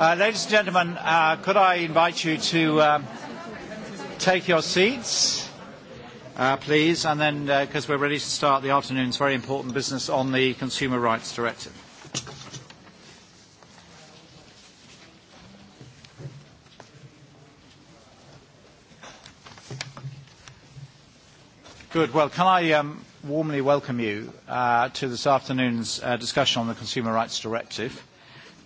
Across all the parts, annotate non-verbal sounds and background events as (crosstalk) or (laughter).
Uh, ladies and gentlemen, uh, could I invite you to um, take your seats, uh, please, and then because uh, we're ready to start the afternoon's very important business on the Consumer Rights Directive. Good. Well, can I um, warmly welcome you uh, to this afternoon's uh, discussion on the Consumer Rights Directive?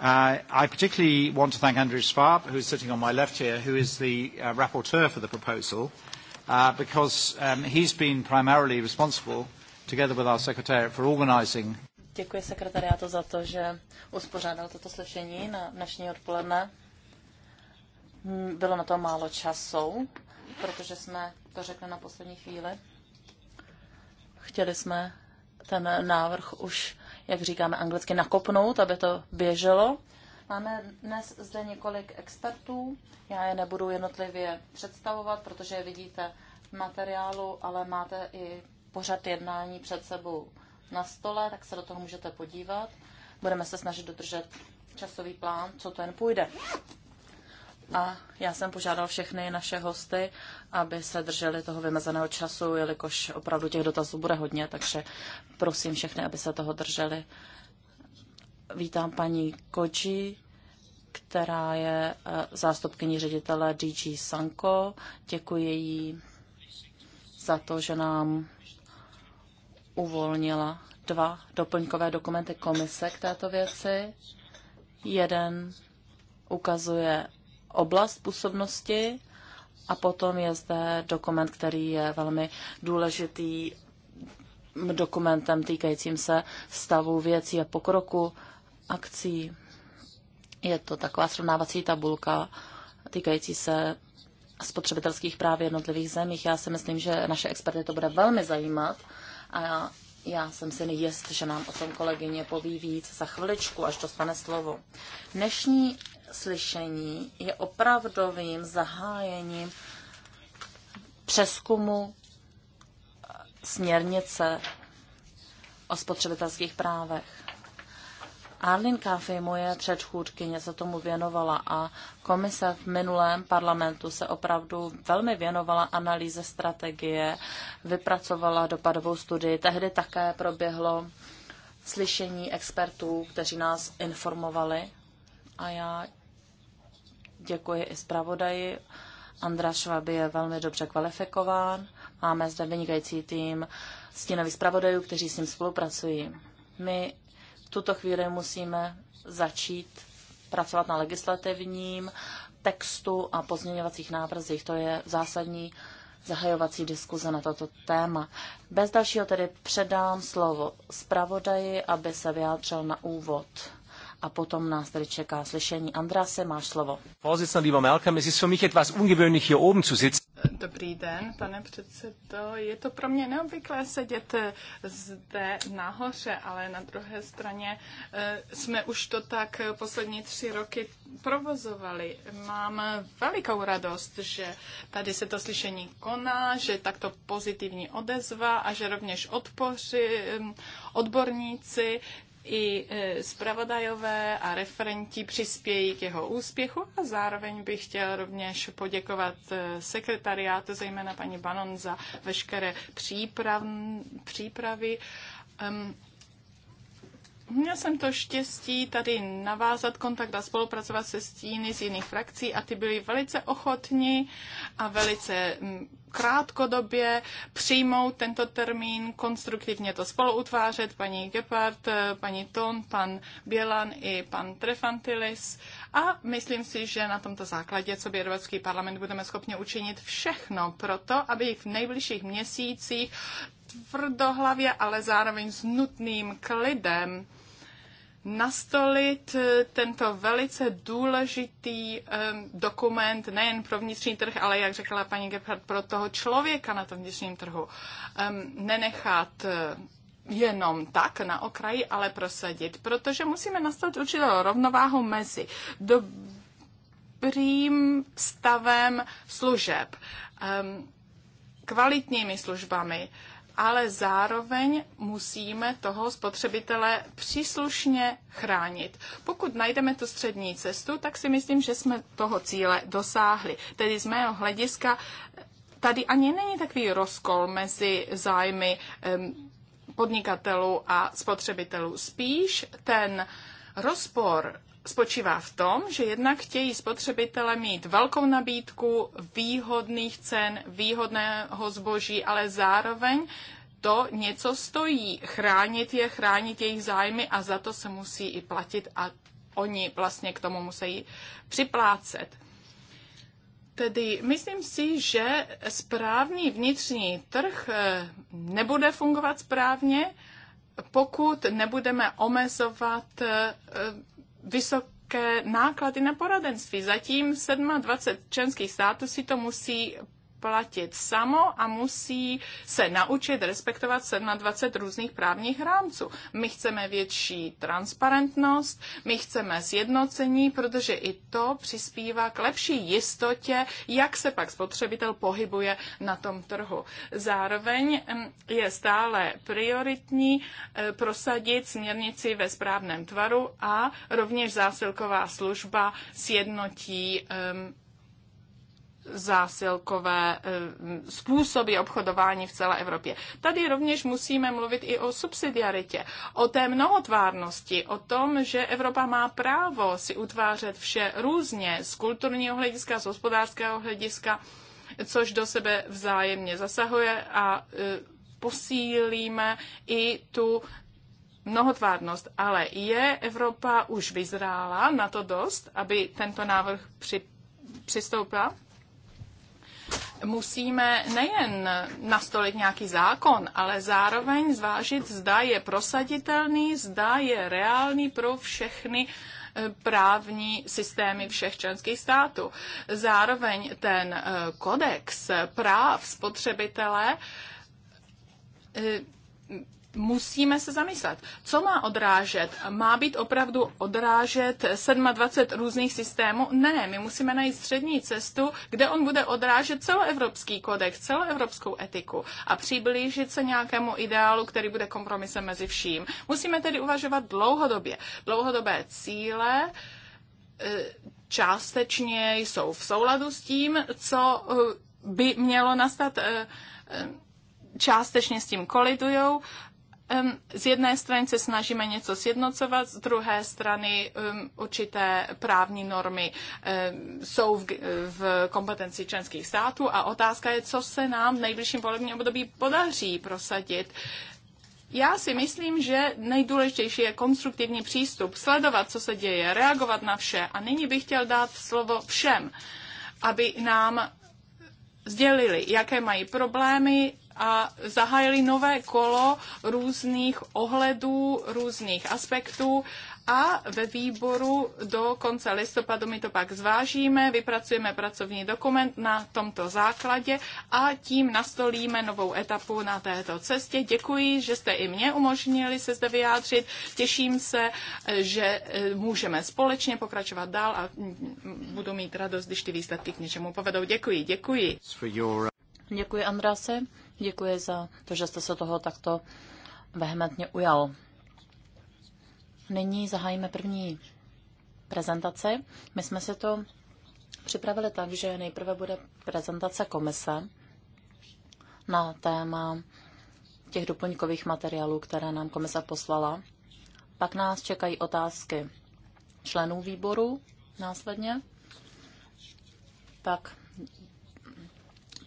Uh, I particularly want to thank Andrew Schwab, who's sitting on my left here, who is the uh, rapporteur for the proposal, uh, because um, he's been primarily responsible, together with our secretariat, for organizing. Děkuji sekretariátu za to, že uspořádal toto slyšení na dnešní odpoledne. Hmm, bylo na to málo času, protože jsme to řekli na poslední chvíli. Chtěli jsme ten návrh už jak říkáme anglicky, nakopnout, aby to běželo. Máme dnes zde několik expertů. Já je nebudu jednotlivě představovat, protože je vidíte v materiálu, ale máte i pořad jednání před sebou na stole, tak se do toho můžete podívat. Budeme se snažit dodržet časový plán, co to jen půjde. A já jsem požádal všechny naše hosty, aby se drželi toho vymezeného času, jelikož opravdu těch dotazů bude hodně, takže prosím všechny, aby se toho drželi. Vítám paní Koji, která je eh, zástupkyní ředitele DG Sanko. Děkuji jí za to, že nám uvolnila dva doplňkové dokumenty komise k této věci. Jeden ukazuje oblast působnosti a potom je zde dokument, který je velmi důležitý dokumentem týkajícím se stavu věcí a pokroku akcí. Je to taková srovnávací tabulka týkající se spotřebitelských práv jednotlivých zemích. Já si myslím, že naše experty to bude velmi zajímat a já jsem si jist, že nám o tom kolegyně poví víc za chviličku, až dostane slovo. Dnešní slyšení je opravdovým zahájením přeskumu eh, směrnice o spotřebitelských právech. Arlene Caffey, moje předchůdkyně, se tomu věnovala a komise v minulém parlamentu se opravdu velmi věnovala analýze strategie, vypracovala dopadovou studii. Tehdy také proběhlo slyšení expertů, kteří nás informovali a já Děkuji i zpravodaji. Andra Švaby je velmi dobře kvalifikován. Máme zde vynikající tým stínových zpravodajů, kteří s ním spolupracují. My v tuto chvíli musíme začít pracovat na legislativním textu a pozměňovacích návrzích. To je zásadní zahajovací diskuze na toto téma. Bez dalšího tedy předám slovo zpravodaji, aby se vyjádřil na úvod a potom nás tady čeká slyšení. Andrase, máš slovo. Dobrý den, pane předsedo. Je to pro mě neobvyklé sedět eh, zde nahoře, ale na druhé straně eh, jsme už to tak eh, poslední tři roky provozovali. Mám velikou radost, že tady se to slyšení koná, že takto pozitivní odezva a že rovněž odpoři, odborníci i e, zpravodajové a referenti přispějí k jeho úspěchu a zároveň bych chtěl rovněž poděkovat e, sekretariátu, zejména paní Banon, za veškeré příprav, přípravy. Um, Měl jsem to štěstí tady navázat kontakt a spolupracovat se stíny z jiných frakcí a ty byli velice ochotní a velice mm, krátkodobě přijmout tento termín, konstruktivně to spoluutvářet, paní Gepard, eh, paní Ton, pan Bělan i pan Trefantilis. A myslím si, že na tomto základě, co by Evropský parlament budeme schopni učinit všechno pro to, aby v nejbližších měsících tvrdohlavě, ale zároveň s nutným klidem nastolit eh, tento velice důležitý um, dokument nejen pro vnitřní trh, ale jak řekla paní Gebhardt, pro toho člověka na tom vnitřním trhu. Um, nenechat eh, jenom tak na okraji, ale prosadit, protože musíme nastavit určitou rovnováhu mezi dobrým stavem služeb, um, kvalitními službami, uh, ale zároveň musíme toho spotřebitele příslušně chránit. Pokud najdeme tu střední cestu, tak si myslím, že jsme toho cíle dosáhli. Tedy z mého hlediska eh, tady ani není takový rozkol mezi zájmy podnikatelů a spotřebitelů. Spíš ten rozpor spočívá v tom, že jednak chtějí spotřebitele mít velkou nabídku výhodných cen, výhodného zboží, ale zároveň to něco stojí. Chránit je, chránit jejich zájmy a za to se musí i platit a oni vlastně k tomu musí připlácet. Tedy myslím si, že správný vnitřní trh eh, nebude fungovat správně, pokud nebudeme omezovat eh, vysoké náklady na poradenství. Zatím 27 členských států si to musí platit samo a musí se naučit respektovat 27 různých právních rámců. My chceme větší transparentnost, my chceme sjednocení, protože i to přispívá k lepší jistotě, jak se pak spotřebitel pohybuje na tom trhu. Zároveň je stále prioritní eh, prosadit směrnici ve správném tvaru a rovněž zásilková služba sjednotí um, zásilkové eh, způsoby obchodování v celé Evropě. Tady rovněž musíme mluvit i o subsidiaritě, o té mnohotvárnosti, o tom, že Evropa má právo si utvářet vše různě z kulturního hlediska, z hospodářského hlediska, což do sebe vzájemně zasahuje a eh, posílíme i tu mnohotvárnost, ale je Evropa už vyzrála na to dost, aby tento návrh při, přistoupila? musíme nejen nastolit nějaký zákon, ale zároveň zvážit, zda je prosaditelný, zda je reálný pro všechny eh, právní systémy všech členských států. Zároveň ten eh, kodex práv spotřebitele eh, musíme se zamyslet, co má odrážet. Má být opravdu odrážet 27 různých systémů? Ne, my musíme najít střední cestu, kde on bude odrážet celoevropský kodex, celoevropskou etiku a přiblížit se nějakému ideálu, který bude kompromisem mezi vším. Musíme tedy uvažovat dlouhodobě. Dlouhodobé cíle, eh, částečně jsou v souladu s tím, co eh, by mělo nastat eh, částečně s tím kolidujou, um, z jedné strany se snažíme něco sjednocovat, z druhé strany um, určité právní normy um, jsou v, v kompetenci členských států a otázka je, co se nám v nejbližším volebním období podaří prosadit. Já si myslím, že nejdůležitější je konstruktivní přístup, sledovat, co se děje, reagovat na vše. A nyní bych chtěl dát slovo všem, aby nám sdělili, jaké mají problémy, a zahájili nové kolo různých ohledů, různých aspektů a ve výboru do konce listopadu my to pak zvážíme, vypracujeme pracovní dokument na tomto základě a tím nastolíme novou etapu na této cestě. Děkuji, že jste i mě umožnili se zde vyjádřit. Těším se, že e, můžeme společně pokračovat dál a budu mít radost, když ty výsledky k něčemu povedou. Děkuji, děkuji. Děkuji, Andrase. Děkuji za to, že jste se toho takto vehementně ujal. Nyní zahájíme první prezentaci. My jsme si to připravili tak, že nejprve bude prezentace komise na téma těch doplňkových materiálů, které nám komise poslala. Pak nás čekají otázky členů výboru následně. Pak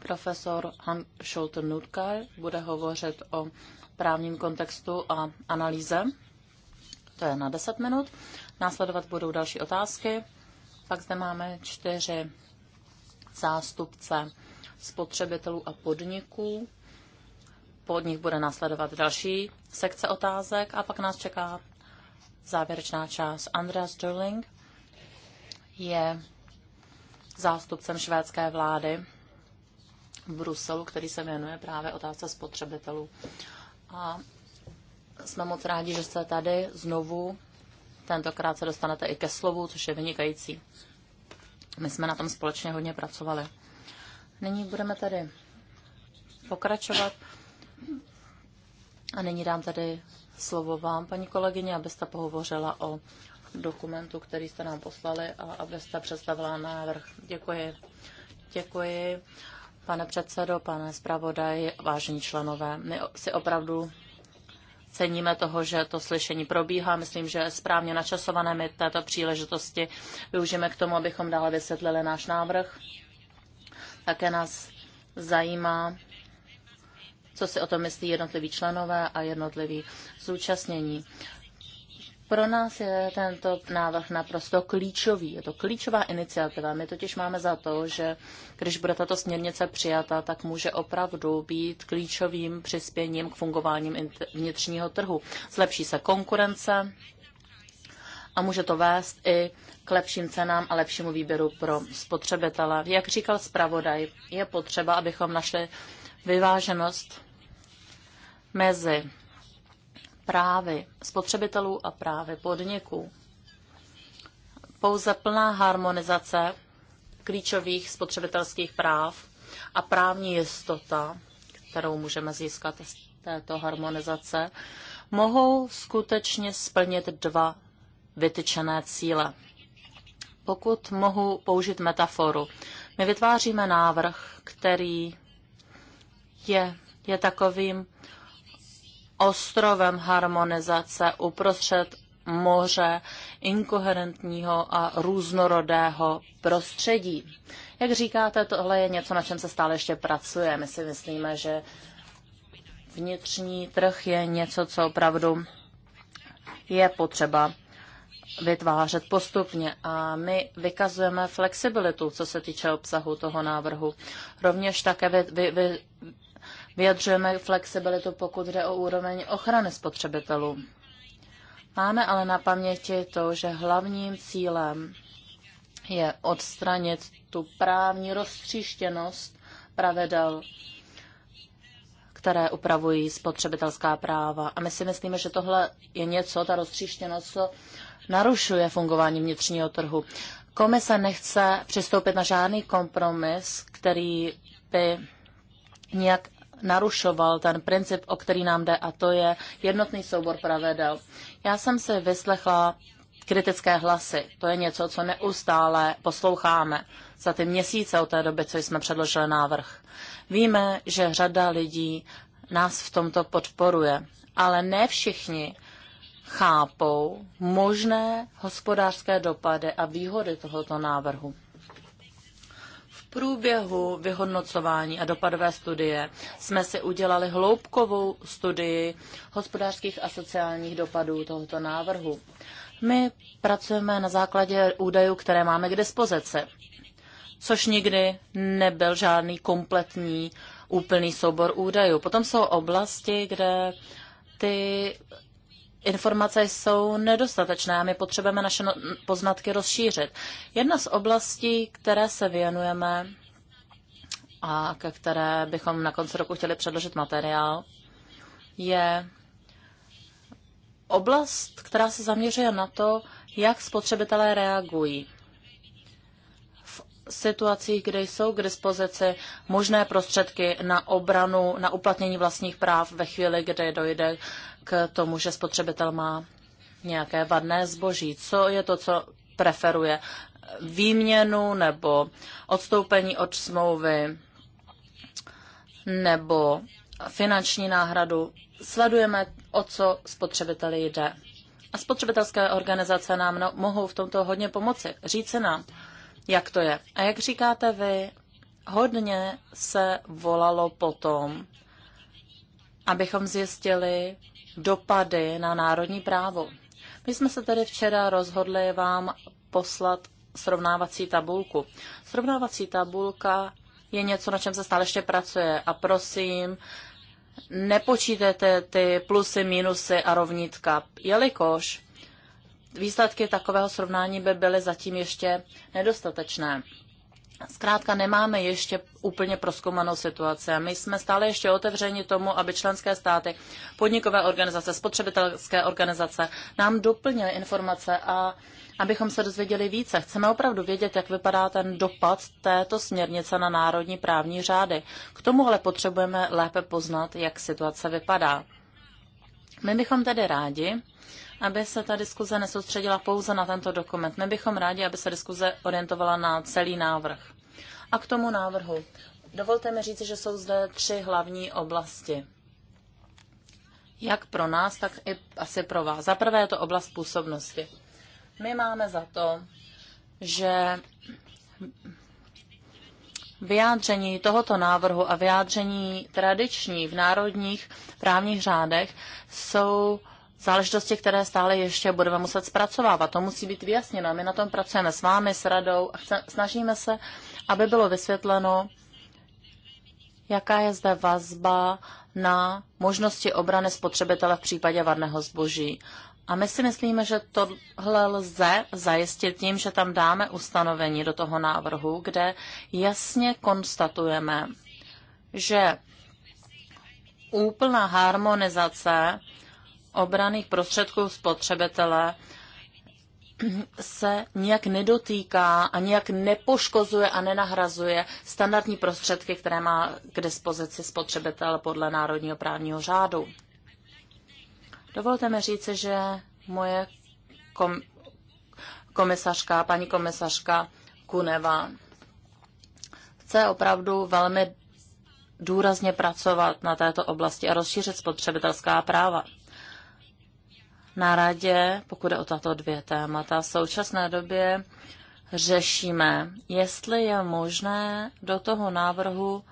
Profesor Han Schulte Nutkar bude hovořit o právním kontextu a analýze. To je na 10 minut. Následovat budou další otázky. Pak zde máme čtyři zástupce spotřebitelů a podniků. Po nich bude následovat další sekce otázek a pak nás čeká závěrečná část. Andreas Durling je zástupcem švédské vlády v Bruselu, který se věnuje právě otázce spotřebitelů. A jsme moc rádi, že jste tady znovu. Tentokrát se dostanete i ke slovu, což je vynikající. My jsme na tom společně hodně pracovali. Nyní budeme tady pokračovat. A nyní dám tady slovo vám, paní kolegyně, abyste pohovořila o dokumentu, který jste nám poslali a abyste představila návrh. Děkuji. Děkuji. Pane předsedo, pane zpravodaj, vážení členové, my si opravdu ceníme toho, že to slyšení probíhá. Myslím, že správně načasované my této příležitosti využijeme k tomu, abychom dále vysvětlili náš návrh. Také nás zajímá, co si o tom myslí jednotliví členové a jednotliví zúčastnění. Pro nás je tento návrh naprosto klíčový. Je to klíčová iniciativa. My totiž máme za to, že když bude tato směrnice přijata, tak může opravdu být klíčovým přispěním k fungováním vnitřního trhu. Zlepší se konkurence a může to vést i k lepším cenám a lepšímu výběru pro spotřebitele. Jak říkal zpravodaj, je potřeba, abychom našli vyváženost mezi právy spotřebitelů a právy podniků. Pouze plná harmonizace klíčových spotřebitelských práv a právní jistota, kterou můžeme získat z této harmonizace, mohou skutečně splnit dva vytyčené cíle. Pokud mohu použít metaforu, my vytváříme návrh, který je, je takovým ostrovem harmonizace uprostřed moře inkoherentního a různorodého prostředí. Jak říkáte, tohle je něco, na čem se stále ještě pracuje. My si myslíme, že vnitřní trh je něco, co opravdu je potřeba vytvářet postupně a my vykazujeme flexibilitu, co se týče obsahu toho návrhu. Rovněž také vy, vy, vy, Vyjadřujeme flexibilitu, pokud jde o úroveň ochrany spotřebitelů. Máme ale na paměti to, že hlavním cílem je odstranit tu právní roztříštěnost pravidel, které upravují spotřebitelská práva. A my si myslíme, že tohle je něco, ta roztříštěnost, co narušuje fungování vnitřního trhu. Komise nechce přistoupit na žádný kompromis, který by nějak narušoval ten princip, o který nám jde, a to je jednotný soubor pravidel. Já jsem si vyslechla kritické hlasy. To je něco, co neustále posloucháme za ty měsíce od té doby, co jsme předložili návrh. Víme, že řada lidí nás v tomto podporuje, ale ne všichni chápou možné hospodářské dopady a výhody tohoto návrhu průběhu vyhodnocování a dopadové studie jsme si udělali hloubkovou studii hospodářských a sociálních dopadů tohoto návrhu. My pracujeme na základě údajů, které máme k dispozici, což nikdy nebyl žádný kompletní úplný soubor údajů. Potom jsou oblasti, kde ty informace jsou nedostatečné a my potřebujeme naše no- poznatky rozšířit. Jedna z oblastí, které se věnujeme a ke které bychom na konci roku chtěli předložit materiál, je oblast, která se zaměřuje na to, jak spotřebitelé reagují v situacích, kde jsou k dispozici možné prostředky na obranu, na uplatnění vlastních práv ve chvíli, kdy dojde k tomu, že spotřebitel má nějaké vadné zboží. Co je to, co preferuje? Výměnu nebo odstoupení od smlouvy nebo finanční náhradu. Sledujeme, o co spotřebiteli jde. A spotřebitelské organizace nám no, mohou v tomto hodně pomoci. Říci nám, jak to je. A jak říkáte vy, hodně se volalo potom, abychom zjistili, dopady na národní právo. My jsme se tedy včera rozhodli vám poslat srovnávací tabulku. Srovnávací tabulka je něco, na čem se stále ještě pracuje a prosím, nepočítejte ty plusy, minusy a rovnítka, jelikož výsledky takového srovnání by byly zatím ještě nedostatečné. Zkrátka nemáme ještě úplně proskoumanou situaci. My jsme stále ještě otevřeni tomu, aby členské státy, podnikové organizace, spotřebitelské organizace nám doplnily informace a abychom se dozvěděli více. Chceme opravdu vědět, jak vypadá ten dopad této směrnice na národní právní řády. K tomu ale potřebujeme lépe poznat, jak situace vypadá. My bychom tedy rádi, aby se ta diskuze nesoustředila pouze na tento dokument. My bychom rádi, aby se diskuze orientovala na celý návrh. A k tomu návrhu. Dovolte mi říct, že jsou zde tři hlavní oblasti. Jak pro nás, tak i asi pro vás. Za prvé je to oblast působnosti. My máme za to, že vyjádření tohoto návrhu a vyjádření tradiční v národních právních řádech jsou záležitosti, které stále ještě budeme muset zpracovávat. To musí být vyjasněno. My na tom pracujeme s vámi, s radou a snažíme se, aby bylo vysvětleno, jaká je zde vazba na možnosti obrany spotřebitele v případě varného zboží. A my si myslíme, že tohle lze zajistit tím, že tam dáme ustanovení do toho návrhu, kde jasně konstatujeme, že úplná harmonizace obraných prostředků spotřebitele se nijak nedotýká a nijak nepoškozuje a nenahrazuje standardní prostředky, které má k dispozici spotřebitel podle národního právního řádu. Dovolte mi říci, že moje kom- komisařka, paní komisařka Kuneva chce opravdu velmi důrazně pracovat na této oblasti a rozšířit spotřebitelská práva na radě, pokud je o tato dvě témata, v současné době řešíme, jestli je možné do toho návrhu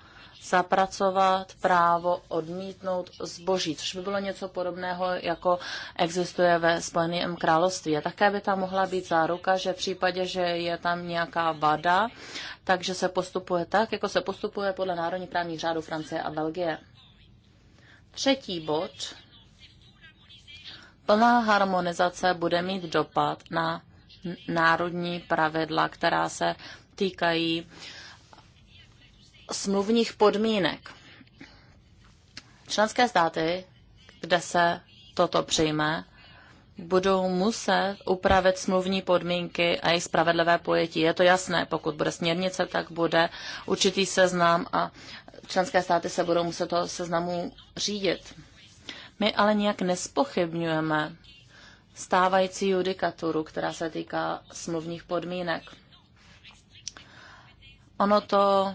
zapracovat právo odmítnout zboží, což by bylo něco podobného, jako existuje ve Spojeném království. A také by tam mohla být záruka, že v případě, že je tam nějaká vada, takže se postupuje tak, jako se postupuje podle národní právních řádů Francie a Belgie. Třetí bod plná harmonizace bude mít dopad na národní pravidla, která se týkají smluvních podmínek. Členské státy, kde se toto přijme, budou muset upravit smluvní podmínky a jejich spravedlivé pojetí. Je to jasné, pokud bude směrnice, tak bude určitý seznam a členské státy se budou muset toho seznamu řídit. My ale nijak nespochybňujeme stávající judikaturu, která se týká smluvních podmínek. Ono to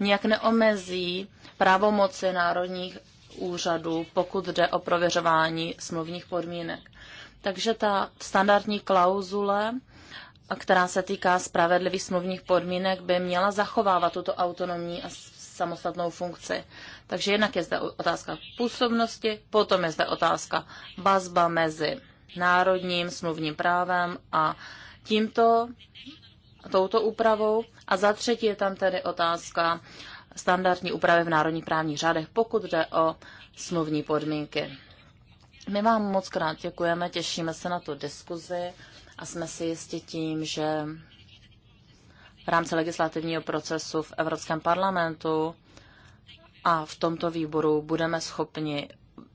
nijak neomezí právomoci národních úřadů, pokud jde o prověřování smluvních podmínek. Takže ta standardní klauzule, která se týká spravedlivých smluvních podmínek, by měla zachovávat tuto autonomní a samostatnou funkci. Takže jednak je zde otázka působnosti, potom je zde otázka vazba mezi národním smluvním právem a tímto, touto úpravou. A za třetí je tam tedy otázka standardní úpravy v národních právních řádech, pokud jde o smluvní podmínky. My vám moc krát děkujeme, těšíme se na tu diskuzi a jsme si jistí tím, že v rámci legislativního procesu v Evropském parlamentu a v tomto výboru budeme schopni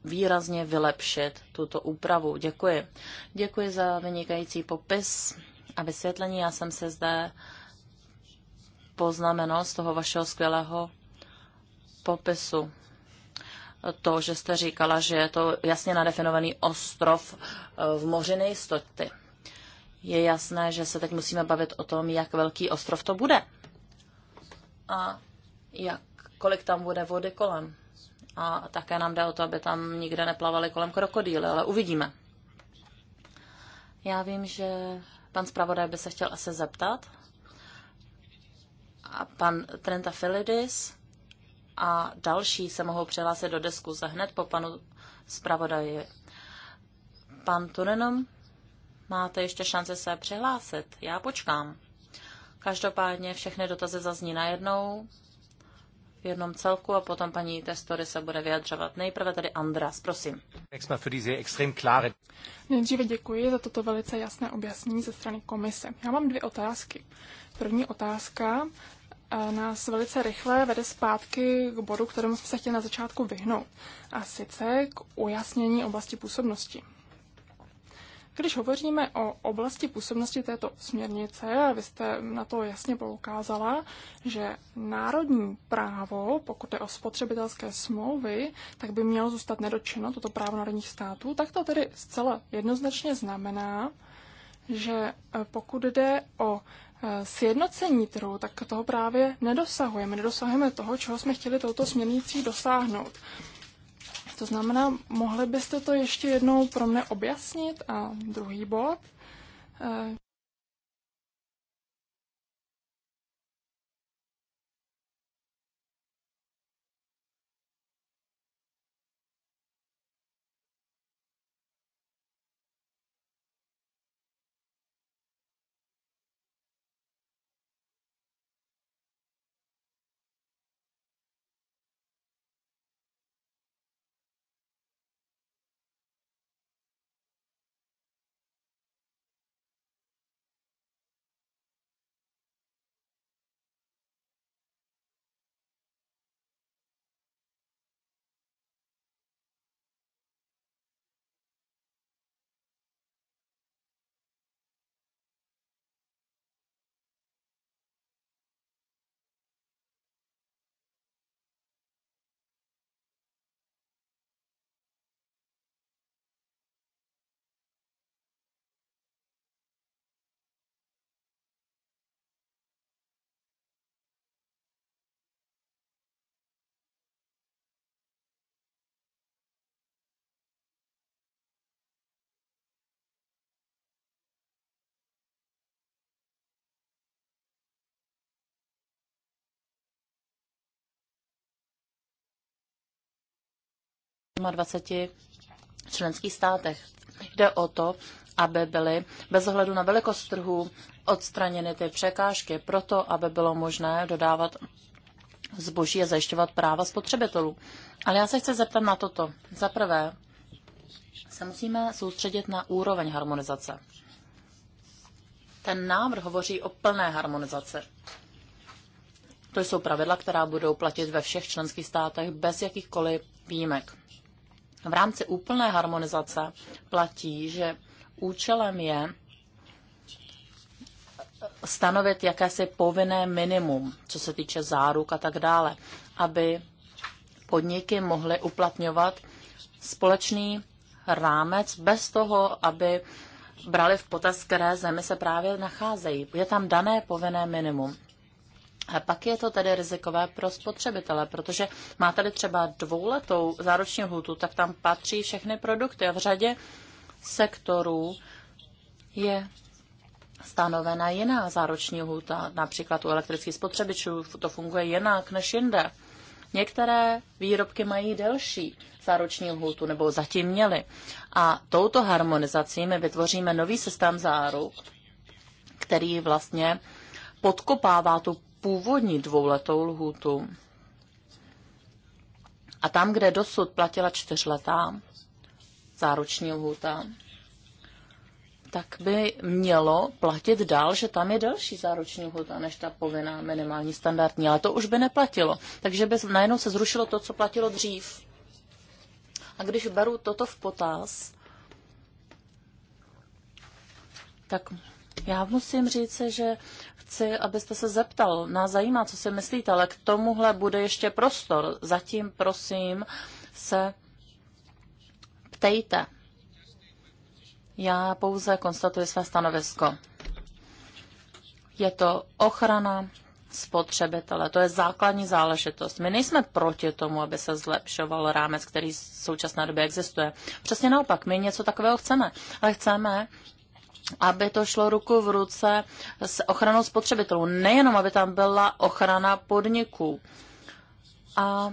výrazně vylepšit tuto úpravu. Děkuji. Děkuji za vynikající popis a vysvětlení. Já jsem se zde poznamenal z toho vašeho skvělého popisu. To, že jste říkala, že je to jasně nadefinovaný ostrov eh, v moři nejistoty. Je jasné, že se teď musíme bavit o tom, jak velký ostrov to bude. A jak kolik tam bude vody kolem. A také nám jde o to, aby tam nikde neplavali kolem krokodýly, ale uvidíme. Já vím, že pan zpravodaj by se chtěl asi zeptat. A pan Trenta Filidis a další se mohou přihlásit do diskuze hned po panu zpravodaji. Pan Turenom, máte ještě šanci se přihlásit. Já počkám. Každopádně všechny dotazy zazní najednou jednom celku a potom paní Testory se bude vyjadřovat. Nejprve tady Andras, prosím. Nejdříve děkuji za toto velice jasné objasnění ze strany komise. Já mám dvě otázky. První otázka eh, nás velice rychle vede zpátky k bodu, kterému jsme se chtěli na začátku vyhnout, a sice k ujasnění oblasti působnosti. Když hovoříme o oblasti působnosti této směrnice, vy jste na to jasně poukázala, že národní právo, pokud je o spotřebitelské smlouvy, tak by mělo zůstat nedočeno toto právo národních států, tak to tedy zcela jednoznačně znamená, že e, pokud jde o e, sjednocení trhu, tak toho právě nedosahujeme. Nedosahujeme toho, čeho jsme chtěli touto směrnicí dosáhnout. To znamená, mohli byste to ještě jednou pro mě objasnit? A druhý bod. Eh, 27 členských státech. Jde o to, aby byly bez ohledu na velikost trhu odstraněny ty překážky, proto aby bylo možné dodávat zboží a zajišťovat práva spotřebitelů. Ale já se chci zeptat na toto. Za prvé, se musíme soustředit na úroveň harmonizace. Ten návrh hovoří o plné harmonizaci. To jsou pravidla, která budou platit ve všech členských státech bez jakýchkoliv výjimek. V rámci úplné harmonizace platí, že účelem je stanovit jakési povinné minimum, co se týče záruk a tak dále, aby podniky mohly uplatňovat společný rámec bez toho, aby brali v potaz, které zemi se právě nacházejí. Je tam dané povinné minimum. A pak je to tedy rizikové pro spotřebitele, protože má tady třeba dvouletou záruční hůtu, tak tam patří všechny produkty a v řadě sektorů je stanovena jiná zároční hůta. například u elektrických spotřebičů to funguje jinak než jinde. Některé výrobky mají delší záruční hůtu, nebo zatím měly. A touto harmonizací my vytvoříme nový systém záruk, který vlastně podkopává tu původní dvouletou lhůtu. A tam, kde dosud platila čtyřletá záruční lhůta, tak by mělo platit dál, že tam je další záruční lhůta než ta povinná minimální standardní, ale to už by neplatilo. Takže by najednou se zrušilo to, co platilo dřív. A když beru toto v potaz, tak já musím říct, že chci, abyste se zeptal. Nás zajímá, co si myslíte, ale k tomuhle bude ještě prostor. Zatím, prosím, se ptejte. Já pouze konstatuji své stanovisko. Je to ochrana spotřebitele. To je základní záležitost. My nejsme proti tomu, aby se zlepšoval rámec, který v současné době existuje. Přesně naopak, my něco takového chceme. Ale chceme, aby to šlo ruku v ruce s ochranou spotřebitelů. Nejenom, aby tam byla ochrana podniků. A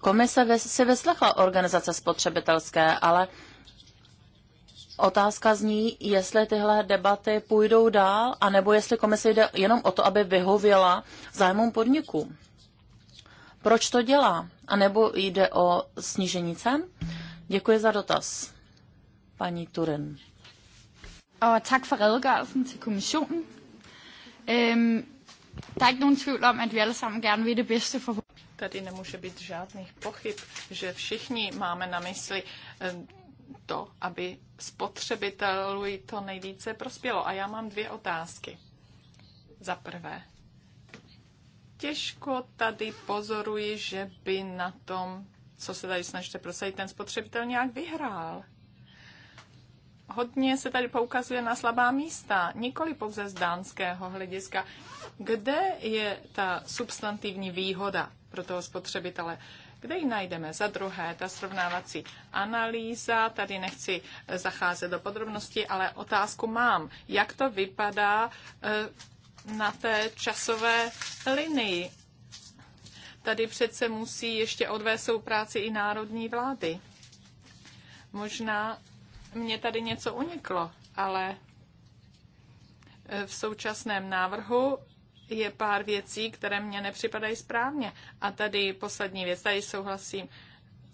komise si vyslechla organizace spotřebitelské, ale Otázka zní, jestli tyhle debaty půjdou dál, anebo jestli komise jde jenom o to, aby vyhověla zájmům podniků. Proč to dělá? A nebo jde o snížení cen? Děkuji za dotaz, paní Turin og tak for redegørelsen til kommissionen. Øhm, der er ikke nogen tvivl om, at vi alle sammen gerne vil det bedste for Tady nemůže být žádných pochyb, že všichni máme na mysli ehm, to, aby spotřebitelů to nejvíce prospělo. A já mám dvě otázky. Za prvé, těžko tady pozoruji, že by na tom, co se tady snažíte prosadit, ten spotřebitel nějak vyhrál hodně se tady poukazuje na slabá místa, nikoli pouze z dánského hlediska. Kde je ta substantivní výhoda pro toho spotřebitele? Kde ji najdeme? Za druhé, ta srovnávací analýza, tady nechci eh, zacházet do podrobností, ale otázku mám. Jak to vypadá eh, na té časové linii? Tady přece musí ještě odvést svou práci i národní vlády. Možná mně tady něco uniklo, ale e, v současném návrhu je pár věcí, které mně nepřipadají správně. A tady poslední věc, tady souhlasím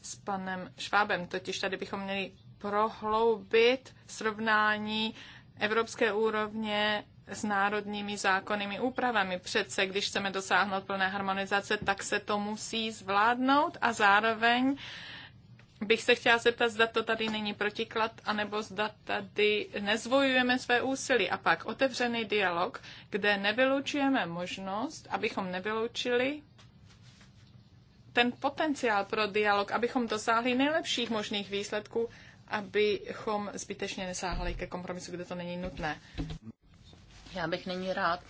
s panem Švábem, totiž tady bychom měli prohloubit srovnání evropské úrovně s národními zákonnými úpravami. Přece, když chceme dosáhnout plné harmonizace, tak se to musí zvládnout a zároveň bych se chtěla zeptat, zda to tady není protiklad, anebo zda tady nezvojujeme své úsilí. A pak otevřený dialog, kde nevylučujeme možnost, abychom nevyloučili ten potenciál pro dialog, abychom dosáhli nejlepších možných výsledků, abychom zbytečně nesáhli ke kompromisu, kde to není nutné. Já bych není rád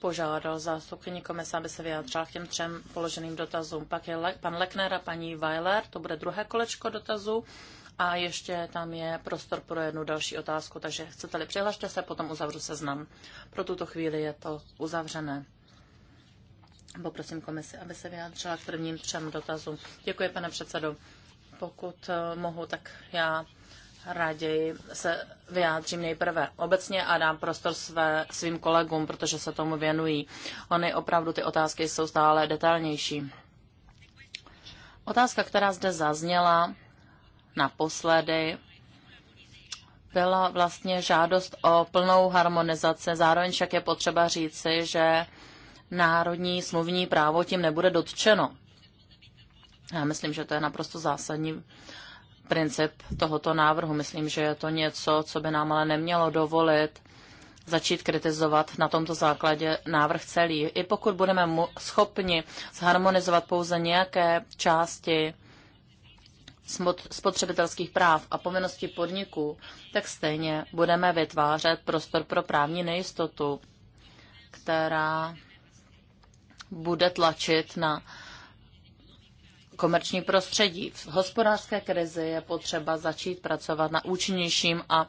požádal zástupkyni komise, aby se vyjádřila k těm třem položeným dotazům. Pak je Le- pan Lekner a paní Weiler, to bude druhé kolečko dotazů. A ještě tam je prostor pro jednu další otázku, takže chcete-li přihlašte se, potom uzavřu seznam. Pro tuto chvíli je to uzavřené. Poprosím komisi, aby se vyjádřila k prvním třem dotazům. Děkuji, pane předsedo. Pokud eh, mohu, tak já raději se vyjádřím nejprve obecně a dám prostor své, svým kolegům, protože se tomu věnují. Ony opravdu ty otázky jsou stále detailnější. Otázka, která zde zazněla naposledy, byla vlastně žádost o plnou harmonizaci. Zároveň však je potřeba říci, že národní smluvní právo tím nebude dotčeno. Já myslím, že to je naprosto zásadní princip tohoto návrhu. Myslím, že je to něco, co by nám ale nemělo dovolit začít kritizovat na tomto základě návrh celý. I pokud budeme mu, schopni zharmonizovat pouze nějaké části spotřebitelských práv a povinností podniků, tak stejně budeme vytvářet prostor pro právní nejistotu, která bude tlačit na komerční prostředí. V hospodářské krizi je potřeba začít pracovat na účinnějším a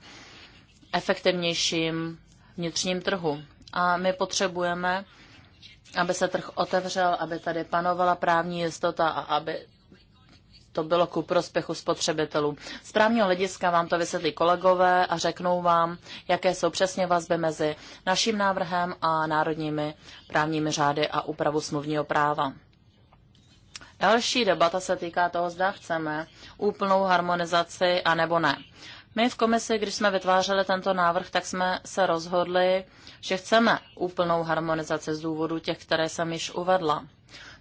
efektivnějším vnitřním trhu. A my potřebujeme, aby se trh otevřel, aby tady panovala právní jistota a aby to bylo ku prospěchu spotřebitelů. Z právního hlediska vám to vysvětlí kolegové a řeknou vám, jaké jsou přesně vazby mezi naším návrhem a národními právními řády a úpravu smluvního práva. Další debata se týká toho, zda chceme úplnou harmonizaci a nebo ne. My v komisi, když jsme vytvářeli tento návrh, tak jsme se rozhodli, že chceme úplnou harmonizaci z důvodu těch, které jsem již uvedla.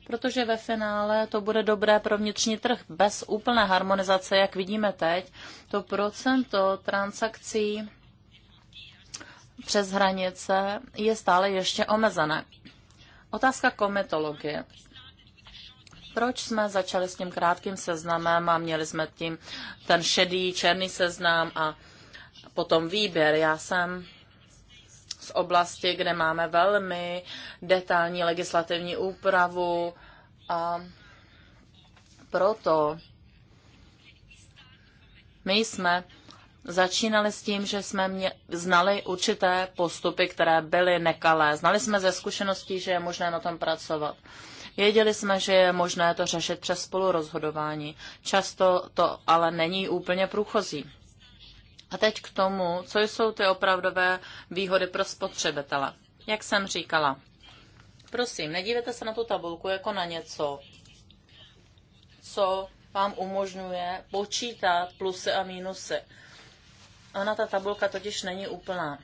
Protože ve finále to bude dobré pro vnitřní trh. Bez úplné harmonizace, jak vidíme teď, to procento transakcí přes hranice je stále ještě omezené. Otázka komitologie proč jsme začali s tím krátkým seznamem a měli jsme tím ten šedý, černý seznam a potom výběr. Já jsem z oblasti, kde máme velmi detailní legislativní úpravu a proto my jsme začínali s tím, že jsme mě, znali určité postupy, které byly nekalé. Znali jsme ze zkušeností, že je možné na tom pracovat. Věděli jsme, že je možné to řešit přes spolurozhodování. Často to ale není úplně průchozí. A teď k tomu, co jsou ty opravdové výhody pro spotřebitele. Jak jsem říkala, prosím, nedívejte se na tu tabulku jako na něco, co vám umožňuje počítat plusy a mínusy. Ona ta tabulka totiž není úplná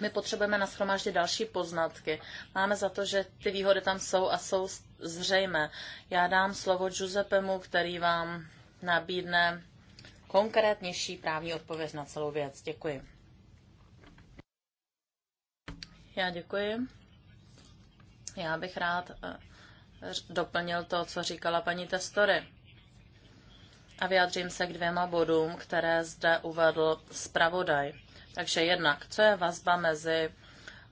my potřebujeme nashromáždit další poznatky. Máme za to, že ty výhody tam jsou a jsou zřejmé. Já dám slovo Giuseppemu, který vám nabídne konkrétnější právní odpověď na celou věc. Děkuji. Já děkuji. Já bych rád eh, doplnil to, co říkala paní Testory. A vyjádřím se k dvěma bodům, které zde uvedl zpravodaj. Takže jednak, co je vazba mezi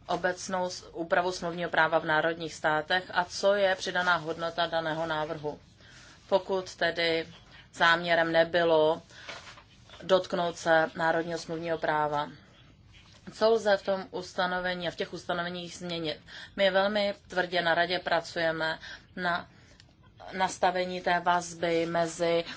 obecnou úpravou smluvního práva v národních státech a co je přidaná hodnota daného návrhu. Pokud tedy záměrem nebylo dotknout se národního smluvního práva. Co lze v tom ustanovení a v těch ustanoveních změnit? My velmi tvrdě na radě pracujeme na nastavení té vazby mezi uh,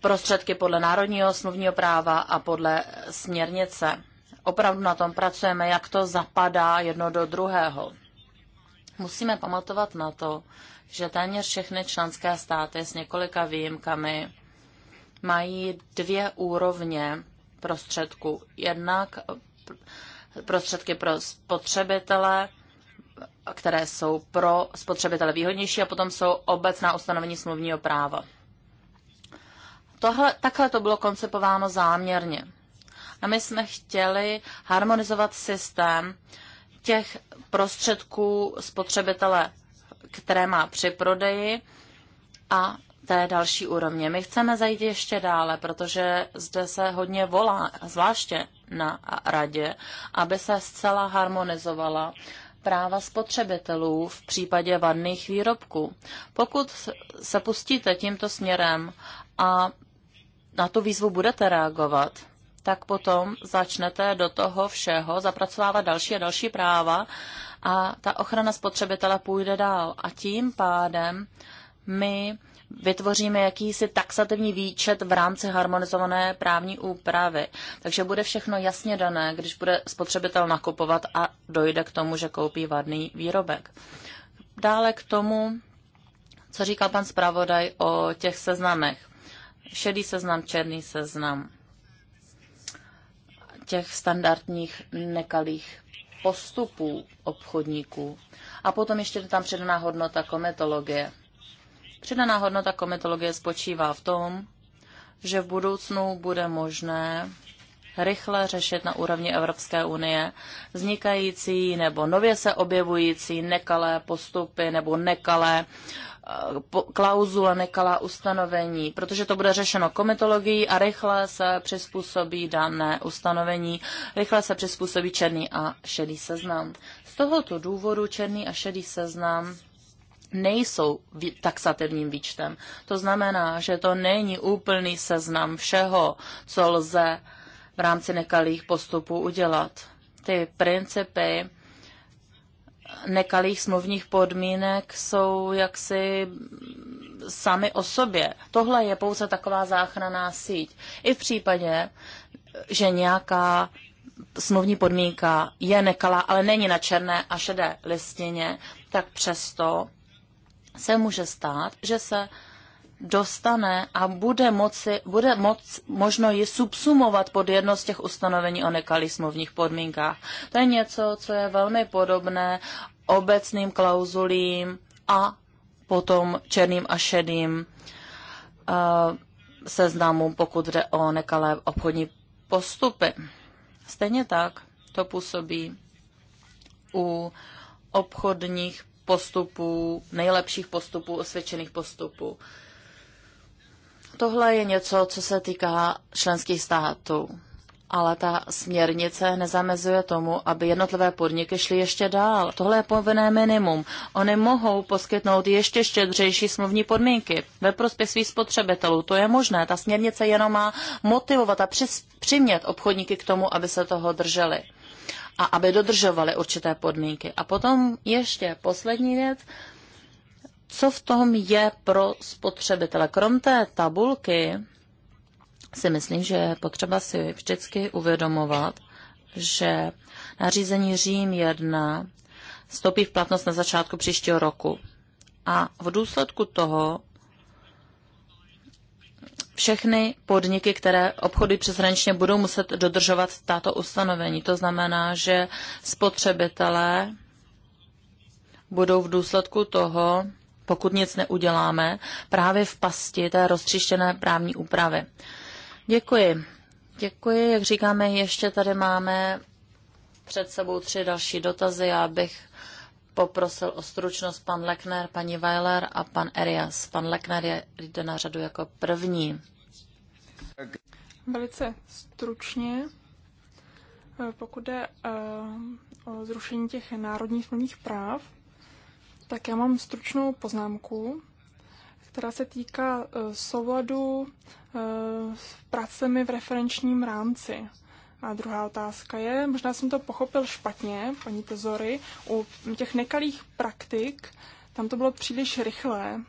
prostředky podle národního smluvního práva a podle směrnice. Opravdu na tom pracujeme, jak to zapadá jedno do druhého. Musíme pamatovat na to, že téměř všechny členské státy s několika výjimkami mají dvě úrovně prostředků. Jednak prostředky pro spotřebitele, které jsou pro spotřebitele výhodnější a potom jsou obecná ustanovení smluvního práva. Tohle, takhle to bylo koncipováno záměrně. A my jsme chtěli harmonizovat systém těch prostředků spotřebitele, které má při prodeji a té další úrovně. My chceme zajít ještě dále, protože zde se hodně volá, zvláště na radě, aby se zcela harmonizovala práva spotřebitelů v případě vadných výrobků. Pokud se pustíte tímto směrem a na tu výzvu budete reagovat, tak potom začnete do toho všeho zapracovávat další a další práva a ta ochrana spotřebitele půjde dál. A tím pádem my vytvoříme jakýsi taxativní výčet v rámci harmonizované právní úpravy. Takže bude všechno jasně dané, když bude spotřebitel nakupovat a dojde k tomu, že koupí vadný výrobek. Dále k tomu, co říkal pan zpravodaj o těch seznamech šedý seznam, černý seznam těch standardních nekalých postupů obchodníků. A potom ještě je tam předaná hodnota kometologie. Předaná hodnota kometologie spočívá v tom, že v budoucnu bude možné rychle řešit na úrovni Evropské unie vznikající nebo nově se objevující nekalé postupy nebo nekalé klauzule, nekalá ustanovení, protože to bude řešeno kometologií a rychle se přizpůsobí dané ustanovení, rychle se přizpůsobí černý a šedý seznam. Z tohoto důvodu černý a šedý seznam nejsou taxativním výčtem. To znamená, že to není úplný seznam všeho, co lze v rámci nekalých postupů udělat. Ty principy nekalých smluvních podmínek jsou jaksi sami o sobě. Tohle je pouze taková záchranná síť. I v případě, že nějaká smluvní podmínka je nekalá, ale není na černé a šedé listině, tak přesto se může stát, že se dostane a bude, moci, bude moc, možno ji subsumovat pod jedno z těch ustanovení o nekalých smluvních podmínkách. To je něco, co je velmi podobné obecným klauzulím a potom černým a šedým uh, eh, seznamům, pokud jde o nekalé obchodní postupy. Stejně tak to působí u obchodních postupů, nejlepších postupů, osvědčených postupů. Uh, Tohle je něco, co se týká členských států. Ale ta směrnice nezamezuje tomu, aby jednotlivé podniky šly ještě dál. Tohle je povinné minimum. Oni mohou poskytnout ještě štědřejší smluvní podmínky ve prospěch svých spotřebitelů. To je možné. Ta směrnice jenom má motivovat a přimět obchodníky k tomu, aby se toho drželi a aby dodržovali určité podmínky. A potom ještě poslední věc, co v tom je pro spotřebitele. Krom té tabulky si myslím, že je potřeba si vždycky uvědomovat, že nařízení Řím 1 stoupí v platnost na začátku příštího roku. A v důsledku toho všechny podniky, které obchodují přeshraničně, budou muset dodržovat tato ustanovení. To znamená, že spotřebitelé budou v důsledku toho pokud nic neuděláme, právě v pasti té roztřištěné právní úpravy. Děkuji. Děkuji. Jak říkáme, ještě tady máme před sebou tři další dotazy. Já bych poprosil o stručnost pan Lekner, paní Weiler a pan Erias. Pan Lekner je, jde na řadu jako první. Velice stručně, pokud jde eh, o zrušení těch národních smluvních práv, tak já mám stručnou poznámku, která se týká e, souladu e, s pracemi v referenčním rámci. A druhá otázka je, možná jsem to pochopil špatně, paní Tezory, u těch nekalých praktik, tam to bylo příliš rychlé.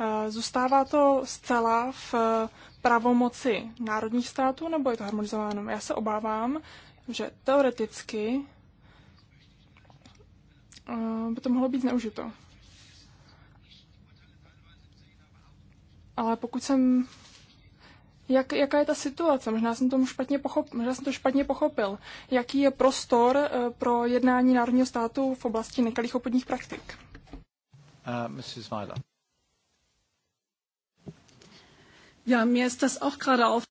E, zůstává to zcela v pravomoci národních států, nebo je to harmonizováno? Já se obávám, že teoreticky Eh, by to mohlo být zneužito. Ale pokud jsem... Jak, jaká je ta situace? Možná jsem, tomu špatně pochop, možná jsem to špatně pochopil. Jaký je prostor eh, pro jednání Národního státu v oblasti nekalých obchodních praktik? Uh, Mrs. Weiler. Ja, mir ist das auch gerade auf...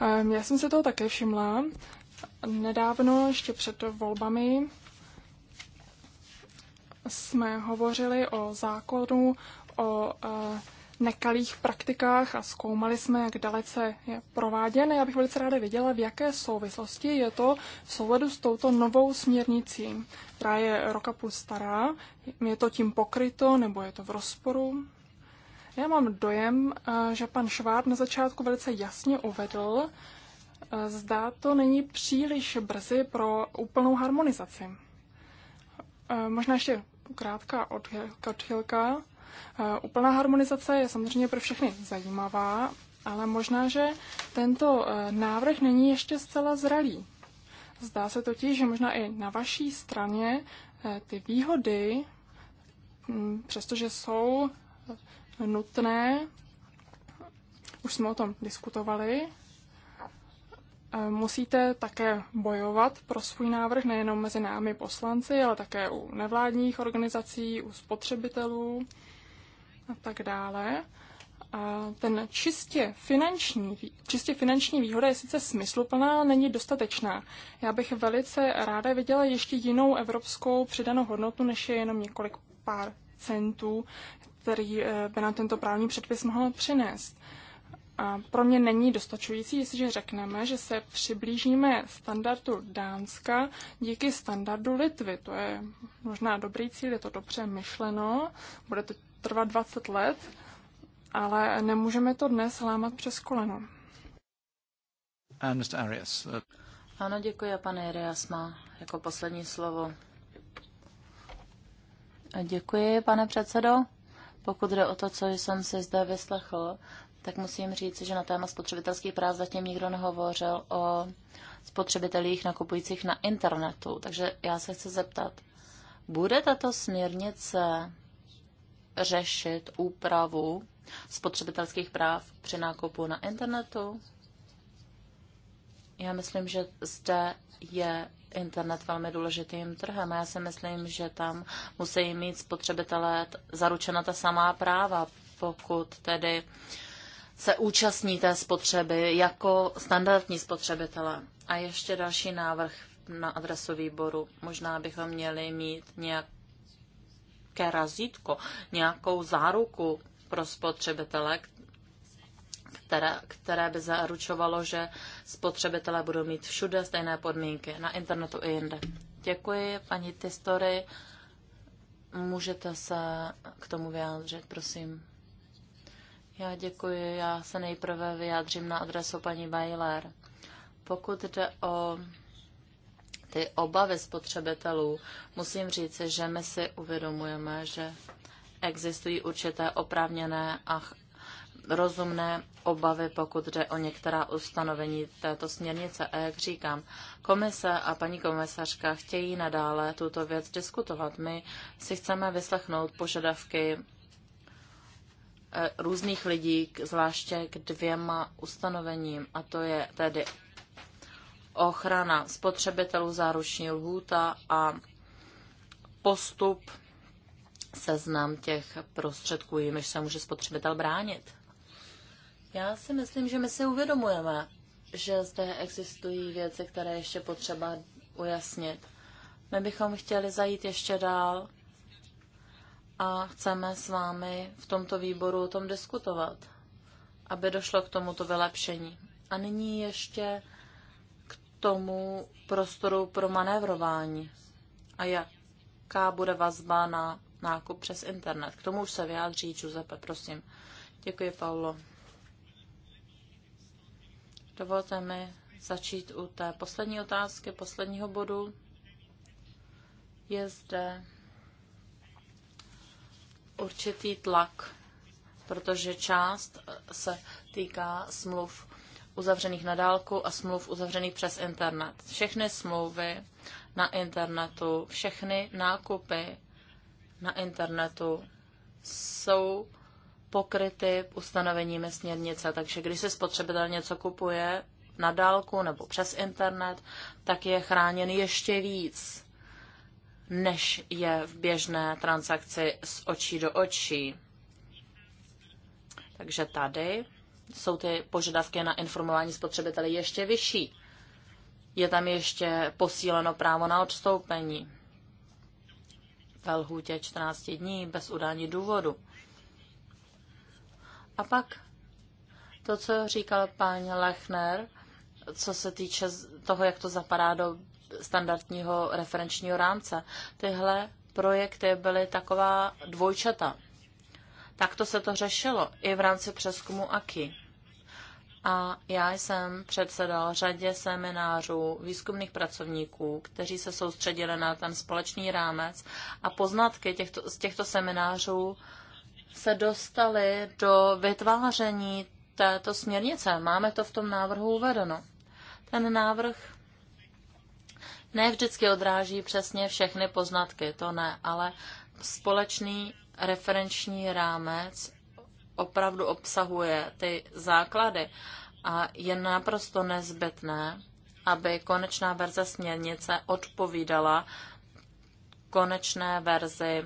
Eh, já jsem se toho také všimla. Nedávno, ještě před volbami, jsme hovořili o zákonu o e, nekalých praktikách a zkoumali jsme, jak dalece je prováděn. Já bych velice ráda viděla, v jaké souvislosti je to v souhledu s touto novou směrnicí, která je roka půl stará. Je to tím pokryto nebo je to v rozporu? Já mám dojem, e, že pan Šváb na začátku velice jasně uvedl, e, zdá to není příliš brzy pro úplnou harmonizaci. Možná ještě krátká odchylka. Eh, úplná harmonizace je samozřejmě pro všechny zajímavá, ale možná, že tento eh, návrh není ještě zcela zralý. Zdá se totiž, že možná i na vaší straně eh, ty výhody, hm, přestože jsou nutné, už jsme o tom diskutovali, E, musíte také bojovat pro svůj návrh nejenom mezi námi poslanci, ale také u nevládních organizací, u spotřebitelů a tak dále. A ten čistě finanční, čistě finanční výhoda je sice smysluplná, ale není dostatečná. Já bych velice ráda viděla ještě jinou evropskou přidanou hodnotu, než je jenom několik pár centů, který e, by nám tento právní předpis mohl přinést a pro mě není dostačující, jestliže řekneme, že se přiblížíme standardu Dánska díky standardu Litvy. To je možná dobrý cíl, je to dobře myšleno, bude to trvat 20 let, ale nemůžeme to dnes lámat přes koleno. Mr. Arias. Uh, ano, děkuji. A pane Arias má jako poslední slovo. Děkuji, pane předsedo. Pokud jde o to, co jsem si zde vyslechl, tak musím říct, že na téma spotřebitelských práv zatím nikdo nehovořil o spotřebitelích nakupujících na internetu. Takže já se chci zeptat, bude tato směrnice řešit úpravu spotřebitelských práv při nákupu na internetu? Já myslím, že zde je internet velmi důležitým trhem a já si myslím, že tam musí mít spotřebitelé zaručena ta samá práva, pokud tedy uh, se účastní té spotřeby jako standardní spotřebitelé. A ještě další návrh na adresu výboru. Možná bychom měli mít nějaké razítko, nějakou záruku pro spotřebitele, které, které by zaručovalo, že spotřebitelé budou mít všude stejné podmínky, na internetu i jinde. Děkuji, paní Tistory. Můžete se k tomu vyjádřit, prosím. Já děkuji. Já se nejprve vyjádřím na adresu paní Bajler. Pokud jde o ty obavy spotřebitelů, musím říct, že my si uvědomujeme, že existují určité oprávněné a rozumné obavy, pokud jde o některá ustanovení této směrnice. A jak říkám, komise a paní komisařka chtějí nadále tuto věc diskutovat. My si chceme vyslechnout požadavky Eh, různých lidí, zvláště k dvěma ustanovením, a to je tedy ochrana spotřebitelů záruční lhůta a postup seznam těch prostředků, jimiž se může spotřebitel bránit. Já si myslím, že my si uvědomujeme, že zde existují věci, které ještě potřeba ujasnit. My bychom chtěli zajít ještě dál a chceme s vámi v tomto výboru o tom diskutovat, aby došlo k tomuto vylepšení. A nyní ještě k tomu prostoru pro manévrování a jaká bude vazba na nákup přes internet. K tomu už se vyjádří Giuseppe, prosím. Děkuji, Paulo. Dovolte mi začít u té poslední otázky, posledního bodu. Je zde určitý tlak, protože část se týká smluv uzavřených na dálku a smluv uzavřených přes internet. Všechny smlouvy na internetu, všechny nákupy na internetu jsou pokryty ustanoveními směrnice. Takže když se spotřebitel něco kupuje na dálku nebo přes internet, tak je chráněn ještě víc než je v běžné transakci z očí do očí. Takže tady jsou ty požadavky na informování spotřebiteli ještě vyšší. Je tam ještě posíleno právo na odstoupení ve lhůtě 14 dní bez udání důvodu. A pak to, co říkal pan Lechner, co se týče toho, jak to zapadá do standardního referenčního rámce. Tyhle projekty byly taková dvojčata. Takto se to řešilo i v rámci přeskumu AKI. A já jsem předsedal řadě seminářů výzkumných pracovníků, kteří se soustředili na ten společný rámec a poznatky těchto, z těchto seminářů se dostaly do vytváření této směrnice. Máme to v tom návrhu uvedeno. Ten návrh ne vždycky odráží přesně všechny poznatky, to ne, ale společný referenční rámec opravdu obsahuje ty základy a je naprosto nezbytné, aby konečná verze směrnice odpovídala konečné verzi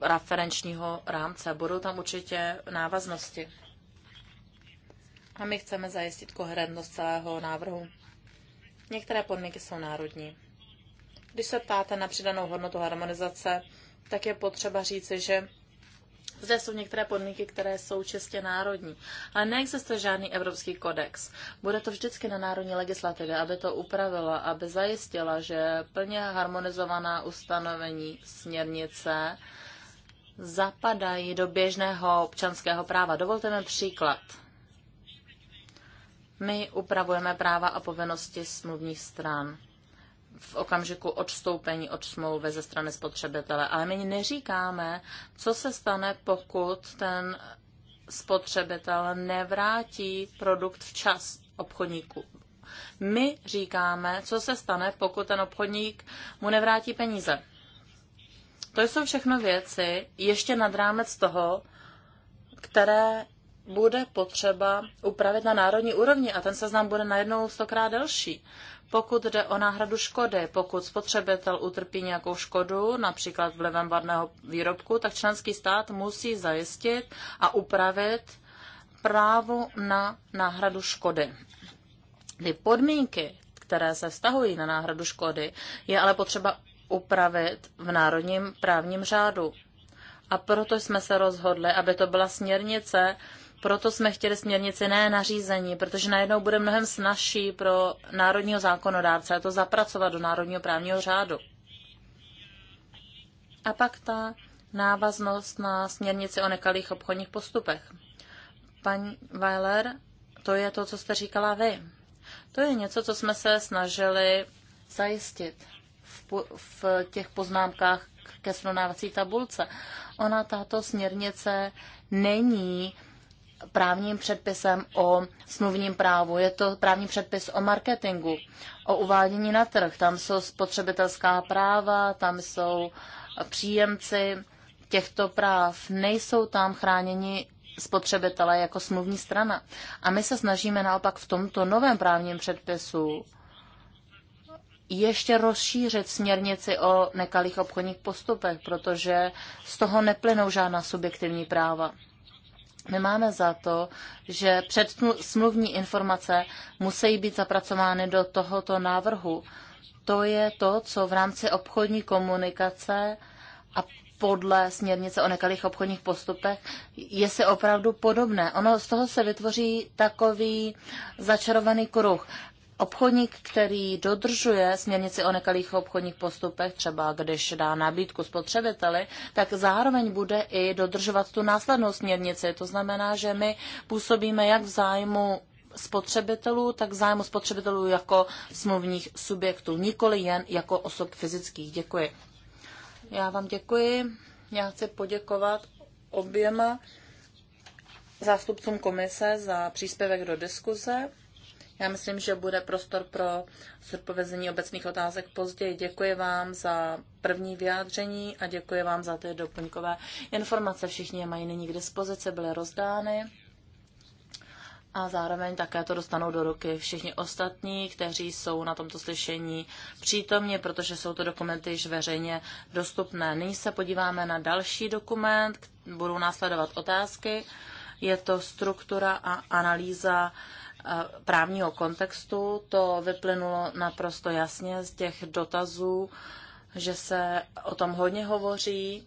referenčního rámce. Budou tam určitě návaznosti. A my chceme zajistit koherentnost celého návrhu. Některé podmínky jsou národní. Když se ptáte na přidanou hodnotu harmonizace, tak je potřeba říci, že zde jsou některé podmínky, které jsou čistě národní. Ale neexistuje žádný evropský kodex. Bude to vždycky na národní legislativě, aby to upravila, aby zajistila, že plně harmonizovaná ustanovení směrnice zapadají do běžného občanského práva. Dovolte mi příklad. My upravujeme práva a povinnosti smluvních stran v okamžiku odstoupení od smlouvy ze strany spotřebitele, ale my neříkáme, co se stane, pokud ten spotřebitel nevrátí produkt včas obchodníku. My říkáme, co se stane, pokud ten obchodník mu nevrátí peníze. To jsou všechno věci ještě nad rámec toho, které bude potřeba upravit na národní úrovni a ten seznam bude najednou stokrát delší. Pokud jde o náhradu škody, pokud spotřebitel utrpí nějakou škodu, například vlivem vadného výrobku, tak členský stát musí zajistit a upravit právo na náhradu škody. Ty podmínky, které se vztahují na náhradu škody, je ale potřeba upravit v národním právním řádu. A proto jsme se rozhodli, aby to byla směrnice, proto jsme chtěli směrnici, ne nařízení, protože najednou bude mnohem snažší pro národního zákonodárce to zapracovat do národního právního řádu. A pak ta návaznost na směrnici o nekalých obchodních postupech. Paní Weiler, to je to, co jste říkala vy. To je něco, co jsme se snažili zajistit v, v těch poznámkách ke srovnávací tabulce. Ona, tato směrnice, není právním předpisem o smluvním právu, je to právní předpis o marketingu, o uvádění na trh. Tam jsou spotřebitelská práva, tam jsou příjemci těchto práv. Nejsou tam chráněni spotřebitele jako smluvní strana. A my se snažíme naopak v tomto novém právním předpisu ještě rozšířit směrnici o nekalých obchodních postupech, protože z toho neplynou žádná subjektivní práva. My máme za to, že předsmluvní informace musí být zapracovány do tohoto návrhu. To je to, co v rámci obchodní komunikace a podle směrnice o nekalých obchodních postupech je si opravdu podobné. Ono z toho se vytvoří takový začarovaný kruh. Obchodník, který dodržuje směrnici o nekalých obchodních postupech, třeba když dá nabídku spotřebiteli, tak zároveň bude i dodržovat tu následnou směrnici. To znamená, že my působíme jak v zájmu spotřebitelů, tak v zájmu spotřebitelů jako smluvních subjektů, nikoli jen jako osob fyzických. Děkuji. Já vám děkuji. Já chci poděkovat oběma zástupcům komise za příspěvek do diskuze. Já myslím, že bude prostor pro zodpovězení obecných otázek později. Děkuji vám za první vyjádření a děkuji vám za ty doplňkové informace. Všichni je mají nyní k dispozici, byly rozdány. A zároveň také to dostanou do ruky všichni ostatní, kteří jsou na tomto slyšení přítomně, protože jsou to dokumenty již veřejně dostupné. Nyní se podíváme na další dokument, budou následovat otázky. Je to struktura a analýza právního kontextu. To vyplynulo naprosto jasně z těch dotazů, že se o tom hodně hovoří.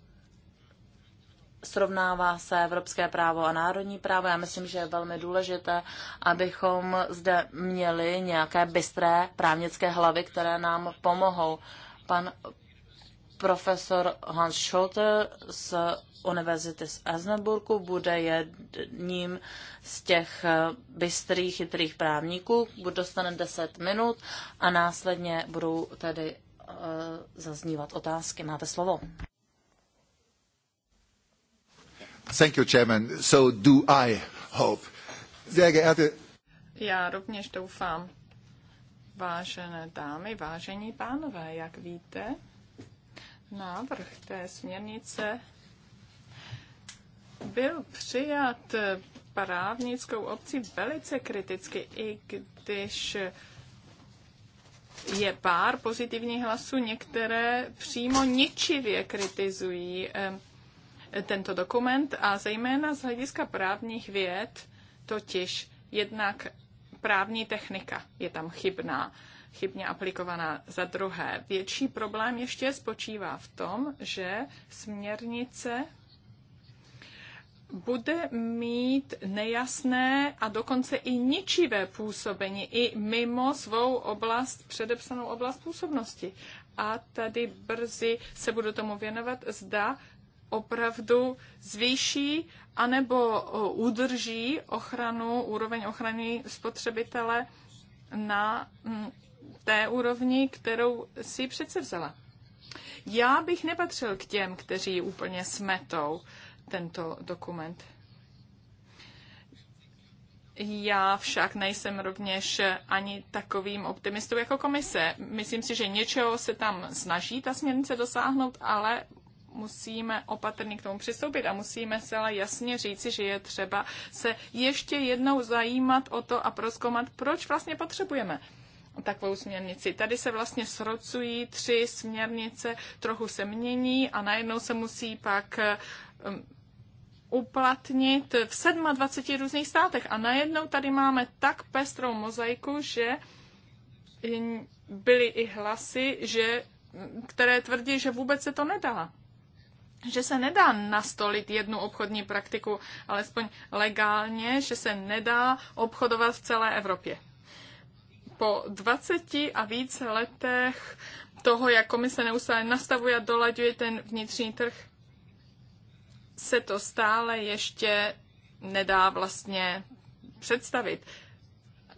Srovnává se evropské právo a národní právo. Já myslím, že je velmi důležité, abychom zde měli nějaké bystré právnické hlavy, které nám pomohou. Pan profesor Hans Scholte z Univerzity z Asnaburku bude jedním z těch eh, bystrých, chytrých právníků. Dostane 10 minut a následně budou tedy eh, zaznívat otázky. Máte slovo. Thank you, Chairman. So do I hope. Já rovněž doufám. Vážené dámy, vážení pánové, jak víte, Návrh té směrnice byl přijat právnickou obcí velice kriticky, i když je pár pozitivních hlasů, některé přímo ničivě kritizují tento dokument a zejména z hlediska právních věd, totiž jednak právní technika je tam chybná chybně aplikovaná. Za druhé, větší problém ještě spočívá v tom, že směrnice bude mít nejasné a dokonce i ničivé působení i mimo svou oblast, předepsanou oblast působnosti. A tady brzy se budu tomu věnovat, zda opravdu zvýší anebo udrží ochranu, úroveň ochrany spotřebitele na mm, té úrovni, kterou si vzala. Já bych nepatřil k těm, kteří úplně smetou tento dokument. Já však nejsem rovněž ani takovým optimistou jako komise. Myslím si, že něčeho se tam snaží ta směrnice dosáhnout, ale musíme opatrně k tomu přistoupit a musíme zcela jasně říci, že je třeba se ještě jednou zajímat o to a proskoumat, proč vlastně potřebujeme takovou směrnici. Tady se vlastně srocují tři směrnice, trochu se mění a najednou se musí pak um, uplatnit v 27 různých státech. A najednou tady máme tak pestrou mozaiku, že byly i hlasy, že, které tvrdí, že vůbec se to nedá. Že se nedá nastolit jednu obchodní praktiku, alespoň legálně, že se nedá obchodovat v celé Evropě po 20 a více letech toho, jak komise neustále nastavuje a dolaďuje ten vnitřní trh, se to stále ještě nedá vlastně představit.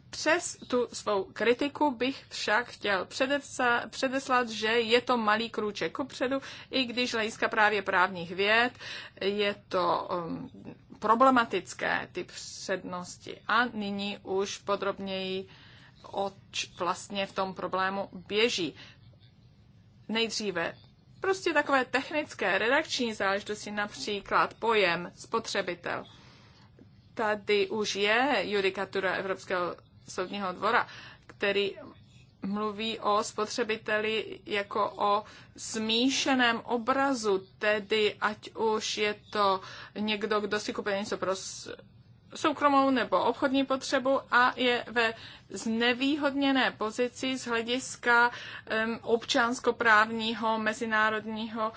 Přes tu svou kritiku bych však chtěl předeslat, že je to malý krůček kupředu, i když hlediska právě právních věd je to um, problematické, ty přednosti. A nyní už podrobněji oč vlastně v tom problému běží. Nejdříve prostě takové technické, redakční záležitosti, například pojem spotřebitel. Tady už je judikatura Evropského soudního dvora, který mluví o spotřebiteli jako o smíšeném obrazu, tedy ať už je to někdo, kdo si kupuje něco pro soukromou nebo obchodní potřebu a je ve znevýhodněné pozici z hlediska um, občanskoprávního, mezinárodního,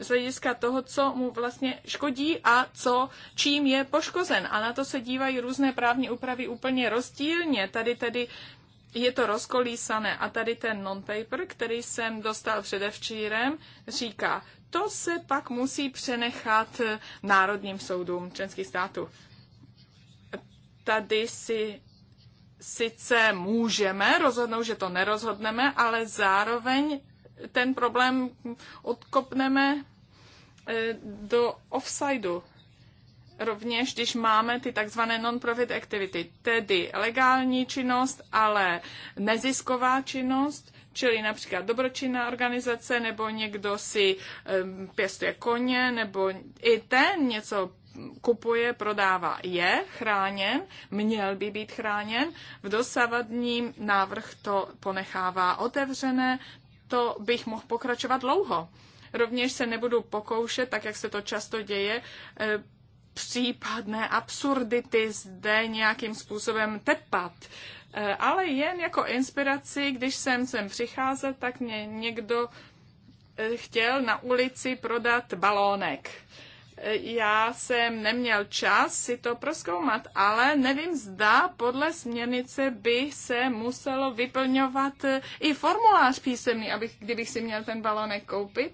z hlediska toho, co mu vlastně škodí a co, čím je poškozen. A na to se dívají různé právní úpravy úplně rozdílně. Tady tedy je to rozkolísané. A tady ten non-paper, který jsem dostal předevčírem, říká, to se pak musí přenechat eh, národním soudům členských států tady si sice můžeme rozhodnout, že to nerozhodneme, ale zároveň ten problém odkopneme eh, do offsideu. Rovněž, když máme ty takzvané non-profit activity, tedy legální činnost, ale nezisková činnost, čili například dobročinná organizace, nebo někdo si eh, pěstuje koně, nebo i ten něco kupuje, prodává, je chráněn, měl by být chráněn. V dosavadním návrh to ponechává otevřené, to bych mohl pokračovat dlouho. Rovněž se nebudu pokoušet, tak jak se to často děje, e, případné absurdity zde nějakým způsobem tepat. E, ale jen jako inspiraci, když jsem sem přicházel, tak mě někdo e, chtěl na ulici prodat balónek já jsem neměl čas si to proskoumat, ale nevím, zda podle směrnice by se muselo vyplňovat eh, i formulář písemný, abych, kdybych si měl ten balonek koupit.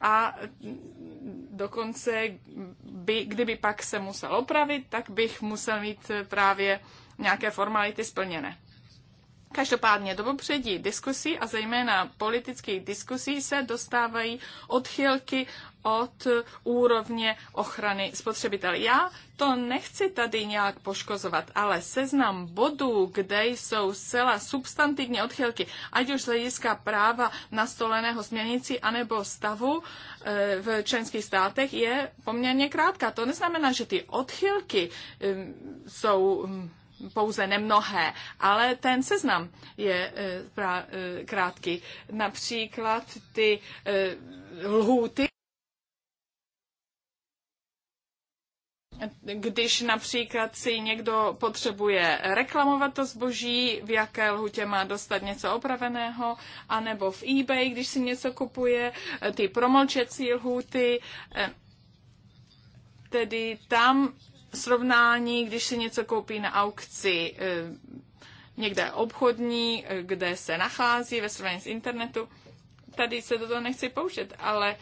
A dokonce, by, kdyby pak se musel opravit, tak bych musel mít eh, právě nějaké formality splněné. Každopádně do popředí diskusí a zejména politických diskusí se dostávají odchylky od úrovně ochrany spotřebitel. Já to nechci tady nějak poškozovat, ale seznam bodů, kde jsou zcela substantivní odchylky, ať už z hlediska práva nastoleného směrnici, anebo stavu eh, v členských státech, je poměrně krátká. To neznamená, že ty odchylky eh, jsou hm, pouze nemnohé, ale ten seznam je eh, eh, krátký. Například ty eh, lhůty, Když například si někdo potřebuje reklamovat to zboží, v jaké lhutě má dostat něco opraveného, anebo v eBay, když si něco kupuje, ty promlčecí lhuty, tedy tam srovnání, když si něco koupí na aukci eh, někde obchodní, eh, kde se nachází ve srovnání s internetu. Tady se do toho nechci použít, ale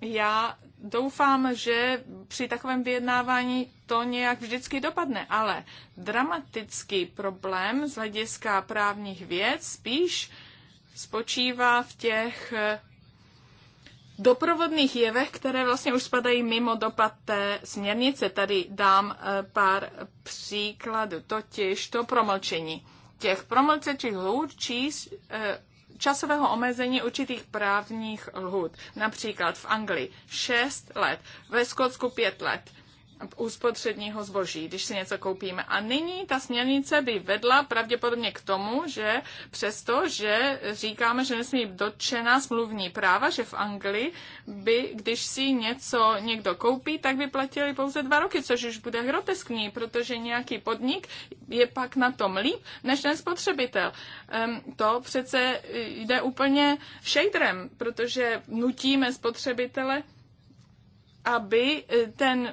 já doufám, že při takovém vyjednávání to nějak vždycky dopadne, ale dramatický problém z hlediska právních věc spíš spočívá v těch eh, doprovodných jevech, které vlastně už spadají mimo dopad té směrnice. Tady dám eh, pár příkladů, totiž to promlčení. Těch promlčečích lhůt čís, eh, časového omezení určitých právních lhůt. Například v Anglii 6 let, ve Skotsku 5 let, úspotředního zboží, když si něco koupíme. A nyní ta směrnice by vedla pravděpodobně k tomu, že přesto, že říkáme, že nesmí být dotčena smluvní práva, že v Anglii by, když si něco někdo koupí, tak by platili pouze dva roky, což už bude groteskní, protože nějaký podnik je pak na tom líp než ten spotřebitel. Ehm, to přece jde úplně šejdrem, protože nutíme spotřebitele aby eh, ten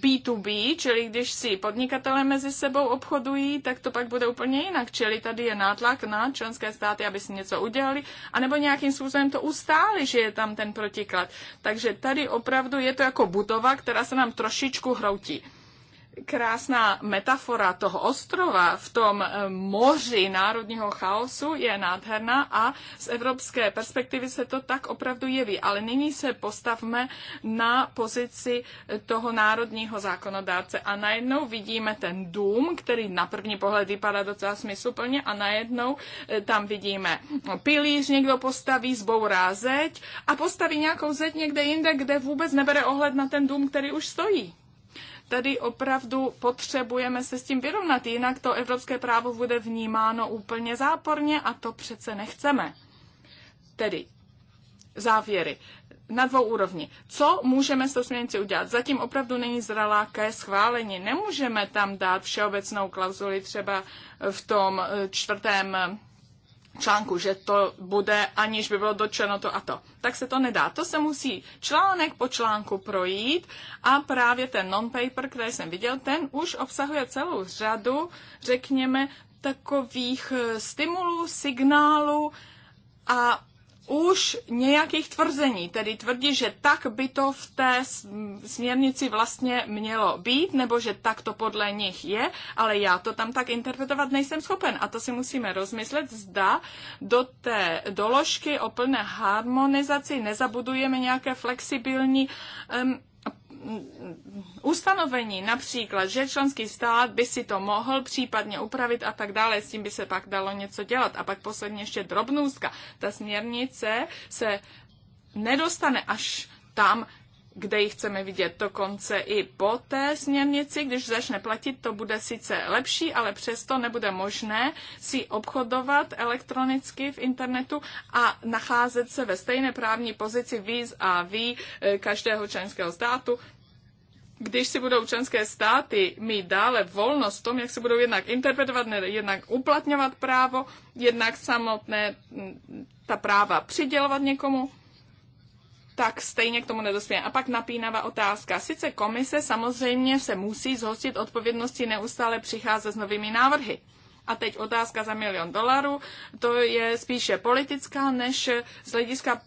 B2B, čili když si podnikatelé mezi sebou obchodují, tak to pak bude úplně jinak. Čili tady je nátlak na členské státy, aby si něco udělali, anebo nějakým způsobem to ustáli, že je tam ten protiklad. Takže tady opravdu je to jako budova, která se nám trošičku hroutí krásná metafora toho ostrova v tom eh, moři národního chaosu je nádherná a z evropské perspektivy se to tak opravdu jeví. Ale nyní se postavme na pozici eh, toho národního zákonodárce a najednou vidíme ten dům, který na první pohled vypadá docela smysluplně a najednou eh, tam vidíme no, pilíř, někdo postaví, zbourá zeď a postaví nějakou zeď někde jinde, kde vůbec nebere ohled na ten dům, který už stojí tedy opravdu potřebujeme se s tím vyrovnat, jinak to evropské právo bude vnímáno úplně záporně a to přece nechceme. Tedy závěry na dvou úrovni. Co můžeme s tou směrnicí udělat? Zatím opravdu není zralá ke schválení. Nemůžeme tam dát všeobecnou klauzuli třeba v tom čtvrtém článku, že to bude, aniž by bylo dočeno to a to. Tak se to nedá. To se musí článek po článku projít a právě ten non-paper, který jsem viděl, ten už obsahuje celou řadu, řekněme, takových eh, stimulů, signálů a už nějakých tvrzení, tedy tvrdí, že tak by to v té směrnici vlastně mělo být, nebo že tak to podle nich je, ale já to tam tak interpretovat nejsem schopen. A to si musíme rozmyslet, zda do té doložky o plné harmonizaci nezabudujeme nějaké flexibilní um, ustanovení například, že členský stát by si to mohl případně upravit a tak dále, s tím by se pak dalo něco dělat. A pak posledně ještě drobnůstka. Ta směrnice se nedostane až tam, kde ji chceme vidět dokonce i po té směrnici, když začne platit, to bude sice lepší, ale přesto nebude možné si obchodovat elektronicky v internetu a nacházet se ve stejné právní pozici víz a ví eh, každého členského státu, když si budou členské státy mít dále volnost v tom, jak se budou jednak interpretovat, jednak uplatňovat právo, jednak samotné mm, ta práva přidělovat někomu, tak stejně k tomu nedospěje. A pak napínavá otázka. Sice komise samozřejmě se musí zhostit odpovědnosti neustále přicházet s novými návrhy. A teď otázka za milion dolarů. To je spíše politická než z hlediska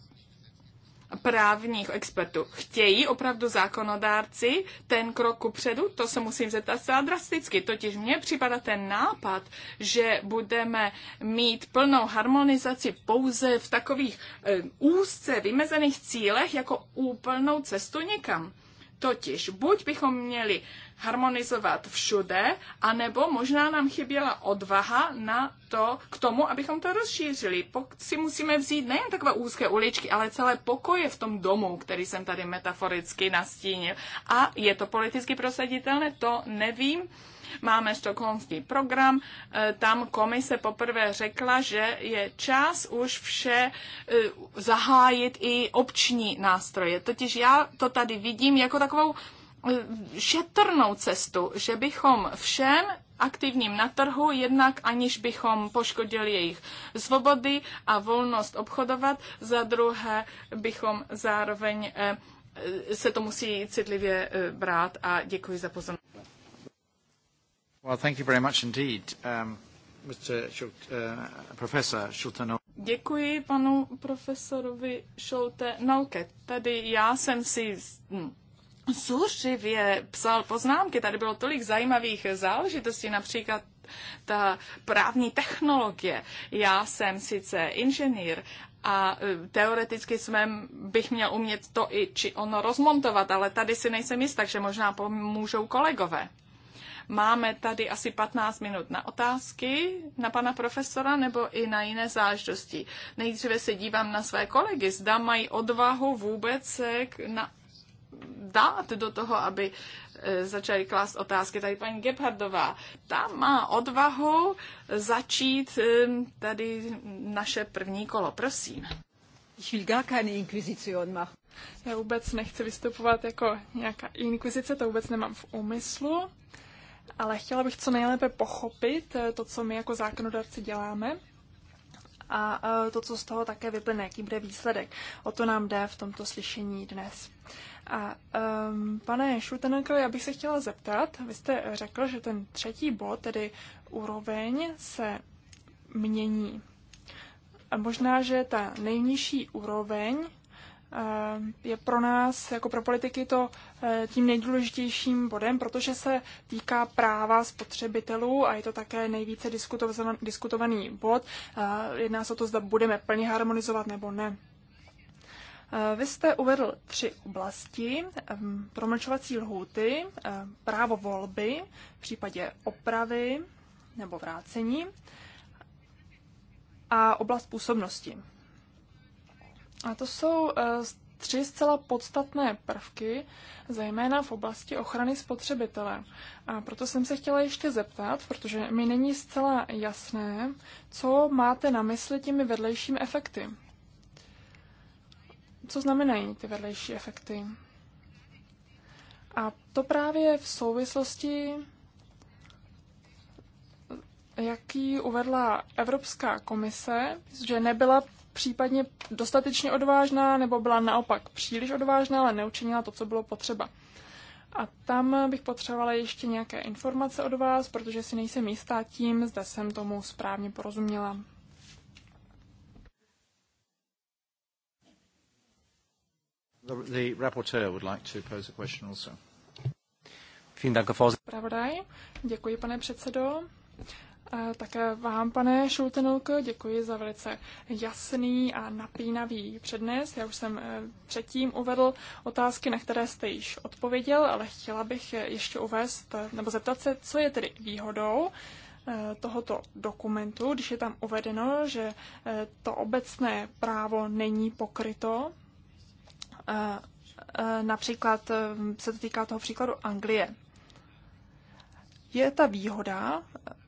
právních expertů. Chtějí opravdu zákonodárci ten krok ku předu? To se musím zeptat zcela drasticky. Totiž mně připadá ten nápad, že budeme mít plnou harmonizaci pouze v takových e, úzce vymezených cílech jako úplnou cestu někam. Totiž buď bychom měli harmonizovat všude, anebo možná nám chyběla odvaha na to, k tomu, abychom to rozšířili. Pokud si musíme vzít nejen takové úzké uličky, ale celé pokoje v tom domu, který jsem tady metaforicky nastínil. A je to politicky prosaditelné, to nevím Máme štokholmský program, e, tam komise poprvé řekla, že je čas už vše e, zahájit i obční nástroje. Totiž já to tady vidím jako takovou e, šetrnou cestu, že bychom všem aktivním na trhu, jednak aniž bychom poškodili jejich svobody a volnost obchodovat, za druhé bychom zároveň se to musí citlivě brát a děkuji za pozornost. Děkuji panu profesorovi Šolte Nauke. Tady já jsem si hm, zuřivě psal poznámky. Tady bylo tolik zajímavých záležitostí, například ta právní technologie. Já jsem sice inženýr a e, teoreticky jsme, bych měl umět to i či ono rozmontovat, ale tady si nejsem jist, takže možná pomůžou kolegové. Máme tady asi 15 minut na otázky na pana profesora nebo i na jiné záležitosti. Nejdříve se dívám na své kolegy, zda mají odvahu vůbec se na dát do toho, aby e, začali klást otázky. Tady paní Gebhardová, ta má odvahu začít e, tady naše první kolo. Prosím. Ich will gar keine Inquisition machen. Já vůbec nechci vystupovat jako nějaká inkvizice, to vůbec nemám v úmyslu ale chtěla bych co nejlépe pochopit eh, to, co my jako zákonodarci děláme a eh, to, co z toho také vyplne, jaký bude výsledek. O to nám jde v tomto slyšení dnes. A um, pane Šutenko, já bych se chtěla zeptat, vy jste řekl, že ten třetí bod, tedy úroveň, se mění. A možná, že ta nejnižší úroveň Eh, je pro nás, jako pro politiky, to eh, tím nejdůležitějším bodem, protože se týká práva spotřebitelů a je to také nejvíce diskutovaný bod. Eh, jedná se o to, zda budeme plně harmonizovat nebo ne. Vy jste uvedl tři oblasti. Promlčovací lhůty, právo volby v případě opravy nebo vrácení a oblast působnosti. A to jsou eh, tři zcela podstatné prvky, zejména v oblasti ochrany spotřebitele. A proto jsem se chtěla ještě zeptat, protože mi není zcela jasné, co máte na mysli těmi vedlejšími efekty. Co znamenají ty vedlejší efekty? A to právě v souvislosti, jaký uvedla Evropská komise, že nebyla případně dostatečně odvážná, nebo byla naopak příliš odvážná, ale neučinila to, co bylo potřeba. A tam bych potřebovala ještě nějaké informace od vás, protože si nejsem jistá tím, zda jsem tomu správně porozuměla. The rapporteur would like to pose a question also. děkuji pane předsedo. Také vám, pane Šultenulko, děkuji za velice jasný a napínavý přednes. Já už jsem eh, předtím uvedl otázky, na které jste již odpověděl, ale chtěla bych eh, ještě uvést eh, nebo zeptat se, co je tedy výhodou tohoto dokumentu, když je tam uvedeno, že to obecné právo není pokryto. Například se to týká toho příkladu Anglie. Je ta výhoda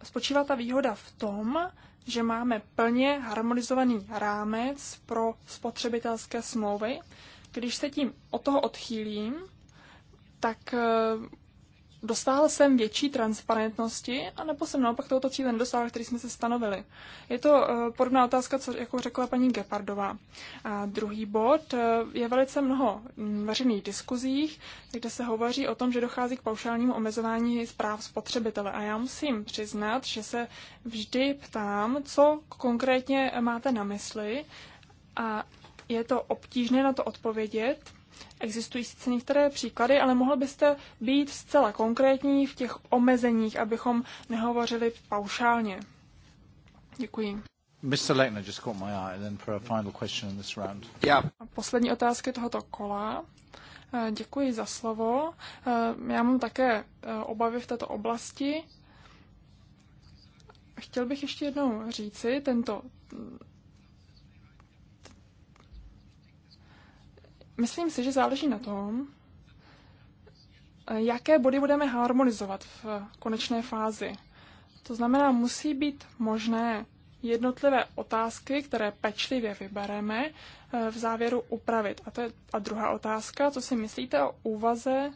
spočívá ta výhoda v tom, že máme plně harmonizovaný rámec pro spotřebitelské smlouvy. Když se tím od toho odchýlím, tak eh, Dosáhl jsem větší transparentnosti, anebo jsem naopak tohoto cíle nedosáhl, který jsme se stanovili? Je to eh, podobná otázka, co jako řekla paní Gepardová. A druhý bod eh, je velice mnoho mm, veřejných diskuzích, kde se hovoří o tom, že dochází k paušálnímu omezování zpráv spotřebitele. A já musím přiznat, že se vždy ptám, co konkrétně máte na mysli a je to obtížné na to odpovědět, Existují sice některé příklady, ale mohl byste být zcela konkrétní v těch omezeních, abychom nehovořili paušálně. Děkuji. Mr. Lechner just caught my eye then for a final question in this round. Yeah. Poslední otázky tohoto kola. Eh, děkuji za slovo. Eh, já mám také eh, obavy v této oblasti. Chtěl bych ještě jednou říci, tento Myslím si, že záleží na tom, eh, jaké body budeme harmonizovat v konečné fázi. To znamená, musí být možné jednotlivé otázky, které pečlivě vybereme, eh, v závěru upravit. A to je a druhá otázka, co si myslíte o úvaze,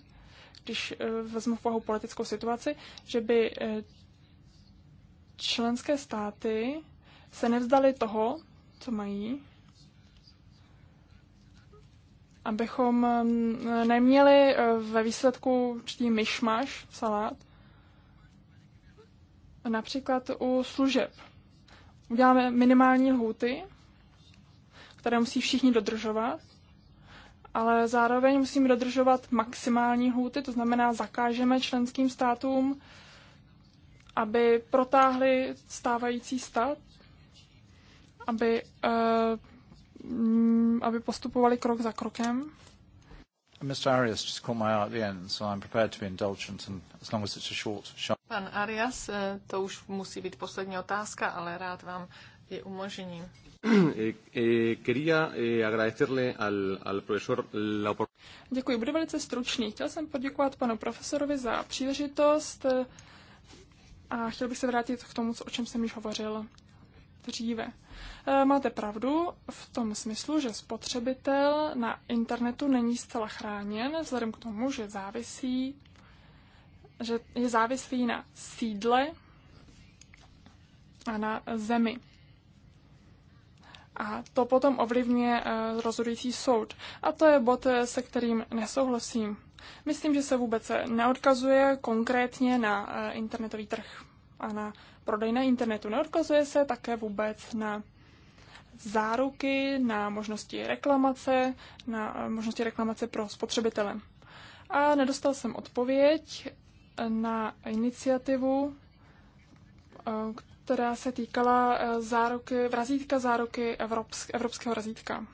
když eh, vezmu v povahu politickou situaci, že by členské státy se nevzdali toho, co mají, abychom mm, neměli eh, ve výsledku určitý myšmaš, salát, například u služeb. Uděláme minimální lhůty, které musí všichni dodržovat, ale zároveň musíme dodržovat maximální lhůty, to znamená zakážeme členským státům, aby protáhli stávající stav, aby uh, Mm, aby postupovali krok za krokem. Mr. Arias just caught my eye at the end, so I'm prepared to be indulgent, and as long as it's a short, Pan Arias, eh, to už musí být poslední otázka, ale rád vám je umožním. (clears throat) Eh, eh, Děkuji, budu velice stručný. Chtěl jsem poděkovat panu profesorovi za příležitost a chtěl bych se vrátit k tomu, o čem jsem již hovořil dříve. Eh, máte pravdu v tom smyslu, že spotřebitel na internetu není zcela chráněn, vzhledem k tomu, že závisí, že je závislý na sídle a na zemi. A to potom ovlivňuje eh, rozhodující soud. A to je bod, eh, se kterým nesouhlasím. Myslím, že se vůbec neodkazuje konkrétně na internetový trh a na prodej na internetu. Neodkazuje se také vůbec na záruky, na možnosti reklamace, na eh, možnosti reklamace pro spotřebitele. A nedostal jsem odpověď na iniciativu, eh, která se týkala eh, záruky, vrazítka záruky evropsk, evropského razítka.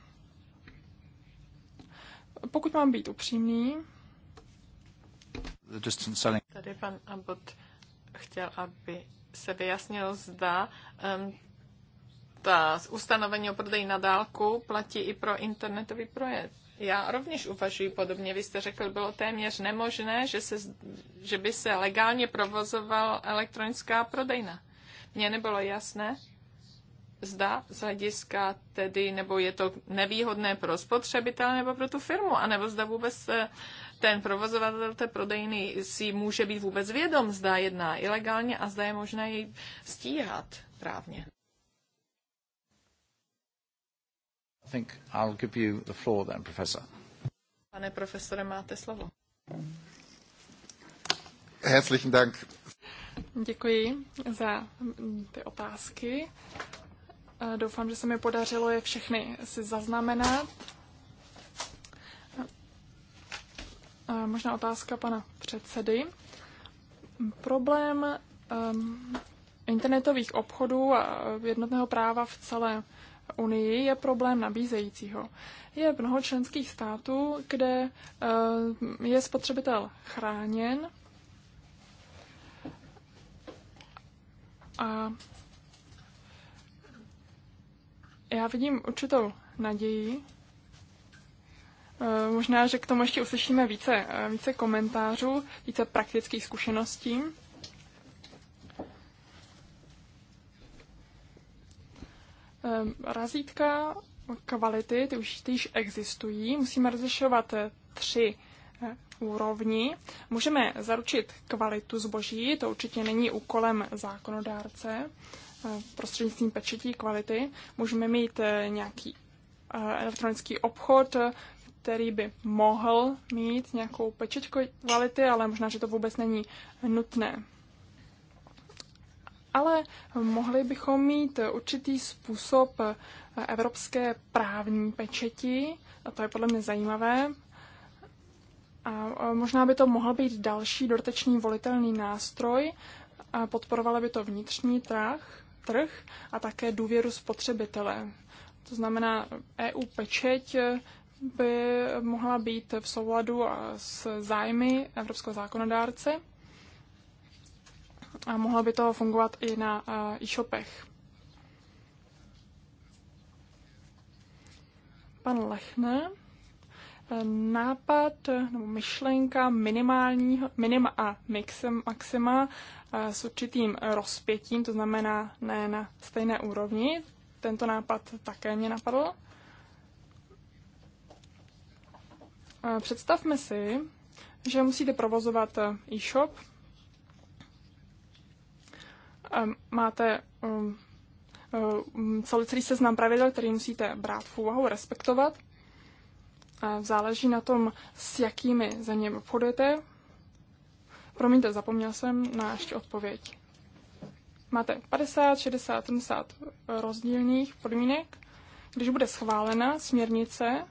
Pokud mám být upřímný, Tady pan Abbott chtěl, aby se vyjasnil, zda um, ta ustanovení o prodeji na dálku platí i pro internetový projekt. Já rovněž uvažuji podobně. Vy jste řekl, bylo téměř nemožné, že, se, že by se legálně provozoval elektronická prodejna. Mně nebylo jasné, zda z hlediska tedy, nebo je to nevýhodné pro spotřebitele nebo pro tu firmu, anebo zda vůbec ten provozovatel té prodejny si může být vůbec vědom, zda jedná ilegálně a zda je možné jej stíhat právně. I think I'll give you the floor then, professor. Pane profesore, máte slovo. Herzlichen Dank. Děkuji za ty otázky. Doufám, že se mi podařilo je všechny si zaznamenat. možná otázka pana předsedy. Problém ehm, internetových obchodů a jednotného práva v celé Unii je problém nabízejícího. Je mnoho členských států, kde ehm, je spotřebitel chráněn a já vidím určitou naději, Eh, možná, že k tomu ještě uslyšíme více, eh, více komentářů, více praktických zkušeností. Eh, razítka kvality, ty už, ty již existují. Musíme rozlišovat tři úrovni. Můžeme zaručit kvalitu zboží, to určitě není úkolem zákonodárce prostřednictvím pečetí kvality. Můžeme mít nějaký elektronický obchod, který by mohl mít nějakou pečeť kvality, ale možná, že to vůbec není nutné. Ale mohli bychom mít určitý způsob evropské právní pečeti, a to je podle mě zajímavé. A možná by to mohl být další dotečný volitelný nástroj, a podporovalo by to vnitřní trh, trh a také důvěru spotřebitele. To znamená, EU pečeť by mohla být v souladu s zájmy evropského zákonodárce a mohlo by to fungovat i na e-shopech. Pan Lechne. E, nápad nebo myšlenka minimálního, minima a mixem, maxima e, s určitým rozpětím, to znamená ne na stejné úrovni. Tento nápad také mě napadl. Představme si, že musíte provozovat eh, e-shop, máte um, um, celý, celý seznam pravidel, který musíte brát v úvahu, respektovat. Záleží na tom, s jakými zeměmi obchodujete. Promiňte, zapomněl jsem na ještě odpověď. Máte 50, 60, 70 rozdílných podmínek. Když bude schválena směrnice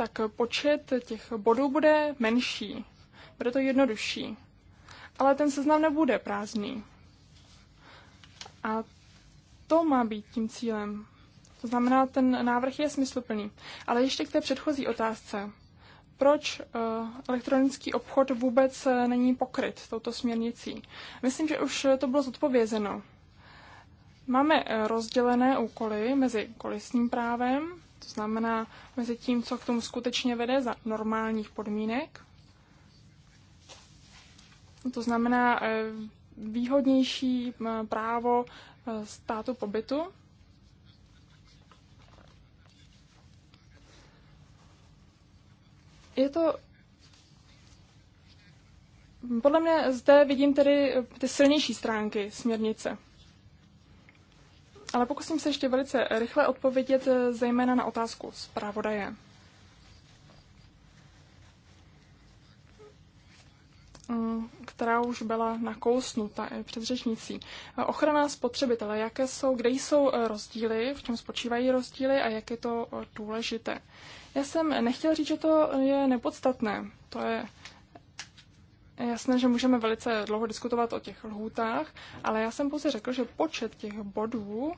tak počet těch bodů bude menší. Bude to jednodušší. Ale ten seznam nebude prázdný. A to má být tím cílem. To znamená, ten návrh je smysluplný. Ale ještě k té předchozí otázce. Proč eh, elektronický obchod vůbec eh, není pokryt touto směrnicí? Myslím, že už eh, to bylo zodpovězeno. Máme rozdělené úkoly mezi kolisním právem to znamená mezi tím, co k tomu skutečně vede za normálních podmínek. To znamená eh, výhodnější eh, právo eh, státu pobytu. Je to podle mě zde vidím tedy ty silnější stránky směrnice. Ale pokusím se ještě velice rychle odpovědět eh, zejména na otázku zpravodaje. Mm, která už byla nakousnuta eh, předřečnicí. Eh, ochrana spotřebitele, jaké jsou, kde jsou rozdíly, v čem spočívají rozdíly a jak je to důležité. Já jsem nechtěl říct, že to je nepodstatné. To je jasné, že můžeme velice dlouho diskutovat o těch lhůtách, ale já jsem pouze řekl, že počet těch bodů,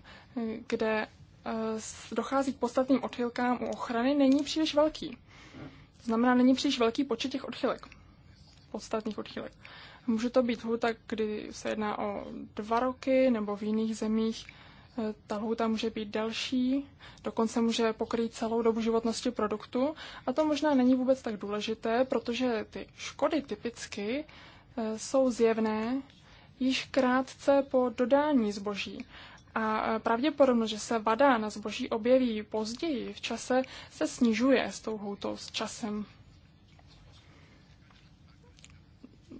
kde eh, dochází k podstatným odchylkám u ochrany, není příliš velký. To znamená, není příliš velký počet těch odchylek, podstatných odchylek. Může to být hluta, kdy se jedná o dva roky, nebo v jiných zemích ta lhůta může být delší, dokonce může pokrýt celou dobu životnosti produktu. A to možná není vůbec tak důležité, protože ty škody typicky eh, jsou zjevné již krátce po dodání zboží. A eh, pravděpodobnost, že se vada na zboží objeví později v čase, se snižuje s tou houtou s časem.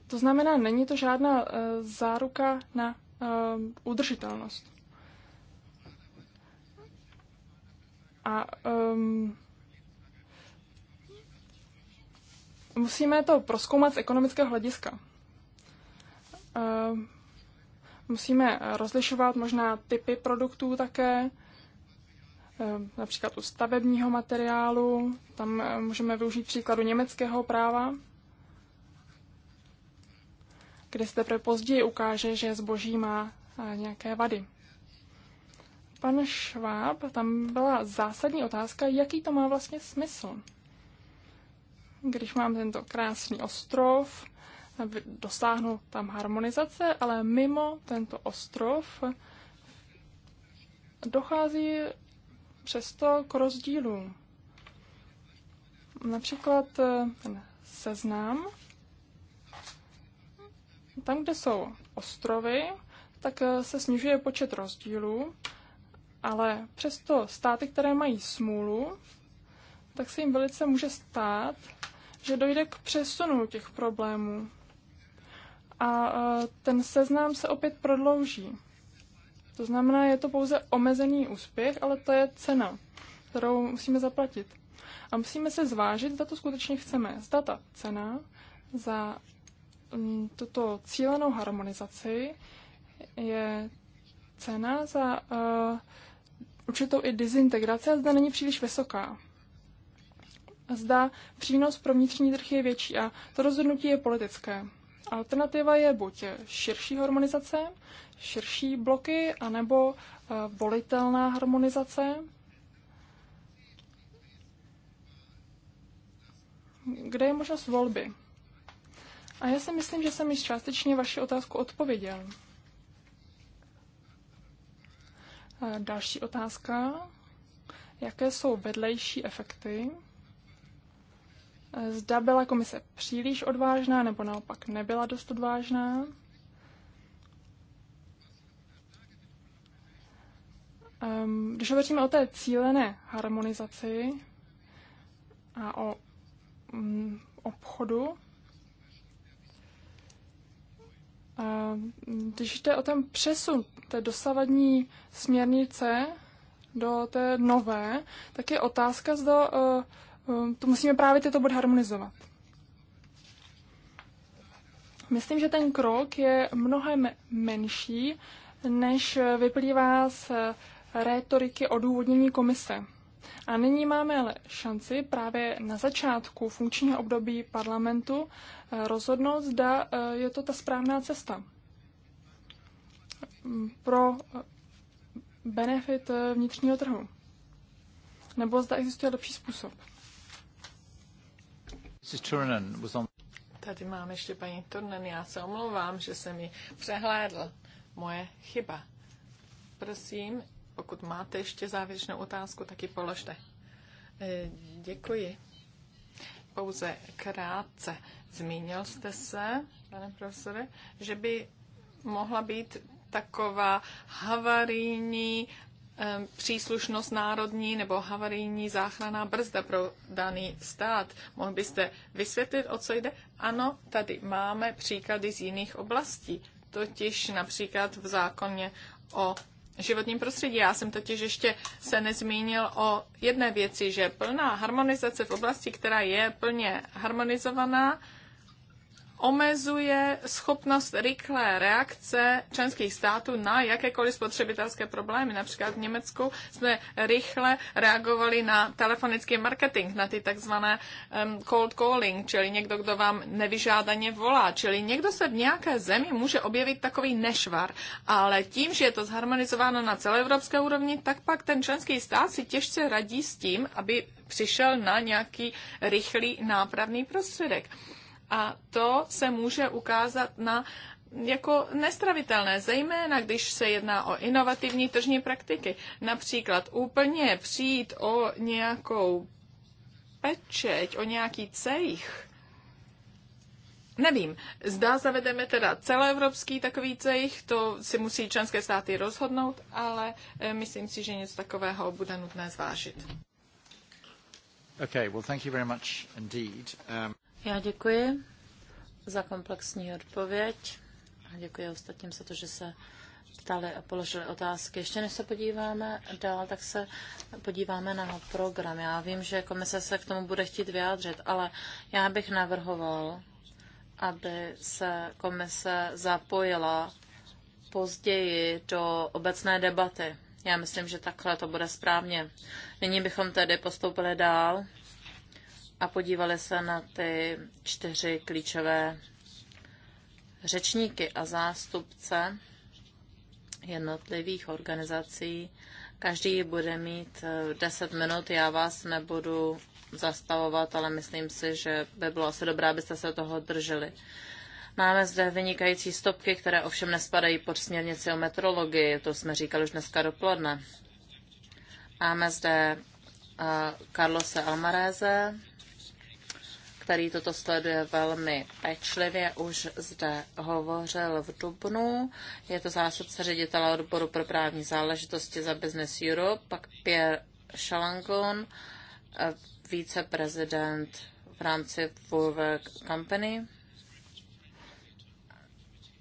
To znamená, není to žádná eh, záruka na udržitelnost. A um, musíme to proskoumat z ekonomického hlediska. Um, musíme rozlišovat možná typy produktů také, um, například u stavebního materiálu, tam uh, můžeme využít příkladu německého práva, kde se teprve později ukáže, že zboží má uh, nějaké vady pan Šváb, tam byla zásadní otázka, jaký to má vlastně smysl. Když mám tento krásný ostrov, dosáhnu tam harmonizace, ale mimo tento ostrov dochází přesto k rozdílům. Například eh, ten seznam, tam, kde jsou ostrovy, tak eh, se snižuje počet rozdílů, ale přesto státy, které mají smůlu, tak se jim velice může stát, že dojde k přesunu těch problémů. A e, ten seznám se opět prodlouží. To znamená, je to pouze omezený úspěch, ale to je cena, kterou musíme zaplatit. A musíme se zvážit, zda to skutečně chceme. Zda ta cena za mm, tuto cílenou harmonizaci je cena za uh, určitou i dezintegraci a zda není příliš vysoká. Zda přínos pro vnitřní trh je větší a to rozhodnutí je politické. Alternativa je buď širší harmonizace, širší bloky, anebo eh, volitelná harmonizace, kde je možnost volby. A já si myslím, že jsem již částečně vaši otázku odpověděl. Další otázka. Jaké jsou vedlejší efekty? Zda byla komise příliš odvážná, nebo naopak nebyla dost odvážná? Ehm, když hovoříme o té cílené harmonizaci a o mm, obchodu, když jde o ten přesun té dosavadní směrnice do té nové, tak je otázka, zda uh, to musíme právě tyto body harmonizovat. Myslím, že ten krok je mnohem menší, než vyplývá z rétoriky odůvodnění komise. A nyní máme ale šanci právě na začátku funkčního období parlamentu eh, rozhodnout, zda je to ta správná cesta pro benefit eh, vnitřního trhu? Nebo zda existuje lepší způsob? Tady mám ještě paní Turnen, já se omlouvám, že jsem ji přehlédl. Moje chyba. Prosím, pokud máte ještě závěrečnou otázku, tak ji položte. Eh, děkuji. Pouze krátce. Zmínil jste se, pane profesore, že by mohla být taková havarijní příslušnost národní nebo havarijní záchranná brzda pro daný stát. Mohl byste vysvětlit, o co jde? Ano, tady máme příklady z jiných oblastí, totiž například v zákoně o životním prostředí. Já jsem totiž ještě se nezmínil o jedné věci, že plná harmonizace v oblasti, která je plně harmonizovaná, omezuje schopnost rychlé reakce členských států na jakékoliv spotřebitelské problémy. Například v Německu jsme rychle reagovali na telefonický marketing, na ty takzvané cold calling, čili někdo, kdo vám nevyžádaně volá. Čili někdo se v nějaké zemi může objevit takový nešvar, ale tím, že je to zharmonizováno na celoevropské úrovni, tak pak ten členský stát si těžce radí s tím, aby přišel na nějaký rychlý nápravný prostředek. A to se může ukázat na jako nestravitelné, zejména když se jedná o inovativní tržní praktiky. Například úplně přijít o nějakou pečeť, o nějaký cejch, Nevím, zda zavedeme teda celoevropský takový cejch, to si musí členské státy rozhodnout, ale eh, myslím si, že něco takového bude nutné zvážit. Okay, well, thank you very much indeed. Um... Já děkuji za komplexní odpověď a děkuji ostatním za to, že se ptali a položili otázky. Ještě než se podíváme dál, tak se podíváme na program. Já vím, že komise se k tomu bude chtít vyjádřit, ale já bych navrhoval, aby se komise zapojila později do obecné debaty. Já myslím, že takhle to bude správně. Nyní bychom tedy postoupili dál a podívali se na ty čtyři klíčové řečníky a zástupce jednotlivých organizací. Každý bude mít 10 eh, minut, já vás nebudu zastavovat, ale myslím si, že by bylo asi dobré, abyste se toho drželi. Máme zde vynikající stopky, které ovšem nespadají pod směrnici o metrologii, to jsme říkali už dneska dopoledne. Máme zde eh, Carlose Almareze, který toto sleduje velmi pečlivě, už zde hovořil v Dubnu. Je to zástupce ředitele odboru pro právní záležitosti za Business Europe, pak Pierre Chalangon, eh, viceprezident v rámci Work Company.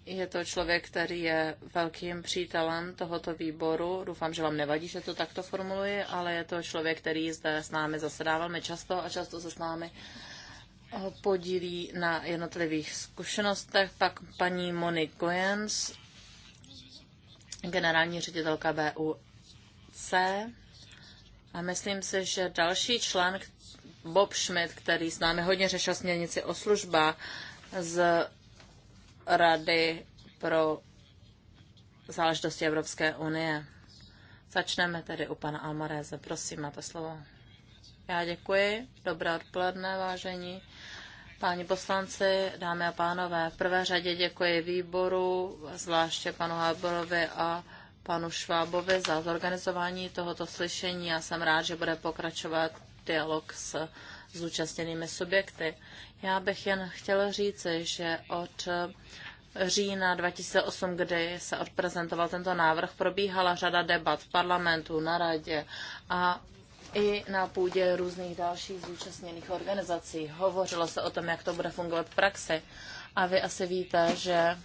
Je to člověk, který je velkým přítelem tohoto výboru. Doufám, že vám nevadí, že to takto formuluji, ale je to člověk, který zde s námi zasedá často a často se s námi podílí na jednotlivých zkušenostech, pak paní Moni Goyens, generální ředitelka BUC. A myslím si, že další člen, Bob Schmidt, který s námi hodně řešil směrnici o službách z Rady pro záležitosti Evropské unie. Začneme tedy u pana Almareze. Prosím, máte slovo. Já děkuji. Dobré odpoledne, vážení Páni poslanci, dámy a pánové, v prvé řadě děkuji výboru, zvláště panu Háborovi a panu Švábovi za zorganizování tohoto slyšení. Já jsem rád, že bude pokračovat dialog s zúčastněnými subjekty. Já bych jen chtěla říci, že od října 2008, kdy se odprezentoval tento návrh, probíhala řada debat v parlamentu, na radě a i na půdě různých dalších zúčastněných organizací. Hovořilo se o tom, jak to bude fungovat v praxi. A vy asi víte, že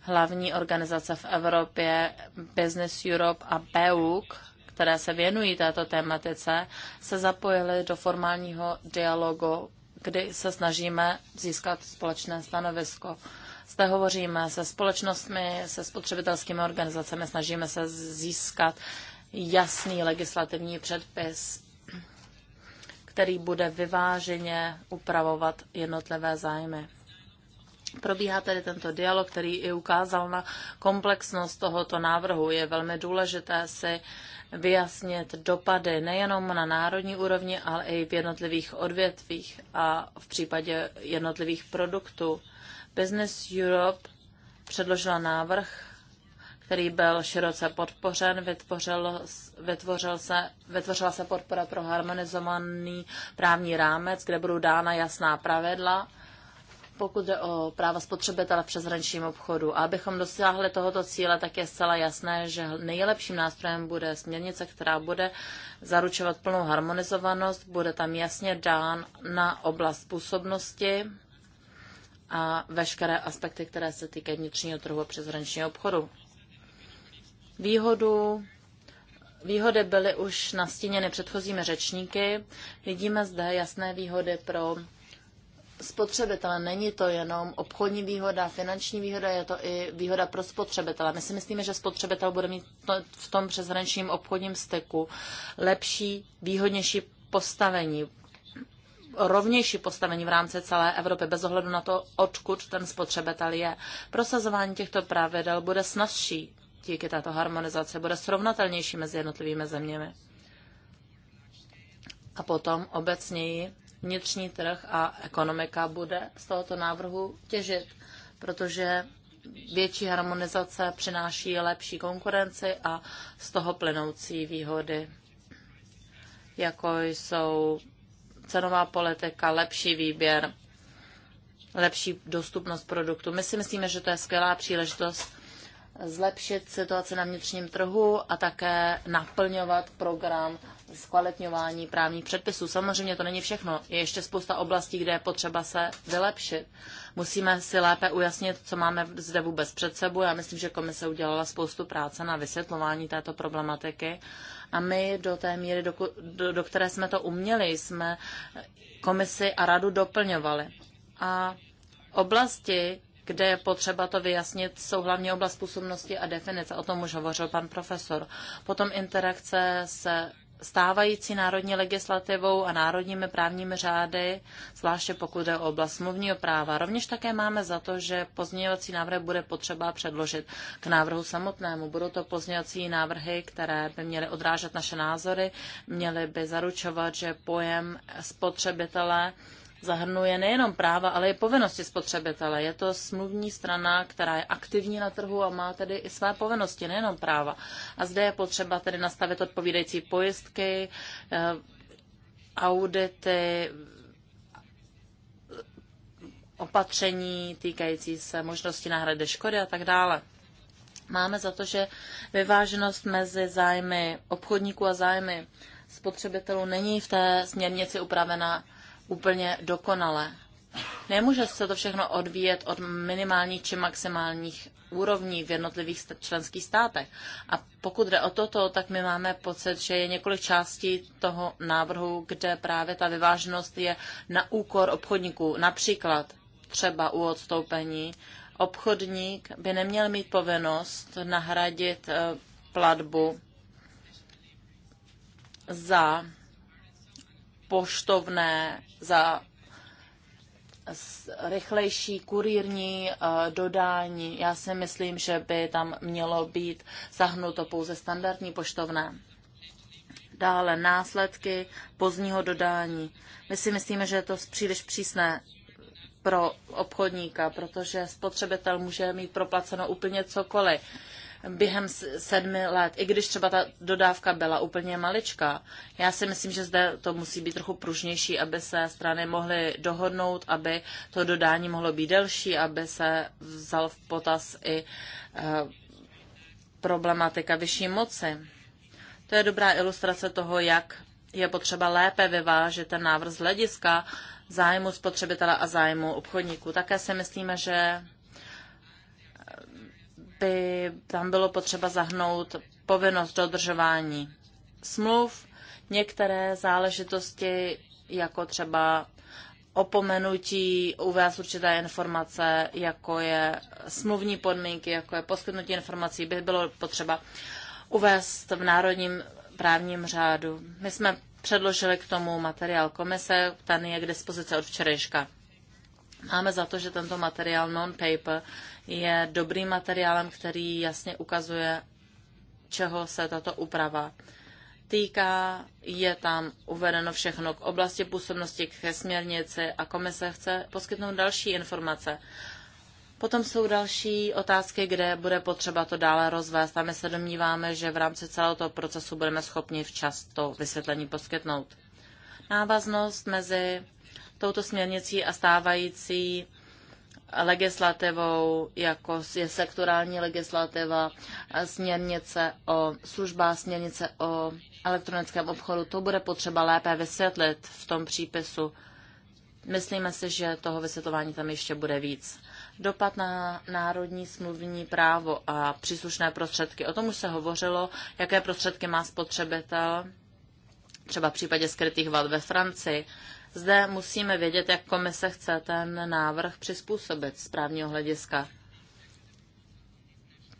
hlavní organizace v Evropě Business Europe a BEUK, které se věnují této tématice, se zapojily do formálního dialogu, kdy se snažíme získat společné stanovisko. Zde hovoříme se společnostmi, se spotřebitelskými organizacemi, snažíme se získat jasný legislativní předpis, který bude vyváženě upravovat jednotlivé zájmy. Probíhá tedy tento dialog, který i ukázal na komplexnost tohoto návrhu. Je velmi důležité si vyjasnit dopady nejenom na národní úrovni, ale i v jednotlivých odvětvích a v případě jednotlivých produktů. Business Europe předložila návrh který byl široce podpořen. Vytvořil, vytvořil se, vytvořila se podpora pro harmonizovaný právní rámec, kde budou dána jasná pravidla, pokud jde o práva spotřebitele v přeshraničním obchodu. A abychom dosáhli tohoto cíle, tak je zcela jasné, že nejlepším nástrojem bude směrnice, která bude zaručovat plnou harmonizovanost, bude tam jasně dán na oblast působnosti a veškeré aspekty, které se týkají vnitřního trhu a přeshraničního obchodu výhodu Výhody byly už nastíněny předchozími řečníky. Vidíme zde jasné výhody pro spotřebitele. Není to jenom obchodní výhoda, finanční výhoda, je to i výhoda pro spotřebitele. My si myslíme, že spotřebitel bude mít v tom přeshraničním obchodním styku lepší, výhodnější postavení rovnější postavení v rámci celé Evropy, bez ohledu na to, odkud ten spotřebitel je. Prosazování těchto pravidel bude snazší díky této harmonizaci bude srovnatelnější mezi jednotlivými zeměmi. A potom obecněji vnitřní trh a ekonomika bude z tohoto návrhu těžit, protože větší harmonizace přináší lepší konkurenci a z toho plynoucí výhody, jako jsou cenová politika, lepší výběr, lepší dostupnost produktu. My si myslíme, že to je skvělá příležitost zlepšit situaci na vnitřním trhu a také naplňovat program zkvalitňování právních předpisů. Samozřejmě to není všechno. Je ještě spousta oblastí, kde je potřeba se vylepšit. Musíme si lépe ujasnit, co máme zde vůbec před sebou. Já myslím, že komise udělala spoustu práce na vysvětlování této problematiky a my do té míry, do, do, do které jsme to uměli, jsme komisi a radu doplňovali. A oblasti, kde je potřeba to vyjasnit, jsou hlavně oblast působnosti a definice. O tom už hovořil pan profesor. Potom interakce se stávající národní legislativou a národními právními řády, zvláště pokud je o oblast smluvního práva. Rovněž také máme za to, že pozměňovací návrh bude potřeba předložit k návrhu samotnému. Budou to pozměňovací návrhy, které by měly odrážet naše názory, měly by zaručovat, že pojem spotřebitele zahrnuje nejenom práva, ale i povinnosti spotřebitele. Je to smluvní strana, která je aktivní na trhu a má tedy i své povinnosti, nejenom práva. A zde je potřeba tedy nastavit odpovídající pojistky, eh, audity, opatření týkající se možnosti náhrady škody a tak dále. Máme za to, že vyváženost mezi zájmy obchodníků a zájmy spotřebitelů není v té směrnici upravena úplně dokonale. Nemůže se to všechno odvíjet od minimálních či maximálních úrovní v jednotlivých členských státech. A pokud jde o toto, tak my máme pocit, že je několik částí toho návrhu, kde právě ta vyváženost je na úkor obchodníků. Například třeba u odstoupení obchodník by neměl mít povinnost nahradit eh, platbu za poštovné za rychlejší kurírní eh, dodání. Já si myslím, že by tam mělo být zahnuto pouze standardní poštovné. Dále následky pozdního dodání. My si myslíme, že je to příliš přísné pro obchodníka, protože spotřebitel může mít proplaceno úplně cokoliv během sedmi let, i když třeba ta dodávka byla úplně maličká. Já si myslím, že zde to musí být trochu pružnější, aby se strany mohly dohodnout, aby to dodání mohlo být delší, aby se vzal v potaz i eh, problematika vyšší moci. To je dobrá ilustrace toho, jak je potřeba lépe vyvážit ten návrh z hlediska zájmu spotřebitele a zájmu obchodníků. Také si myslíme, že by tam bylo potřeba zahnout povinnost dodržování smluv, některé záležitosti, jako třeba opomenutí uvést určité informace, jako je smluvní podmínky, jako je poskytnutí informací, by bylo potřeba uvést v národním právním řádu. My jsme předložili k tomu materiál komise, ten je k dispozici od včerejška. Máme za to, že tento materiál non-paper je dobrým materiálem, který jasně ukazuje, čeho se tato úprava týká. Je tam uvedeno všechno k oblasti působnosti, ke směrnici a komise chce poskytnout další informace. Potom jsou další otázky, kde bude potřeba to dále rozvést a my se domníváme, že v rámci celého toho procesu budeme schopni včas to vysvětlení poskytnout. Návaznost mezi touto směrnicí a stávající legislativou, jako je sektorální legislativa, směrnice o službách, směrnice o elektronickém obchodu. To bude potřeba lépe vysvětlit v tom přípisu. Myslíme si, že toho vysvětlování tam ještě bude víc. Dopad na národní smluvní právo a příslušné prostředky. O tom už se hovořilo, jaké prostředky má spotřebitel, třeba v případě skrytých vad ve Francii. Zde musíme vědět, jak komise chce ten návrh přizpůsobit z právního hlediska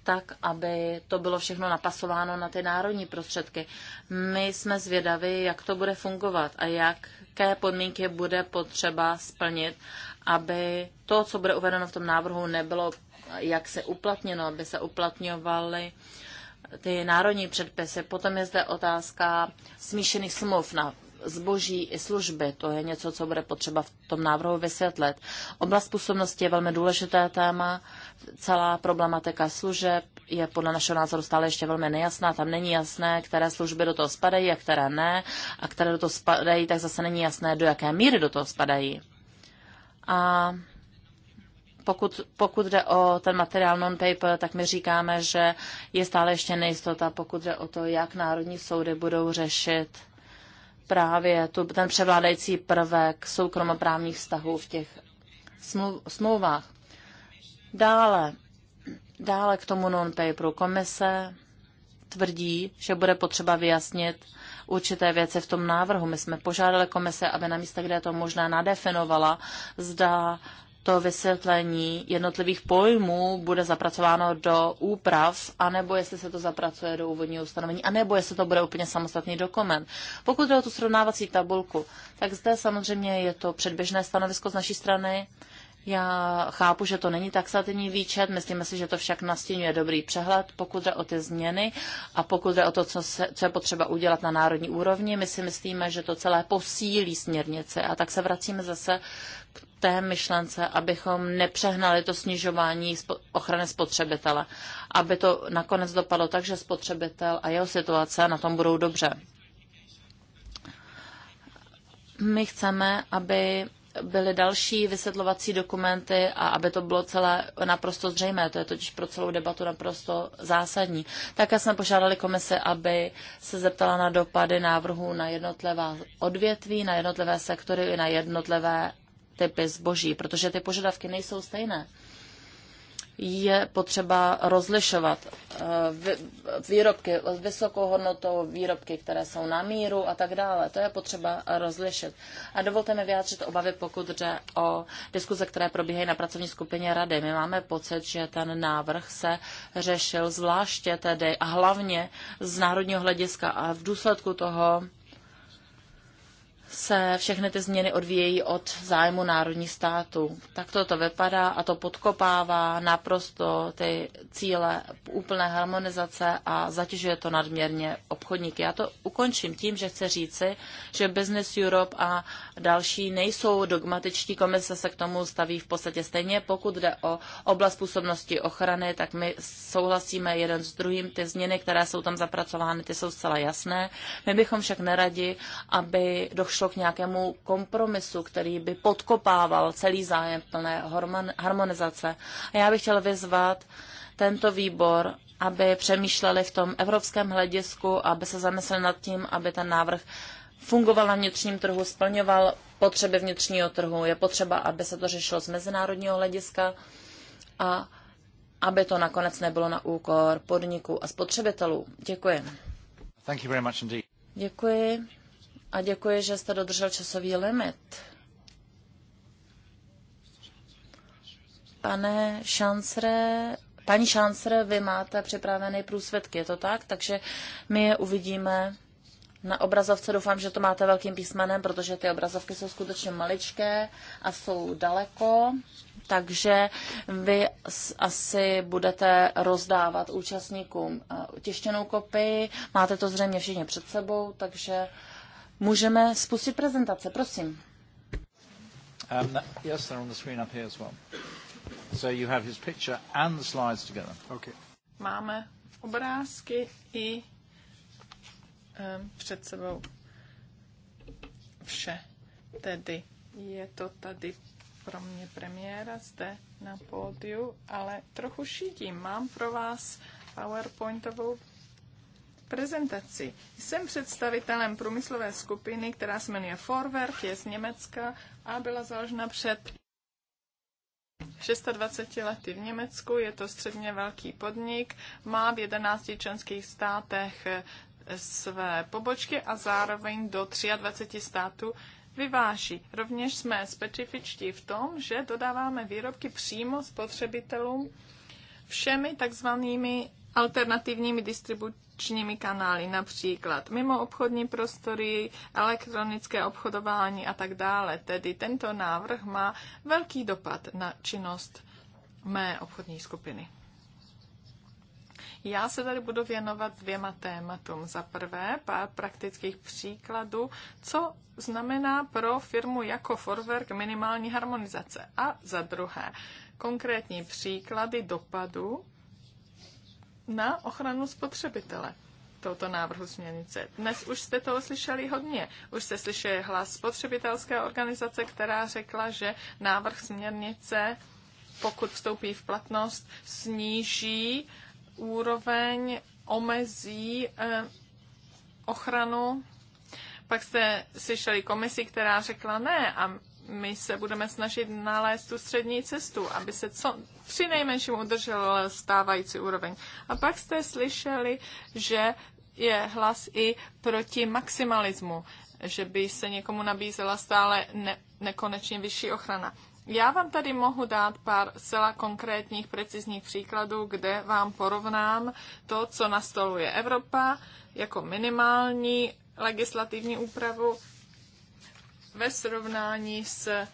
tak, aby to bylo všechno napasováno na ty národní prostředky. My jsme zvědaví, jak to bude fungovat a jaké podmínky bude potřeba splnit, aby to, co bude uvedeno v tom návrhu, nebylo jak se uplatněno, aby se uplatňovaly ty národní předpisy. Potom je zde otázka smíšených smluv na zboží i služby. To je něco, co bude potřeba v tom návrhu vysvětlit. Oblast působnosti je velmi důležité téma. Celá problematika služeb je podle našeho názoru stále ještě velmi nejasná. Tam není jasné, které služby do toho spadají a které ne. A které do toho spadají, tak zase není jasné, do jaké míry do toho spadají. A pokud, pokud jde o ten materiál non-paper, tak my říkáme, že je stále ještě nejistota, pokud jde o to, jak národní soudy budou řešit právě tu, ten převládající prvek soukromoprávních vztahů v těch smluv, smlouvách. Dále, dále k tomu non-paperu komise tvrdí, že bude potřeba vyjasnit určité věci v tom návrhu. My jsme požádali komise, aby na místě, kde je to možné, nadefinovala, zda to vysvětlení jednotlivých pojmů bude zapracováno do úprav, anebo jestli se to zapracuje do úvodního ustanovení, anebo jestli to bude úplně samostatný dokument. Pokud jde o tu srovnávací tabulku, tak zde samozřejmě je to předběžné stanovisko z naší strany. Já chápu, že to není taxativní výčet, myslíme si, že to však nastínuje dobrý přehled, pokud jde o ty změny a pokud jde o to, co, se, co je potřeba udělat na národní úrovni. My si myslíme, že to celé posílí směrnice a tak se vracíme zase té myšlence, abychom nepřehnali to snižování ochrany spotřebitele, aby to nakonec dopadlo tak, že spotřebitel a jeho situace na tom budou dobře. My chceme, aby byly další vysvětlovací dokumenty a aby to bylo celé naprosto zřejmé. To je totiž pro celou debatu naprosto zásadní. Také jsme požádali komise, aby se zeptala na dopady návrhu na jednotlivá odvětví, na jednotlivé sektory i na jednotlivé typy zboží, protože ty požadavky nejsou stejné. Je potřeba rozlišovat eh, výrobky s vysokou hodnotou, výrobky, které jsou na míru a tak dále. To je potřeba rozlišit. A dovolte mi vyjádřit obavy, pokud jde o diskuze, které probíhají na pracovní skupině rady. My máme pocit, že ten návrh se řešil zvláště tedy a hlavně z národního hlediska a v důsledku toho se všechny ty změny odvíjejí od zájmu národních států. Tak to to vypadá a to podkopává naprosto ty cíle úplné harmonizace a zatěžuje to nadměrně obchodníky. Já to ukončím tím, že chci říci, že Business Europe a další nejsou dogmatičtí, komise se k tomu staví v podstatě stejně. Pokud jde o oblast působnosti ochrany, tak my souhlasíme jeden s druhým. Ty změny, které jsou tam zapracovány, ty jsou zcela jasné. My bychom však neradi, aby do došlo k nějakému kompromisu, který by podkopával celý zájem plné harmonizace. A já bych chtěl vyzvat tento výbor, aby přemýšleli v tom evropském hledisku, aby se zamysleli nad tím, aby ten návrh fungoval na vnitřním trhu, splňoval potřeby vnitřního trhu. Je potřeba, aby se to řešilo z mezinárodního hlediska a aby to nakonec nebylo na úkor podniků a spotřebitelů. Děkuji. Thank you very much indeed. Děkuji a děkuji, že jste dodržel časový limit. Pane Šancre, paní Šancre, vy máte připravené průsvědky, je to tak? Takže my je uvidíme na obrazovce. Doufám, že to máte velkým písmenem, protože ty obrazovky jsou skutečně maličké a jsou daleko takže vy asi budete rozdávat účastníkům eh, tištěnou kopii. Máte to zřejmě všichni před sebou, takže Můžeme spustit prezentace, prosím. Um, yes, they're on the screen up here as well. So you have his picture and the slides together. Okay. Máme obrázky i um, před sebou vše. Tedy je to tady pro mě premiéra zde na pódiu, ale trochu šídím. Mám pro vás PowerPointovou prezentaci. Jsem představitelem průmyslové skupiny, která se jmenuje Forwerk, je z Německa a byla založena před 26 lety v Německu. Je to středně velký podnik, má v 11 členských státech eh, své pobočky a zároveň do 23 států vyváží. Rovněž jsme specifičtí v tom, že dodáváme výrobky přímo spotřebitelům všemi takzvanými alternativními distribučními kanály, například mimo obchodní prostory, elektronické obchodování a tak dále. Tedy tento návrh má velký dopad na činnost mé obchodní skupiny. Já se tady budu věnovat dvěma tématům. Za prvé, pár praktických příkladů, co znamená pro firmu jako forwerk minimální harmonizace. A za druhé, konkrétní příklady dopadu na ochranu spotřebitele touto návrhu směrnice. Dnes už jste toho slyšeli hodně. Už se slyšeli hlas spotřebitelské organizace, která řekla, že návrh směrnice, pokud vstoupí v platnost, sníží úroveň, omezí eh, ochranu. Pak jste slyšeli komisi, která řekla ne a my se budeme snažit nalézt tu střední cestu, aby se co při nejmenším udržel stávající úroveň. A pak jste slyšeli, že je hlas i proti maximalismu, že by se někomu nabízela stále ne, nekonečně vyšší ochrana. Já vám tady mohu dát pár zcela konkrétních, precizních příkladů, kde vám porovnám to, co nastoluje Evropa jako minimální legislativní úpravu ve srovnání s eh,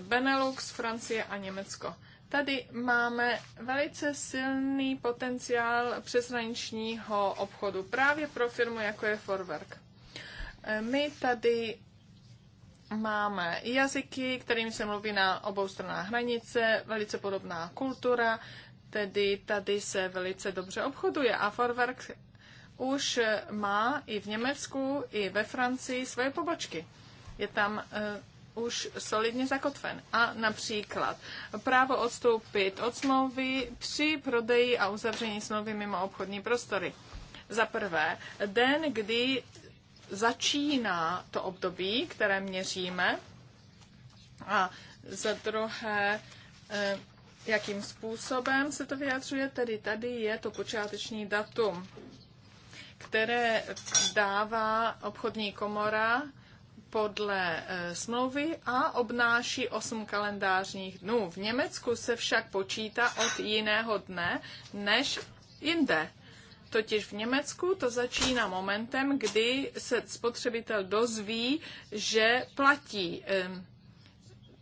Benelux, Francie a Německo. Tady máme velice silný potenciál přeshraničního obchodu právě pro firmu, jako je Forwerk. Eh, my tady máme jazyky, kterými se mluví na obou stranách hranice, velice podobná kultura, tedy tady se velice dobře obchoduje a Forwerk už má i v Německu, i ve Francii své pobočky je tam eh, už solidně zakotven. A například právo odstoupit od smlouvy při prodeji a uzavření smlouvy mimo obchodní prostory. Za prvé, den, kdy začíná to období, které měříme, a za druhé, eh, jakým způsobem se to vyjadřuje, tedy tady je to počáteční datum, které dává obchodní komora podle eh, smlouvy a obnáší 8 kalendářních dnů. V Německu se však počítá od jiného dne než jinde. Totiž v Německu to začíná momentem, kdy se spotřebitel dozví, že platí um,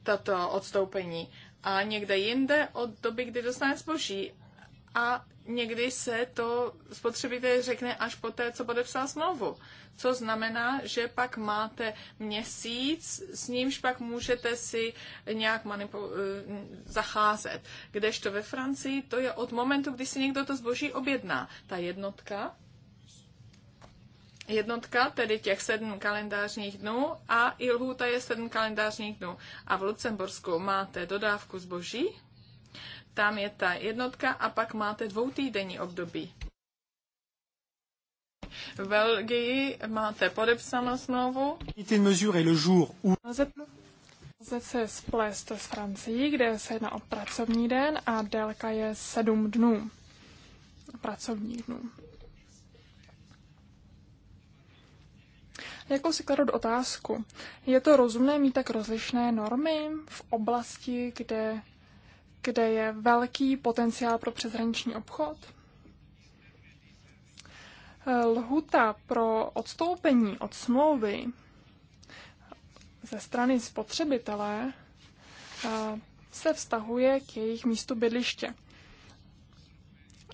tato odstoupení. A někde jinde od doby, kdy dostane zboží. A někdy se to spotřebitel řekne až po té, co podepsal smlouvu. Co znamená, že pak máte měsíc, s nímž pak můžete si nějak manipu- eh, zacházet. Kdežto ve Francii to je od momentu, kdy si někdo to zboží objedná. Ta jednotka, jednotka, tedy těch sedm kalendářních dnů a i lhůta je sedm kalendářních dnů. A v Lucembursku máte dodávku zboží, tam je ta jednotka a pak máte dvoutýdenní období. V Belgii máte podepsanou smlouvu. Lze se splést s Francií, kde se jedná o pracovní den a délka je sedm dnů. Pracovních dnů. Jakou si kladu otázku? Je to rozumné mít tak rozlišné normy v oblasti, kde kde je velký potenciál pro přeshraniční obchod. Lhuta pro odstoupení od smlouvy ze strany spotřebitele eh, se vztahuje k jejich místu bydliště.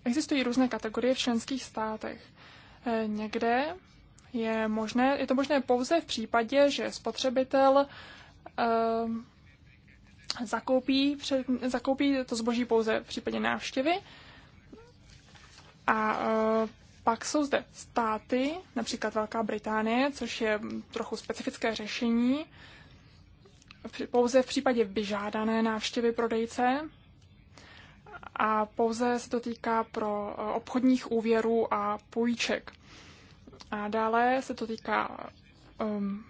Existují různé kategorie v členských státech. Eh, někde je, možné, je to možné pouze v případě, že spotřebitel eh, zakoupí, před, zakoupí to zboží pouze v případě návštěvy. A e, pak jsou zde státy, například Velká Británie, což je trochu specifické řešení, pouze v případě vyžádané návštěvy prodejce a pouze se to týká pro e, obchodních úvěrů a půjček. A dále se to týká um,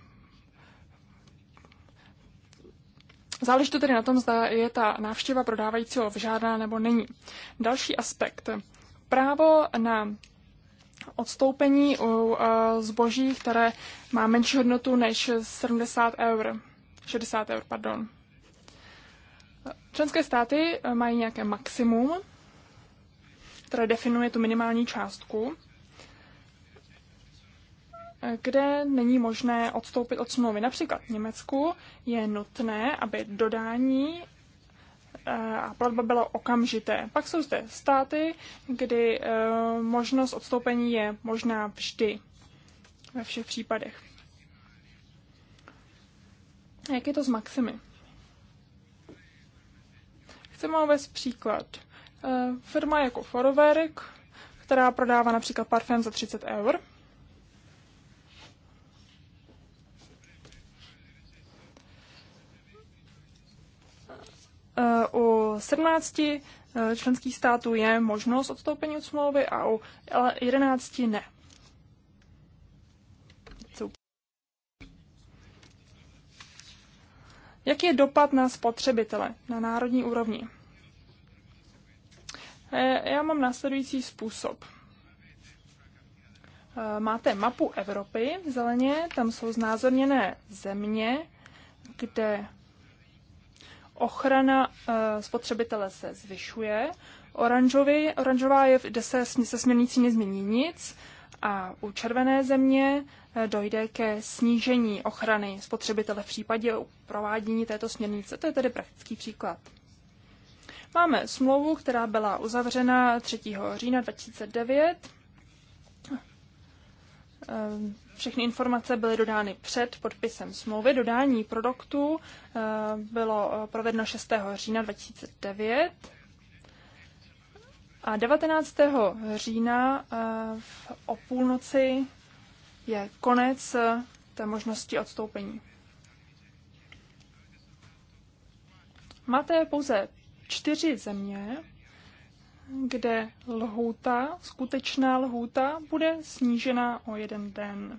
Záleží to tedy na tom, zda je ta návštěva prodávajícího vyžádaná nebo není. Další aspekt. Právo na odstoupení u eh, zboží, které má menší hodnotu než 70 eur. 60 eur, pardon. Členské státy mají nějaké maximum, které definuje tu minimální částku kde není možné odstoupit od smlouvy. Například v Německu je nutné, aby dodání eh, a platba byla okamžité. Pak jsou zde státy, kdy eh, možnost odstoupení je možná vždy, ve všech případech. Jak je to s maximy? Chci vám uvést příklad. Eh, firma jako Foroverk, která prodává například parfém za 30 eur, Eh, u 17 eh, členských států je možnost odstoupení od smlouvy a u 11 ne. Jaký je dopad na spotřebitele na národní úrovni? Eh, já mám následující způsob. Máte mapu Evropy, zeleně, tam jsou znázorněné země, kde ochrana eh, spotřebitele se zvyšuje. Oranžový, oranžová je se, se směrnící nezmění nic a u červené země eh, dojde ke snížení ochrany spotřebitele v případě provádění této směrnice. To je tedy praktický příklad. Máme smlouvu, která byla uzavřena 3. října 2009. Všechny informace byly dodány před podpisem smlouvy. Dodání produktů eh, bylo eh, provedeno 6. října 2009 a 19. října eh, o půlnoci je konec té možnosti odstoupení. Máte pouze čtyři země, kde lhůta, skutečná lhůta, bude snížena o jeden den.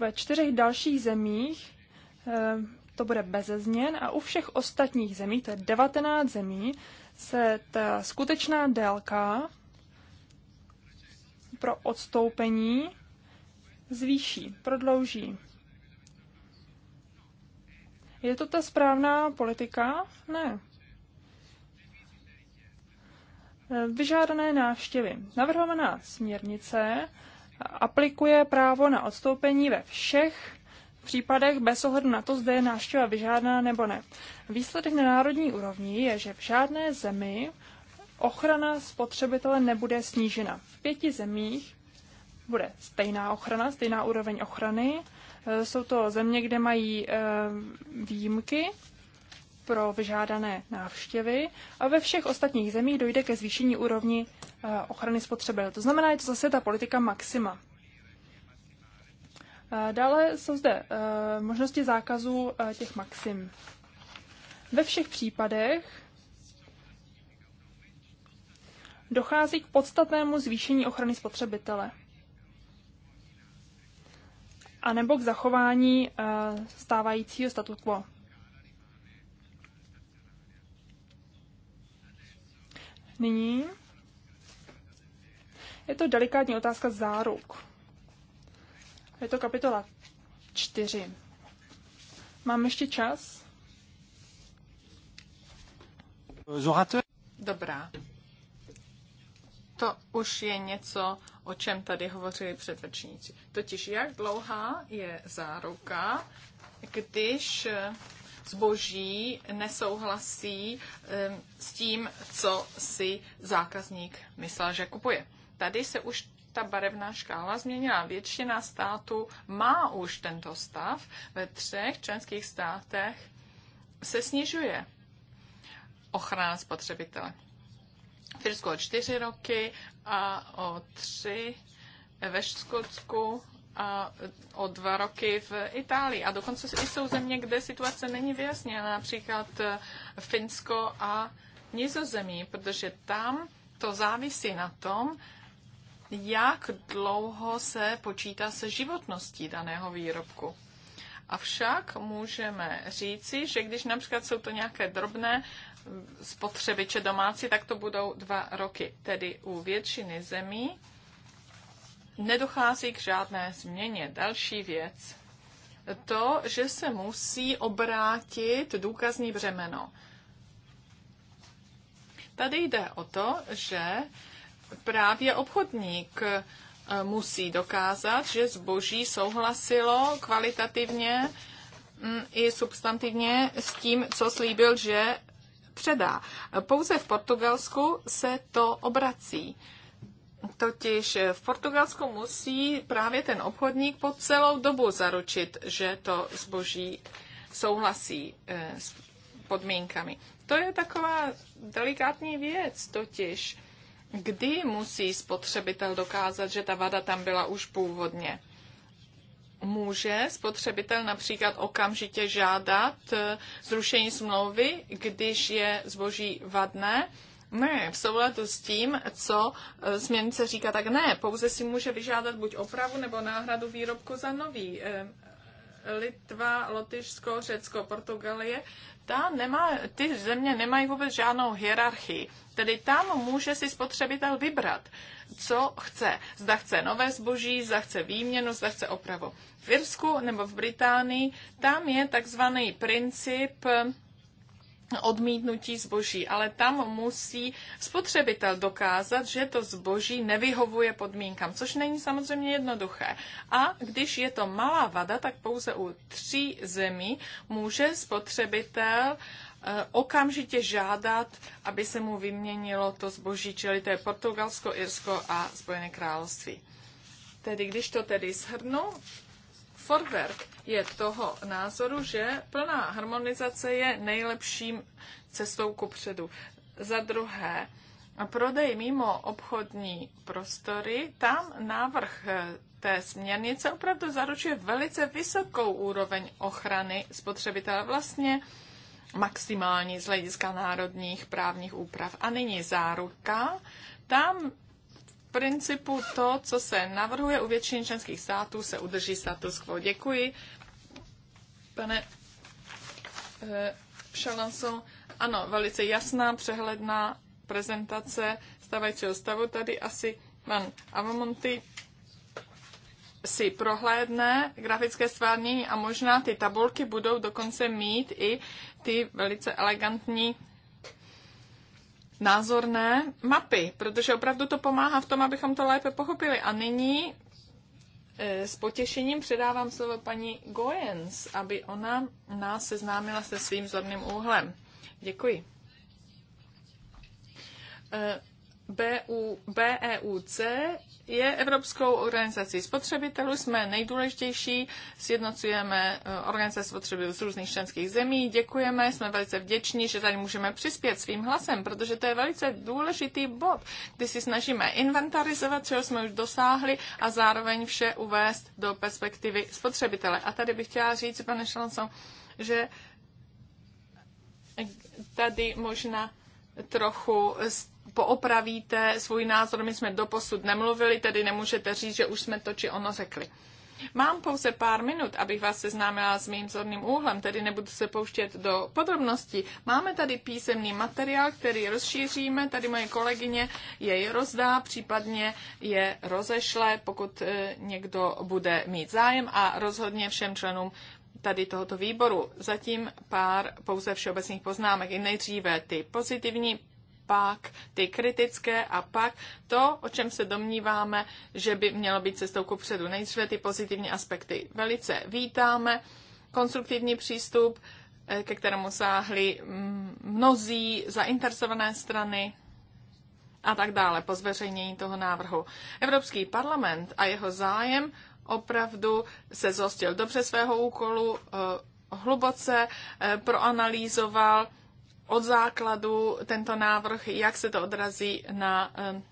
Ve čtyřech dalších zemích eh, to bude bez změn a u všech ostatních zemí, to je 19 zemí, se ta skutečná délka pro odstoupení zvýší, prodlouží. Je to ta správná politika? Ne. Eh, vyžádané návštěvy. Navrhovaná směrnice aplikuje právo na odstoupení ve všech případech bez ohledu na to, zda je návštěva vyžádaná nebo ne. Výsledek na národní úrovni je, že v žádné zemi ochrana spotřebitele nebude snížena. V pěti zemích bude stejná ochrana, stejná úroveň ochrany. E, jsou to země, kde mají e, výjimky pro vyžádané návštěvy a ve všech ostatních zemích dojde ke zvýšení úrovni eh, ochrany spotřebitelů. To znamená, je to zase ta politika maxima. Eh, dále jsou zde eh, možnosti zákazu těch maxim. Ve všech případech dochází k podstatnému zvýšení ochrany spotřebitele a nebo k zachování stávajícího statu quo. Nyní je to delikátní otázka záruk. Je to kapitola 4. Mám ještě čas? Dobrá. To už je něco, o čem tady hovořili předvečníci. Totiž, jak dlouhá je záruka, když eh, zboží nesouhlasí s tím, co si zákazník myslel, že kupuje. Tady se už ta barevná škála změnila. Většina států má už tento stav. Ve třech členských státech se snižuje ochrana spotřebitele. V Irsku o čtyři roky a o tři ve Škotsku a o dva roky v Itálii. A dokonce jsou země, kde situace není vyjasněna, například eh, Finsko a Nizozemí, protože tam to závisí na tom, jak dlouho se počítá se životností daného výrobku. Avšak můžeme říci, že když například jsou to nějaké drobné mm, spotřebiče domácí, tak to budou dva roky. Tedy u většiny zemí nedochází k žádné změně. Další věc. To, že se musí obrátit důkazní břemeno. Tady jde o to, že právě obchodník eh, musí dokázat, že zboží souhlasilo kvalitativně mm, i substantivně s tím, co slíbil, že předá. Pouze v Portugalsku se to obrací. Totiž eh, v Portugalsku musí právě ten obchodník po celou dobu zaručit, že to zboží souhlasí eh, s podmínkami. To je taková delikátní věc, totiž kdy musí spotřebitel dokázat, že ta vada tam byla už původně. Může spotřebitel například okamžitě žádat eh, zrušení smlouvy, když je zboží vadné, ne, v souladu s tím, co e, směrnice říká, tak ne, pouze si může vyžádat buď opravu nebo náhradu výrobku za nový. E, Litva, Lotyšsko, Řecko, Portugalie, ta nemá, ty země nemají vůbec žádnou hierarchii. Tedy tam může si spotřebitel vybrat, co chce. Zda chce nové zboží, zda chce výměnu, zda chce opravu. V Irsku nebo v Británii tam je takzvaný princip odmítnutí zboží, ale tam musí spotřebitel dokázat, že to zboží nevyhovuje podmínkám, což není samozřejmě jednoduché. A když je to malá vada, tak pouze u tří zemí může spotřebitel eh, okamžitě žádat, aby se mu vyměnilo to zboží, čili to je Portugalsko, Irsko a Spojené království. Tedy když to tedy shrnu, Forwerk je toho názoru, že plná harmonizace je nejlepším cestou ku předu. Za druhé, prodej mimo obchodní prostory, tam návrh eh, té směrnice opravdu zaručuje velice vysokou úroveň ochrany spotřebitele. Vlastně maximální z hlediska národních právních úprav. A nyní záruka. Tam principu to, co se navrhuje u většiny členských států, se udrží status quo. Děkuji. Pane eh, ano, velice jasná, přehledná prezentace stávajícího stavu. Tady asi pan Avamonty si prohlédne grafické stvárnění a možná ty tabulky budou dokonce mít i ty velice elegantní názorné mapy, protože opravdu to pomáhá v tom, abychom to lépe pochopili. A nyní e, s potěšením předávám slovo paní Goyens, aby ona nás seznámila se svým zorným úhlem. Děkuji. E, BU, BEUC je Evropskou organizací spotřebitelů, jsme nejdůležitější, sjednocujeme eh, organizace spotřebitelů z různých členských zemí, děkujeme, jsme velice vděční, že tady můžeme přispět svým hlasem, protože to je velice důležitý bod, kdy si snažíme inventarizovat, čeho jsme už dosáhli a zároveň vše uvést do perspektivy spotřebitele. A tady bych chtěla říct, pane Šalonson, že tady možná trochu z poopravíte svůj názor, my jsme doposud nemluvili, tedy nemůžete říct, že už jsme to či ono řekli. Mám pouze pár minut, abych vás seznámila s mým zorným úhlem, tedy nebudu se pouštět do podrobností. Máme tady písemný materiál, který rozšíříme, tady moje kolegyně jej rozdá, případně je rozešle, pokud e, někdo bude mít zájem a rozhodně všem členům tady tohoto výboru. Zatím pár pouze všeobecných poznámek. I nejdříve ty pozitivní pak ty kritické a pak to, o čem se domníváme, že by mělo být cestou ku předu. Nejdříve ty pozitivní aspekty. Velice vítáme konstruktivní přístup, eh, ke kterému sáhli mm, mnozí zainteresované strany a tak dále po zveřejnění toho návrhu. Evropský parlament a jeho zájem opravdu se zostil dobře svého úkolu, eh, hluboce eh, proanalýzoval od základu tento návrh, jak se to odrazí na eh,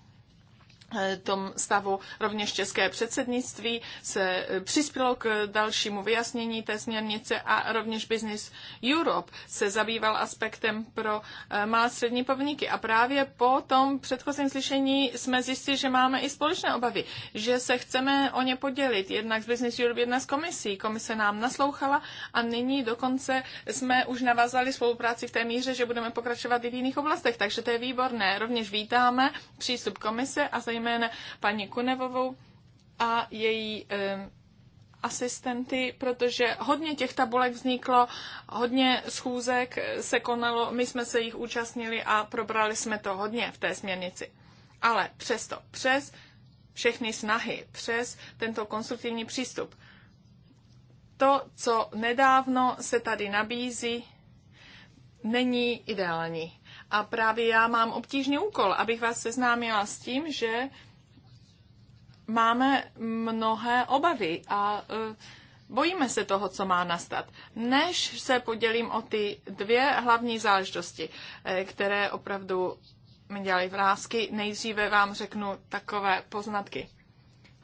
Eh, tom stavu rovněž české předsednictví se eh, přispělo k dalšímu vyjasnění té směrnice a rovněž Business Europe se zabýval aspektem pro eh, malé střední povníky A právě po tom předchozím slyšení jsme zjistili, že máme i společné obavy, že se chceme o ně podělit. Jednak z Business Europe, jedna z komisí. Komise nám naslouchala a nyní dokonce jsme už navázali spolupráci v té míře, že budeme pokračovat i v jiných oblastech. Takže to je výborné. Rovněž vítáme přístup komise a zajímavé zejména paní Kunevovou a její e, asistenty, protože hodně těch tabulek vzniklo, hodně schůzek se konalo, my jsme se jich účastnili a probrali jsme to hodně v té směrnici. Ale přesto, přes všechny snahy, přes tento konstruktivní přístup, to, co nedávno se tady nabízí, není ideální. A právě já mám obtížný úkol, abych vás seznámila s tím, že máme mnohé obavy a e, bojíme se toho, co má nastat. Než se podělím o ty dvě hlavní záležitosti, e, které opravdu mi dělali vrázky, nejdříve vám řeknu takové poznatky.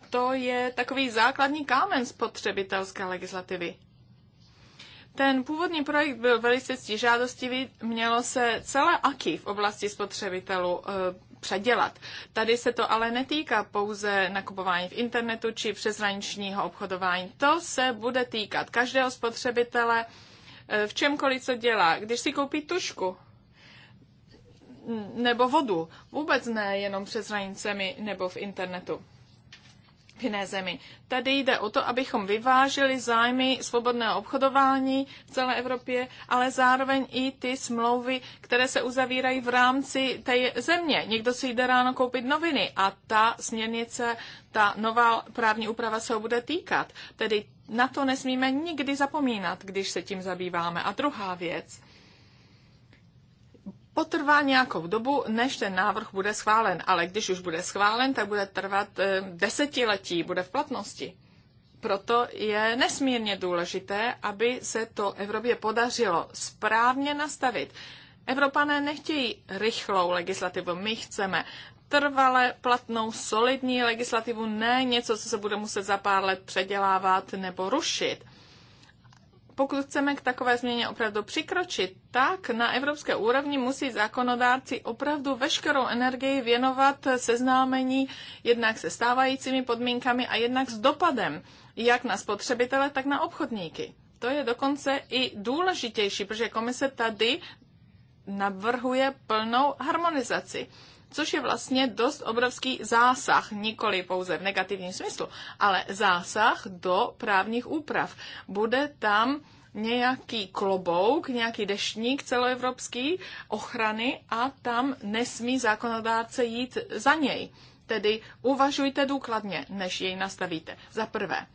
To je takový základní kámen spotřebitelské legislativy. Ten původní projekt byl velice stížádostivý, mělo se celé AKI v oblasti spotřebitelů eh, předělat. Tady se to ale netýká pouze nakupování v internetu či přeshraničního obchodování. To se bude týkat každého spotřebitele eh, v čemkoliv, co dělá. Když si koupí tušku nebo vodu, vůbec ne jenom přes hranicemi nebo v internetu v jiné zemi. Tady jde o to, abychom vyvážili zájmy svobodného obchodování v celé Evropě, ale zároveň i ty smlouvy, které se uzavírají v rámci té země. Někdo si jde ráno koupit noviny a ta směrnice, ta nová právní úprava se ho bude týkat. Tedy na to nesmíme nikdy zapomínat, když se tím zabýváme. A druhá věc, potrvá nějakou dobu, než ten návrh bude schválen. Ale když už bude schválen, tak bude trvat eh, desetiletí, bude v platnosti. Proto je nesmírně důležité, aby se to Evropě podařilo správně nastavit. Evropané nechtějí rychlou legislativu, my chceme trvale platnou, solidní legislativu, ne něco, co se bude muset za pár let předělávat nebo rušit pokud chceme k takové změně opravdu přikročit, tak na evropské úrovni musí zákonodárci opravdu veškerou energii věnovat seznámení jednak se stávajícími podmínkami a jednak s dopadem jak na spotřebitele, tak na obchodníky. To je dokonce i důležitější, protože komise tady navrhuje plnou harmonizaci což je vlastně dost obrovský zásah, nikoli pouze v negativním smyslu, ale zásah do právních úprav. Bude tam nějaký klobouk, nějaký deštník celoevropský ochrany a tam nesmí zákonodárce jít za něj. Tedy uvažujte důkladně, než jej nastavíte. Za prvé,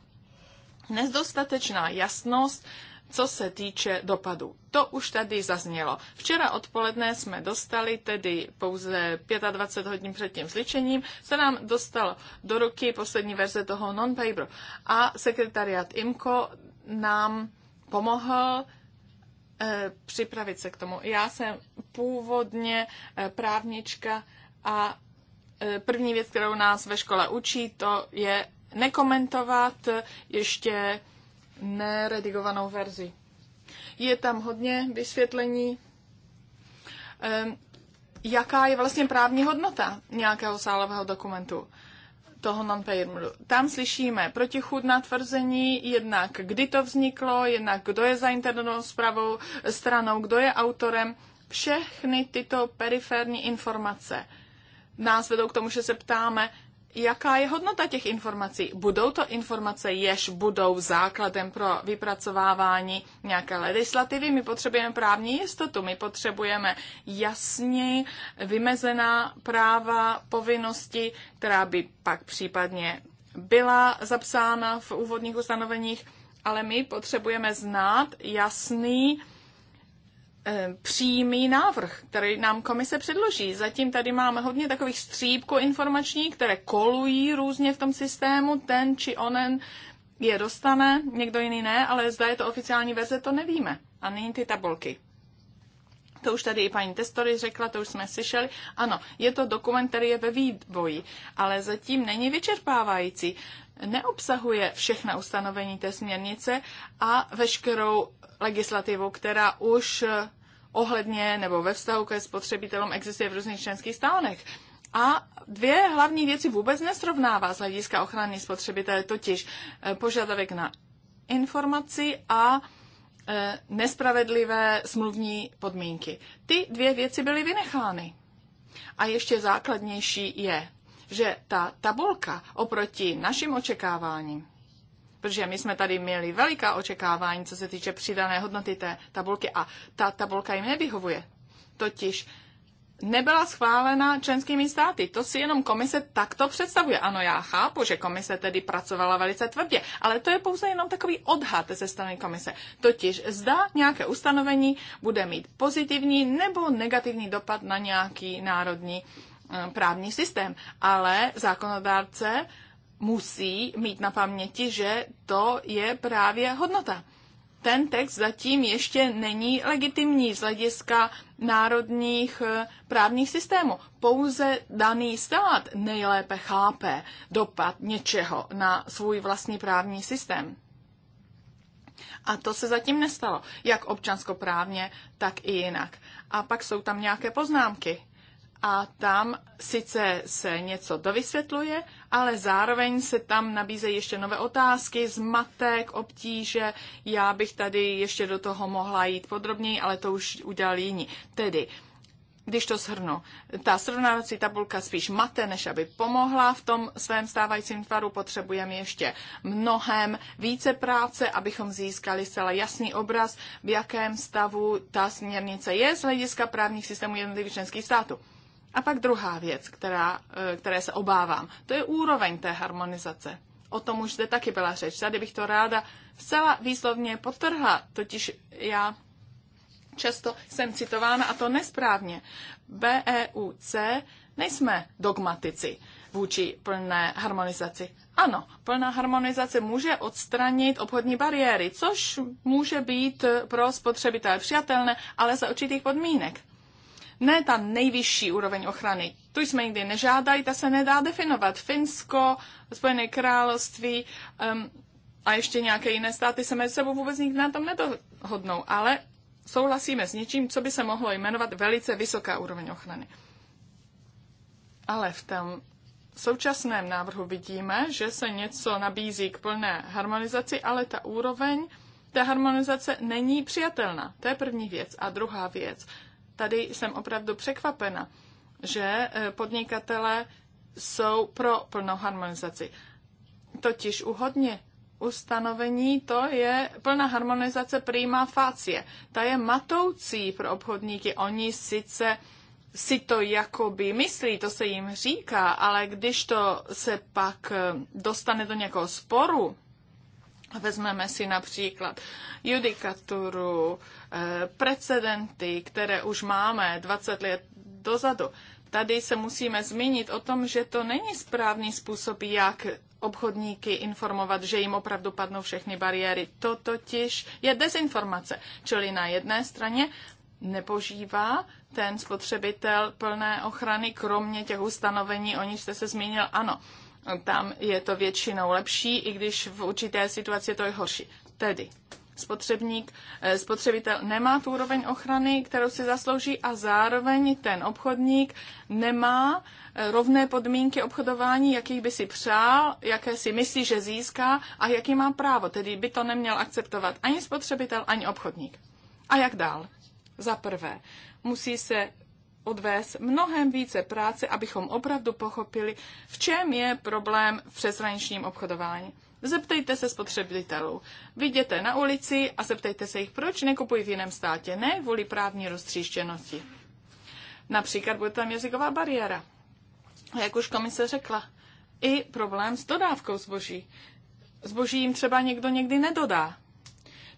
nedostatečná jasnost co se týče dopadu. To už tady zaznělo. Včera odpoledne jsme dostali, tedy pouze 25 hodin před tím zličením, se nám dostalo do ruky poslední verze toho non paper A sekretariat IMCO nám pomohl e, připravit se k tomu. Já jsem původně e, právnička a e, první věc, kterou nás ve škole učí, to je nekomentovat ještě neredigovanou verzi. Je tam hodně vysvětlení, jaká je vlastně právní hodnota nějakého sálového dokumentu toho non Tam slyšíme protichůdná tvrzení, jednak kdy to vzniklo, jednak kdo je zainteresovanou zpravou stranou, kdo je autorem. Všechny tyto periferní informace nás vedou k tomu, že se ptáme, jaká je hodnota těch informací. Budou to informace, jež budou základem pro vypracovávání nějaké legislativy. My potřebujeme právní jistotu, my potřebujeme jasně vymezená práva, povinnosti, která by pak případně byla zapsána v úvodních ustanoveních, ale my potřebujeme znát jasný Eh, přímý návrh, který nám komise předloží. Zatím tady máme hodně takových střípků informačních, které kolují různě v tom systému, ten či onen je dostane, někdo jiný ne, ale zda je to oficiální verze, to nevíme. A nyní ty tabulky. To už tady i paní Testory řekla, to už jsme slyšeli. Ano, je to dokument, který je ve vývoji, ale zatím není vyčerpávající neobsahuje všechna ustanovení té směrnice a veškerou legislativu, která už eh, ohledně nebo ve vztahu ke spotřebitelům existuje v různých členských stánech. A dvě hlavní věci vůbec nesrovnává z hlediska ochrany spotřebitele, totiž eh, požadavek na informaci a eh, nespravedlivé smluvní podmínky. Ty dvě věci byly vynechány. A ještě základnější je, že ta tabulka oproti našim očekáváním, protože my jsme tady měli veliká očekávání, co se týče přidané hodnoty té tabulky a ta tabulka jim nevyhovuje. Totiž nebyla schválena členskými státy. To si jenom komise takto představuje. Ano, já chápu, že komise tedy pracovala velice tvrdě, ale to je pouze jenom takový odhad ze strany komise. Totiž zda nějaké ustanovení bude mít pozitivní nebo negativní dopad na nějaký národní Eh, právní systém, ale zákonodárce musí mít na paměti, že to je právě hodnota. Ten text zatím ještě není legitimní z hlediska národních eh, právních systémů. Pouze daný stát nejlépe chápe dopad něčeho na svůj vlastní právní systém. A to se zatím nestalo, jak občanskoprávně, tak i jinak. A pak jsou tam nějaké poznámky a tam sice se něco dovysvětluje, ale zároveň se tam nabízejí ještě nové otázky, zmatek, obtíže. Já bych tady ještě do toho mohla jít podrobněji, ale to už udělali jiní. Tedy, když to shrnu, ta srovnávací tabulka spíš mate, než aby pomohla v tom svém stávajícím tvaru, potřebujeme ještě mnohem více práce, abychom získali zcela jasný obraz, v jakém stavu ta směrnice je z hlediska právních systémů jednotlivých členských států. A pak druhá věc, která, eh, které se obávám, to je úroveň té harmonizace. O tom už zde taky byla řeč. Tady bych to ráda zcela výslovně potrhla, totiž já často jsem citována a to nesprávně. BEUC nejsme dogmatici vůči plné harmonizaci. Ano, plná harmonizace může odstranit obchodní bariéry, což může být pro spotřebitele přijatelné, ale za určitých podmínek ne ta nejvyšší úroveň ochrany. Tu jsme nikdy nežádají, ta se nedá definovat. Finsko, Spojené království um, a ještě nějaké jiné státy se mezi sebou vůbec nikdy na tom nedohodnou, ale souhlasíme s něčím, co by se mohlo jmenovat velice vysoká úroveň ochrany. Ale v tom současném návrhu vidíme, že se něco nabízí k plné harmonizaci, ale ta úroveň té harmonizace není přijatelná. To je první věc. A druhá věc, tady jsem opravdu překvapena, že eh, podnikatele jsou pro plnou harmonizaci. Totiž u hodně ustanovení to je plná harmonizace prima facie. Ta je matoucí pro obchodníky. Oni sice si to jakoby myslí, to se jim říká, ale když to se pak eh, dostane do nějakého sporu, Vezmeme si například judikaturu, eh, precedenty, které už máme 20 let dozadu. Tady se musíme zmínit o tom, že to není správný způsob, jak obchodníky informovat, že jim opravdu padnou všechny bariéry. To totiž je dezinformace. Čili na jedné straně nepožívá ten spotřebitel plné ochrany, kromě těch ustanovení, o nich jste se zmínil, ano. Tam je to většinou lepší, i když v určité situaci to je horší. Tedy spotřebník, eh, spotřebitel nemá tu úroveň ochrany, kterou si zaslouží a zároveň ten obchodník nemá eh, rovné podmínky obchodování, jakých by si přál, jaké si myslí, že získá a jaký má právo. Tedy by to neměl akceptovat ani spotřebitel, ani obchodník. A jak dál? Za prvé, musí se odvést mnohem více práce, abychom opravdu pochopili, v čem je problém v přeshraničním obchodování. Zeptejte se spotřebitelů. Viděte na ulici a zeptejte se jich, proč nekupují v jiném státě, ne kvůli právní roztříštěnosti. Například bude tam jazyková bariéra. Jak už komise řekla, i problém s dodávkou zboží. Zboží jim třeba někdo někdy nedodá.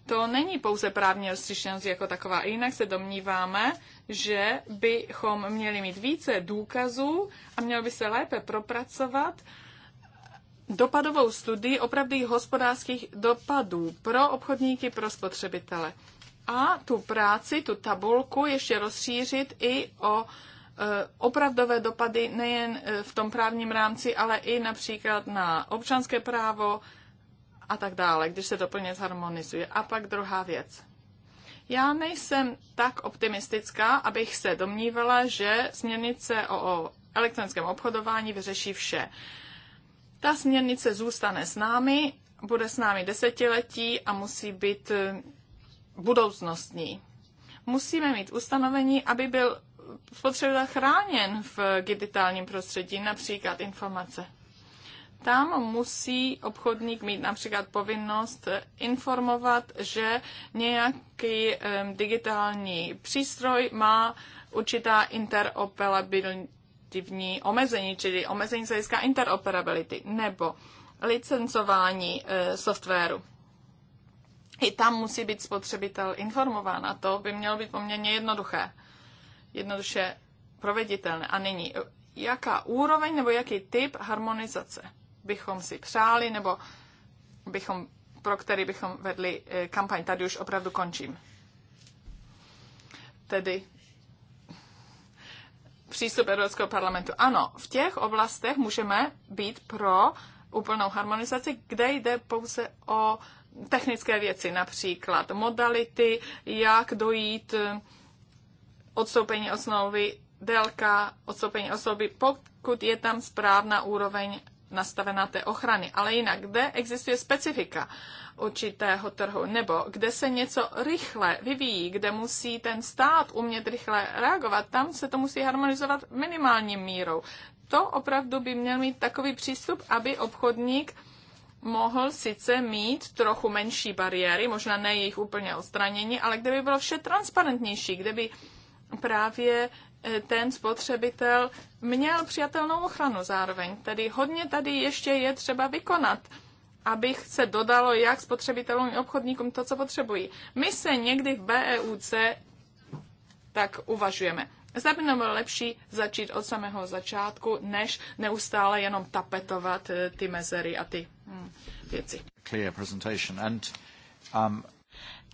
To není pouze právní roztříštěnost jako taková. Jinak se domníváme, že bychom měli mít více důkazů a mělo by se lépe propracovat dopadovou studii opravdých hospodářských dopadů pro obchodníky, pro spotřebitele. A tu práci, tu tabulku ještě rozšířit i o e, opravdové dopady nejen e, v tom právním rámci, ale i například na občanské právo a tak dále, když se to plně zharmonizuje. A pak druhá věc. Já nejsem tak optimistická, abych se domnívala, že směrnice o elektronickém obchodování vyřeší vše. Ta směrnice zůstane s námi, bude s námi desetiletí a musí být eh, budoucnostní. Musíme mít ustanovení, aby byl spotřebitel chráněn v eh, digitálním prostředí, například informace tam musí obchodník mít například povinnost informovat, že nějaký digitální přístroj má určitá interoperabilní omezení, čili omezení z hlediska interoperability, nebo licencování e, softwaru. I tam musí být spotřebitel informován a to by mělo být poměrně jednoduché, jednoduše proveditelné. A nyní, e, jaká úroveň nebo jaký typ harmonizace? bychom si přáli nebo bychom, pro který bychom vedli eh, kampaň. Tady už opravdu končím. Tedy přístup Evropského parlamentu. Ano, v těch oblastech můžeme být pro úplnou harmonizaci, kde jde pouze o technické věci, například modality, jak dojít eh, odstoupení osnovy, délka odstoupení osoby, pokud je tam správná úroveň nastavená té ochrany. Ale jinak, kde existuje specifika určitého trhu, nebo kde se něco rychle vyvíjí, kde musí ten stát umět rychle reagovat, tam se to musí harmonizovat minimální mírou. To opravdu by měl mít takový přístup, aby obchodník mohl sice mít trochu menší bariéry, možná ne jejich úplně odstranění, ale kde by bylo vše transparentnější, kde by právě ten spotřebitel měl přijatelnou ochranu zároveň. Tedy hodně tady ještě je třeba vykonat aby se dodalo jak spotřebitelům i obchodníkům to, co potřebují. My se někdy v BEUC tak uvažujeme. Zda by nám bylo lepší začít od samého začátku, než neustále jenom tapetovat eh, ty mezery a ty hm, věci. Clear presentation. And, um...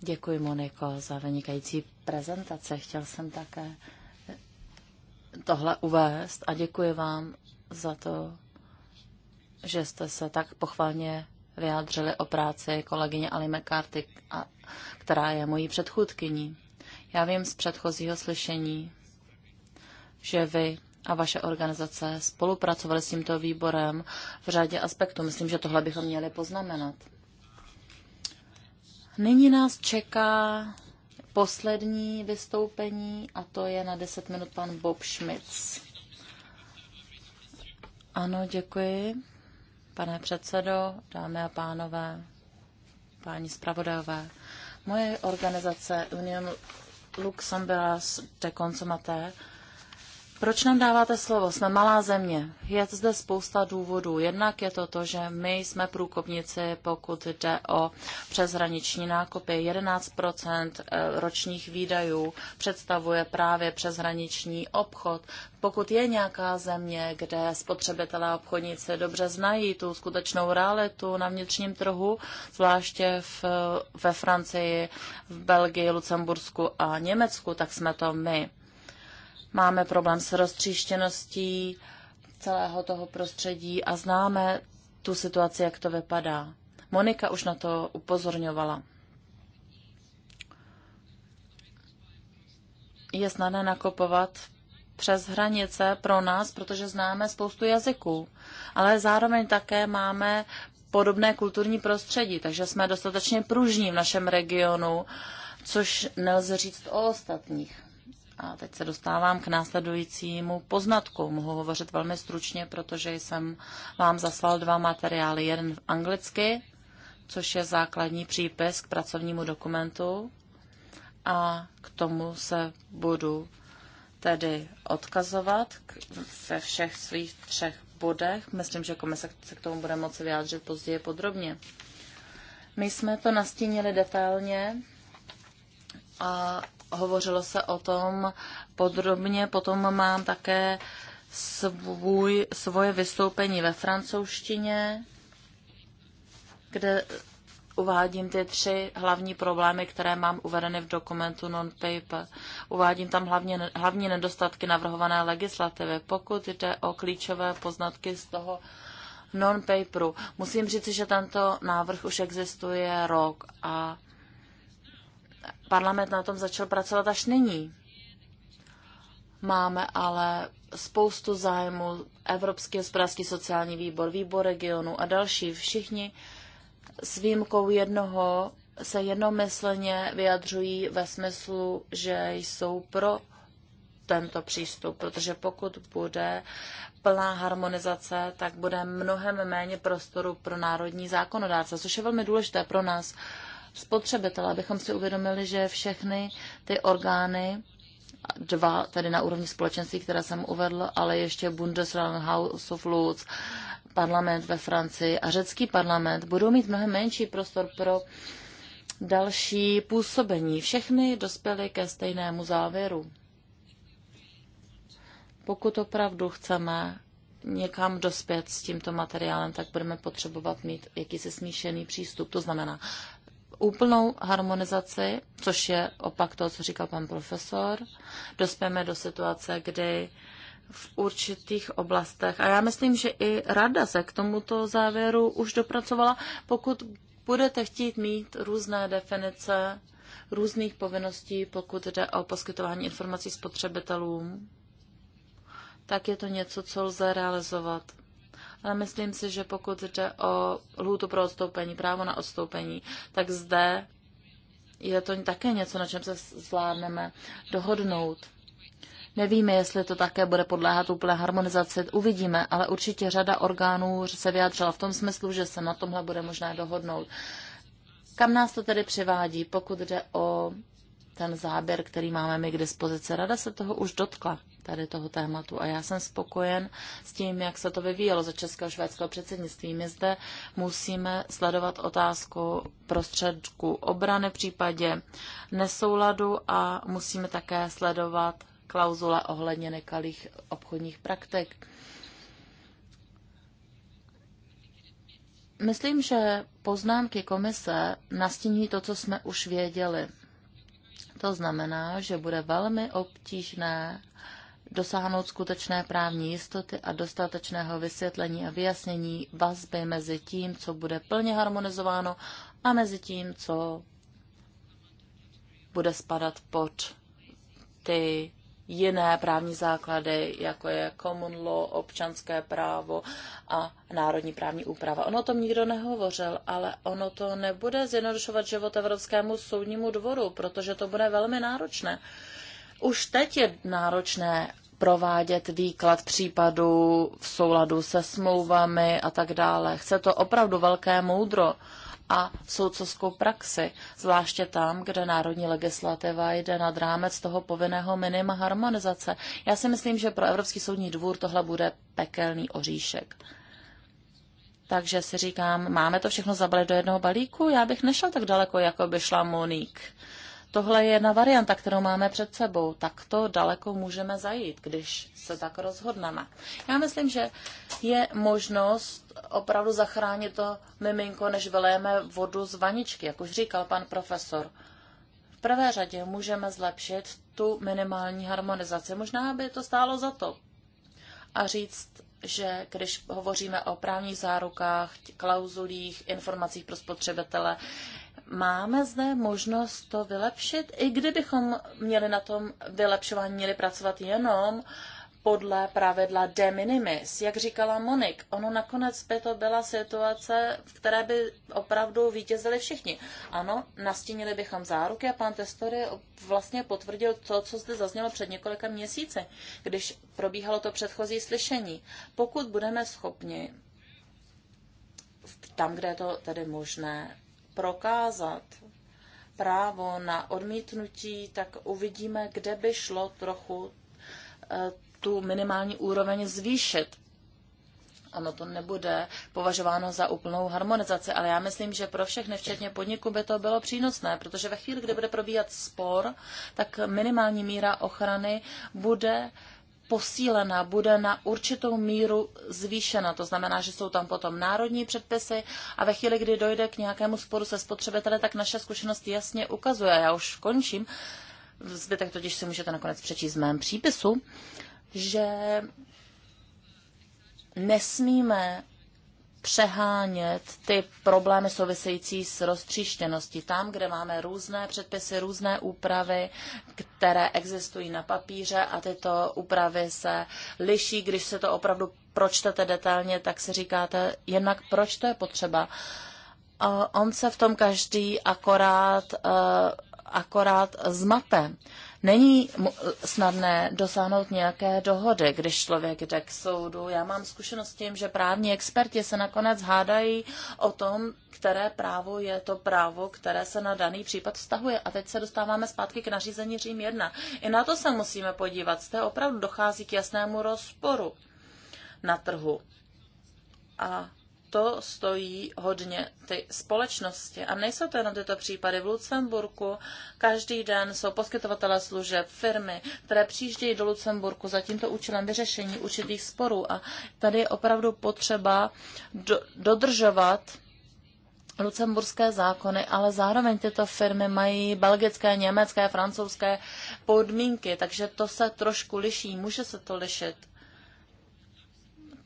Děkuji, Moniko, za vynikající prezentace. Chtěl jsem také tohle uvést a děkuji vám za to, že jste se tak pochválně vyjádřili o práci kolegyně Ali McCarthy, která je mojí předchůdkyní. Já vím z předchozího slyšení, že vy a vaše organizace spolupracovali s tímto výborem v řadě aspektů. Myslím, že tohle bychom měli poznamenat. Nyní nás čeká poslední vystoupení a to je na 10 minut pan Bob Schmitz. Ano, děkuji. Pane předsedo, dámy a pánové, páni zpravodajové, moje organizace Union Luxembourg de Consomaté proč nám dáváte slovo? Jsme malá země. Je zde spousta důvodů. Jednak je to to, že my jsme průkopníci, pokud jde o přeshraniční nákupy. 11 eh, ročních výdajů představuje právě přeshraniční obchod. Pokud je nějaká země, kde spotřebitelé a obchodníci dobře znají tu skutečnou realitu na vnitřním trhu, zvláště v, ve Francii, v Belgii, Lucembursku a Německu, tak jsme to my máme problém s roztříštěností celého toho prostředí a známe tu situaci, jak to vypadá. Monika už na to upozorňovala. Je snadné nakopovat přes hranice pro nás, protože známe spoustu jazyků, ale zároveň také máme podobné kulturní prostředí, takže jsme dostatečně pružní v našem regionu, což nelze říct o ostatních. A teď se dostávám k následujícímu poznatku. Mohu hovořit velmi stručně, protože jsem vám zaslal dva materiály. Jeden v anglicky, což je základní přípis k pracovnímu dokumentu. A k tomu se budu tedy odkazovat ve všech svých třech bodech. Myslím, že komise se k tomu bude moci vyjádřit později podrobně. My jsme to nastínili detailně a hovořilo se o tom podrobně. Potom mám také svůj, svoje vystoupení ve francouzštině, kde uvádím ty tři hlavní problémy, které mám uvedeny v dokumentu non-paper. Uvádím tam hlavně, hlavní nedostatky navrhované legislativy. Pokud jde o klíčové poznatky z toho non-paperu, musím říct, že tento návrh už existuje rok a Parlament na tom začal pracovat až nyní. Máme ale spoustu zájmu, Evropský hospodářský sociální výbor, výbor regionu a další. Všichni s výjimkou jednoho se jednomyslně vyjadřují ve smyslu, že jsou pro tento přístup, protože pokud bude plná harmonizace, tak bude mnohem méně prostoru pro národní zákonodárce, což je velmi důležité pro nás, spotřebitele, abychom si uvědomili, že všechny ty orgány, dva tedy na úrovni společenství, které jsem uvedl, ale ještě Bundesrat, House of Lords, parlament ve Francii a řecký parlament budou mít mnohem menší prostor pro další působení. Všechny dospěly ke stejnému závěru. Pokud opravdu chceme někam dospět s tímto materiálem, tak budeme potřebovat mít jakýsi smíšený přístup. To znamená úplnou harmonizaci, což je opak toho, co říkal pan profesor, dospěme do situace, kdy v určitých oblastech, a já myslím, že i rada se k tomuto závěru už dopracovala, pokud budete chtít mít různé definice různých povinností, pokud jde o poskytování informací spotřebitelům, tak je to něco, co lze realizovat ale myslím si, že pokud jde o lhůtu pro odstoupení, právo na odstoupení, tak zde je to také něco, na čem se zvládneme dohodnout. Nevíme, jestli to také bude podléhat úplné harmonizaci, uvidíme, ale určitě řada orgánů se vyjádřila v tom smyslu, že se na tomhle bude možné dohodnout. Kam nás to tedy přivádí, pokud jde o ten záběr, který máme my k dispozici. Rada se toho už dotkla tady toho tématu a já jsem spokojen s tím, jak se to vyvíjelo za českého švédského předsednictví. My zde musíme sledovat otázku prostředku obrany v případě nesouladu a musíme také sledovat klauzule ohledně nekalých obchodních praktik. Myslím, že poznámky komise nastíní to, co jsme už věděli. To znamená, že bude velmi obtížné dosáhnout skutečné právní jistoty a dostatečného vysvětlení a vyjasnění vazby mezi tím, co bude plně harmonizováno a mezi tím, co bude spadat pod ty jiné právní základy, jako je common law, občanské právo a národní právní úprava. Ono o tom nikdo nehovořil, ale ono to nebude zjednodušovat život Evropskému soudnímu dvoru, protože to bude velmi náročné. Už teď je náročné provádět výklad případů v souladu se smlouvami a tak dále. Chce to opravdu velké moudro a soudcovskou praxi, zvláště tam, kde národní legislativa jde nad rámec toho povinného minima harmonizace. Já si myslím, že pro Evropský soudní dvůr tohle bude pekelný oříšek. Takže si říkám, máme to všechno zabalit do jednoho balíku? Já bych nešel tak daleko, jako by šla Monique Tohle je jedna varianta, kterou máme před sebou. tak to daleko můžeme zajít, když se tak rozhodneme. Já myslím, že je možnost opravdu zachránit to miminko, než vylejeme vodu z vaničky, jak už říkal pan profesor. V prvé řadě můžeme zlepšit tu minimální harmonizaci. Možná by to stálo za to. A říct, že když hovoříme o právních zárukách, klauzulích, informacích pro spotřebitele, máme zde možnost to vylepšit, i kdybychom měli na tom vylepšování měli pracovat jenom podle pravidla de minimis. Jak říkala Monik, ono nakonec by to byla situace, v které by opravdu vítězili všichni. Ano, nastínili bychom záruky a pan Testory vlastně potvrdil to, co zde zaznělo před několika měsíci, když probíhalo to předchozí slyšení. Pokud budeme schopni tam, kde je to tedy možné, prokázat právo na odmítnutí, tak uvidíme, kde by šlo trochu eh, tu minimální úroveň zvýšit. Ono to nebude považováno za úplnou harmonizaci, ale já myslím, že pro všechny, včetně podniku, by to bylo přínosné, protože ve chvíli, kdy bude probíhat spor, tak minimální míra ochrany bude uh, posílena, bude na určitou míru zvýšena. To znamená, že jsou tam potom národní předpisy a ve chvíli, kdy dojde k nějakému sporu se spotřebiteli, tak naše zkušenost jasně ukazuje, já už končím, zbytek totiž si můžete nakonec přečíst v mém přípisu, že nesmíme přehánět ty problémy související s roztříštěností. Tam, kde máme různé předpisy, různé úpravy, které existují na papíře a tyto úpravy se liší, když se to opravdu pročtete detailně, tak si říkáte, jednak proč to je potřeba. On se v tom každý akorát, eh, akorát zmate není snadné dosáhnout nějaké dohody, když člověk jde k soudu. Já mám zkušenost s tím, že právní experti se nakonec hádají o tom, které právo je to právo, které se na daný případ vztahuje. A teď se dostáváme zpátky k nařízení Řím 1. I na to se musíme podívat. Zde opravdu dochází k jasnému rozporu na trhu. A to stojí hodně ty společnosti. A nejsou to jenom tyto případy. V Lucemburku každý den jsou poskytovatele služeb, firmy, které přijíždějí do Lucemburku za tímto účelem vyřešení určitých sporů. A tady je opravdu potřeba do, dodržovat lucemburské zákony, ale zároveň tyto firmy mají belgické, německé, francouzské podmínky, takže to se trošku liší, může se to lišit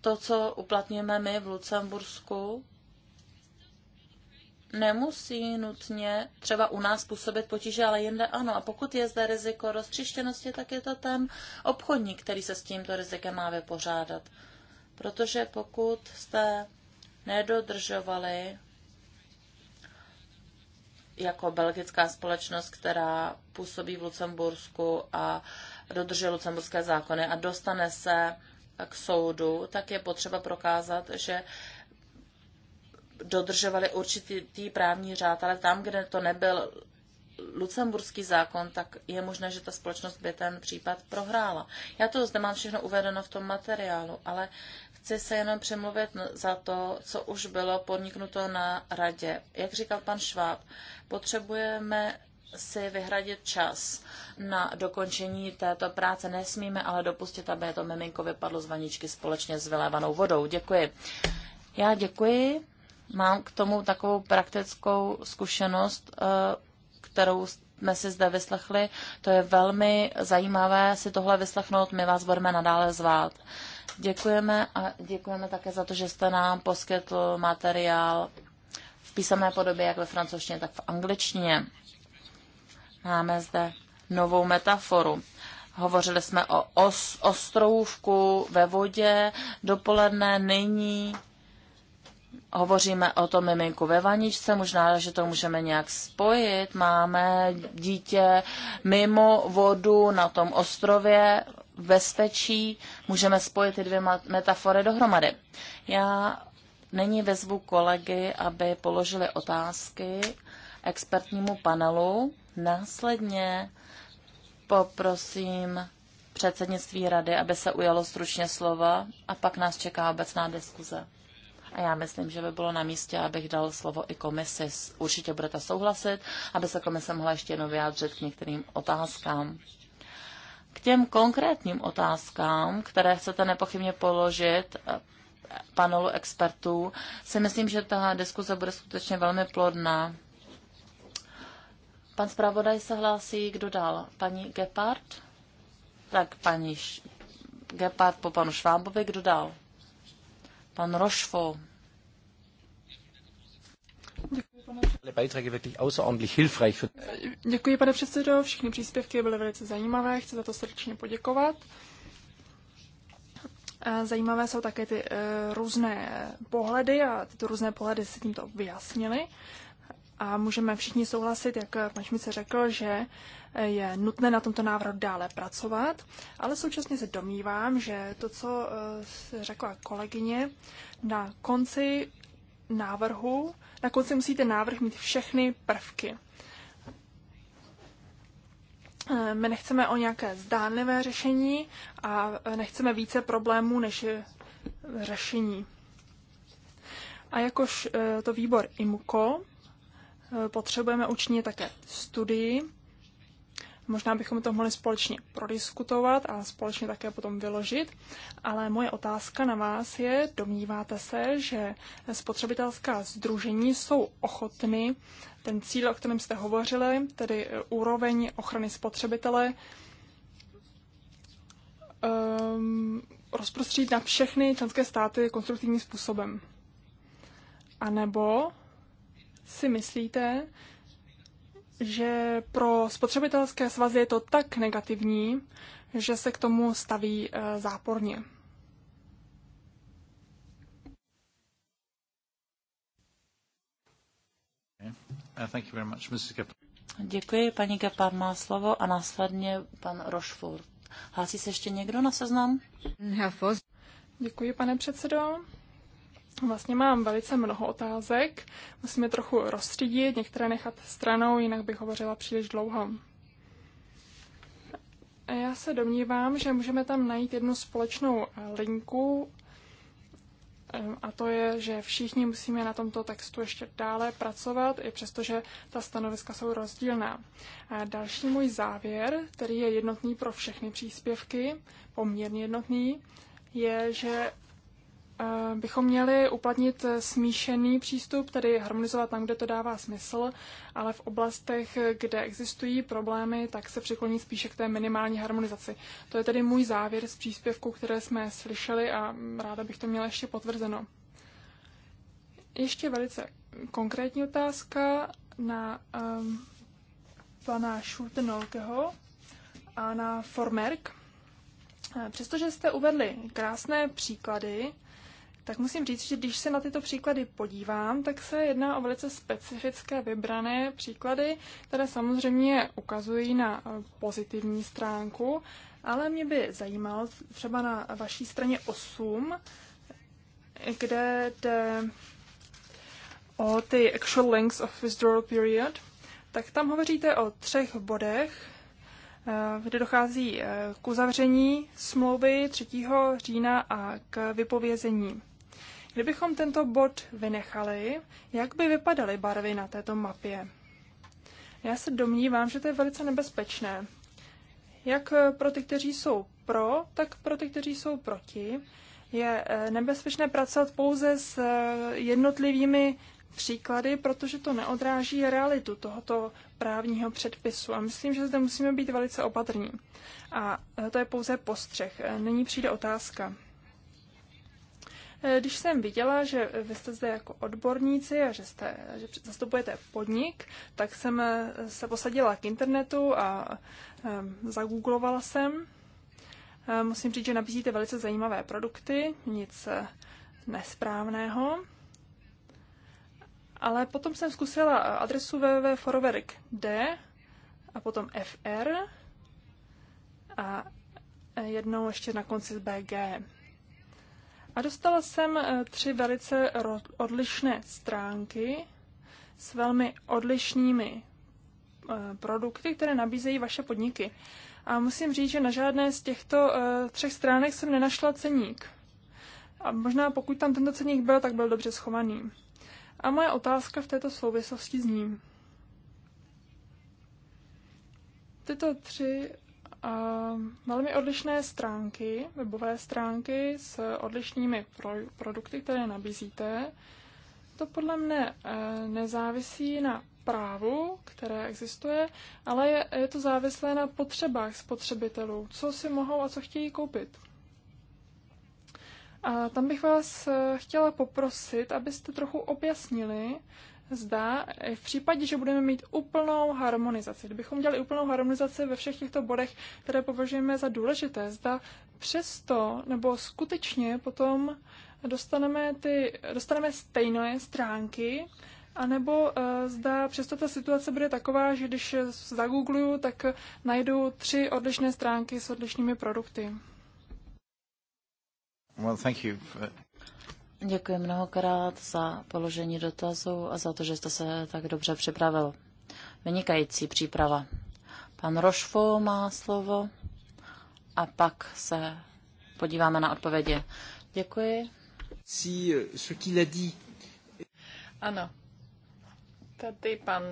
to, co uplatňujeme my v Lucembursku, nemusí nutně třeba u nás působit potíže, ale jinde ano. A pokud je zde riziko roztřištěnosti, tak je to ten obchodník, který se s tímto rizikem má vypořádat. Protože pokud jste nedodržovali jako belgická společnost, která působí v Lucembursku a dodržuje lucemburské zákony a dostane se k soudu, tak je potřeba prokázat, že dodržovali určitý právní řád, ale tam, kde to nebyl lucemburský zákon, tak je možné, že ta společnost by ten případ prohrála. Já to zde mám všechno uvedeno v tom materiálu, ale chci se jenom přemluvit za to, co už bylo podniknuto na radě. Jak říkal pan Šváb, potřebujeme si vyhradit čas na dokončení této práce. Nesmíme ale dopustit, aby to miminko vypadlo z vaničky společně s vylévanou vodou. Děkuji. Já děkuji. Mám k tomu takovou praktickou zkušenost, eh, kterou jsme si zde vyslechli. To je velmi zajímavé si tohle vyslechnout. My vás budeme nadále zvát. Děkujeme a děkujeme také za to, že jste nám poskytl materiál v písemné podobě, jak ve francouzštině, tak v angličtině. Máme zde novou metaforu. Hovořili jsme o os, ostrovku ve vodě, dopoledne, nyní. Hovoříme o tom miminku ve vaničce, možná, že to můžeme nějak spojit. Máme dítě mimo vodu na tom ostrově, v bezpečí. Můžeme spojit ty dvě metafory dohromady. Já nyní vezvu kolegy, aby položili otázky expertnímu panelu. Následně poprosím předsednictví rady, aby se ujalo stručně slova a pak nás čeká obecná diskuze. A já myslím, že by bylo na místě, abych dal slovo i komisi. Určitě budete souhlasit, aby se komise mohla ještě jednou vyjádřit k některým otázkám. K těm konkrétním otázkám, které chcete nepochybně položit eh, panelu expertů, si myslím, že ta diskuze bude skutečně velmi plodná. Pan zpravodaj se hlásí, kdo dál? Paní Gepard? Tak paní Š- Gepard po panu Švábovi, kdo dál? Pan Rošvo. Děkuji, pane předsedo. Všechny příspěvky byly velice zajímavé. Chci za to srdečně poděkovat. Zajímavé jsou také ty eh, různé eh, pohledy a tyto různé pohledy se tímto vyjasnily. A můžeme všichni souhlasit, jak pan Šmice řekl, že je nutné na tomto návrhu dále pracovat, ale současně se domnívám, že to, co eh, řekla kolegyně, na konci návrhu, na konci musíte návrh mít všechny prvky. Eh, my nechceme o nějaké zdánlivé řešení a nechceme více problémů než řešení. A jakož eh, to výbor IMUKO, potřebujeme učinit také studii. Možná bychom to mohli společně prodiskutovat a společně také potom vyložit, ale moje otázka na vás je, domníváte se, že spotřebitelská združení jsou ochotny ten cíl, o kterém jste hovořili, tedy eh, úroveň ochrany spotřebitele, um, rozprostřít na všechny členské státy konstruktivním způsobem. A nebo si myslíte, že pro spotřebitelské svazy je to tak negativní, že se k tomu staví eh, záporně? Eh, eh, Děkuji, paní Gepard má slovo a následně pan Rochford. Hlásí se ještě někdo na seznam? Děkuji, pane předsedo. Vlastně mám velice mnoho otázek, musím je trochu rozstřídit, některé nechat stranou, jinak bych hovořila příliš dlouho. Já se domnívám, že můžeme tam najít jednu společnou eh, linku, eh, a to je, že všichni musíme na tomto textu ještě dále pracovat, i přestože ta stanoviska jsou rozdílná. A další můj závěr, který je jednotný pro všechny příspěvky, poměrně jednotný, je, že Eh, bychom měli uplatnit eh, smíšený přístup, tedy harmonizovat tam, kde to dává smysl, ale v oblastech, kde existují problémy, tak se přikloní spíše k té minimální harmonizaci. To je tedy můj závěr z příspěvku, které jsme slyšeli a ráda bych to měla ještě potvrzeno. Ještě velice konkrétní otázka na um, pana Schultenolkeho a na Formerk. Eh, přestože jste uvedli krásné příklady, tak musím říct, že když se na tyto příklady podívám, tak se jedná o velice specifické vybrané příklady, které samozřejmě ukazují na eh, pozitivní stránku, ale mě by zajímalo třeba na vaší straně 8, kde jde o ty actual lengths of withdrawal period, tak tam hovoříte o třech bodech, eh, kde dochází eh, k uzavření smlouvy 3. října a k vypovězení Kdybychom tento bod vynechali, jak by vypadaly barvy na této mapě? Já se domnívám, že to je velice nebezpečné. Jak pro ty, kteří jsou pro, tak pro ty, kteří jsou proti, je eh, nebezpečné pracovat pouze s eh, jednotlivými příklady, protože to neodráží realitu tohoto právního předpisu. A myslím, že zde musíme být velice opatrní. A eh, to je pouze postřeh. Nyní přijde otázka. Eh, když jsem viděla, že vy jste zde jako odborníci a že, jste, že zastupujete podnik, tak jsem eh, se posadila k internetu a ehm, zagooglovala jsem. Eh, musím říct, že nabízíte velice zajímavé produkty, nic nesprávného. Ale potom jsem zkusila adresu www.foroverk.d a potom fr a jednou ještě na konci z BG. A dostala jsem eh, tři velice odlišné stránky s velmi odlišnými eh, produkty, které nabízejí vaše podniky. A musím říct, že na žádné z těchto eh, třech stránek jsem nenašla ceník. A možná pokud tam tento ceník byl, tak byl dobře schovaný. A moje otázka v této souvislosti zní. Tyto tři velmi odlišné stránky, webové stránky s odlišnými pro, produkty, které nabízíte. To podle mne eh, nezávisí na právu, které existuje, ale je, je to závislé na potřebách spotřebitelů, co si mohou a co chtějí koupit. A tam bych vás eh, chtěla poprosit, abyste trochu objasnili, zda eh, v případě, že budeme mít úplnou harmonizaci, kdybychom dělali úplnou harmonizaci ve všech těchto bodech, které považujeme za důležité, zda přesto nebo skutečně potom dostaneme, ty, dostaneme stejné stránky, anebo uh, zda přesto ta situace bude taková, že když zagoogluju, tak najdu tři odlišné stránky s odlišnými produkty. Well, thank you. Děkuji mnohokrát za položení dotazu a za to, že jste se tak dobře připravil. Vynikající příprava. Pan Rošfo má slovo a pak se podíváme na odpovědi. Děkuji. Si, eh, ce qu'il a dit. Ano. Tady pan,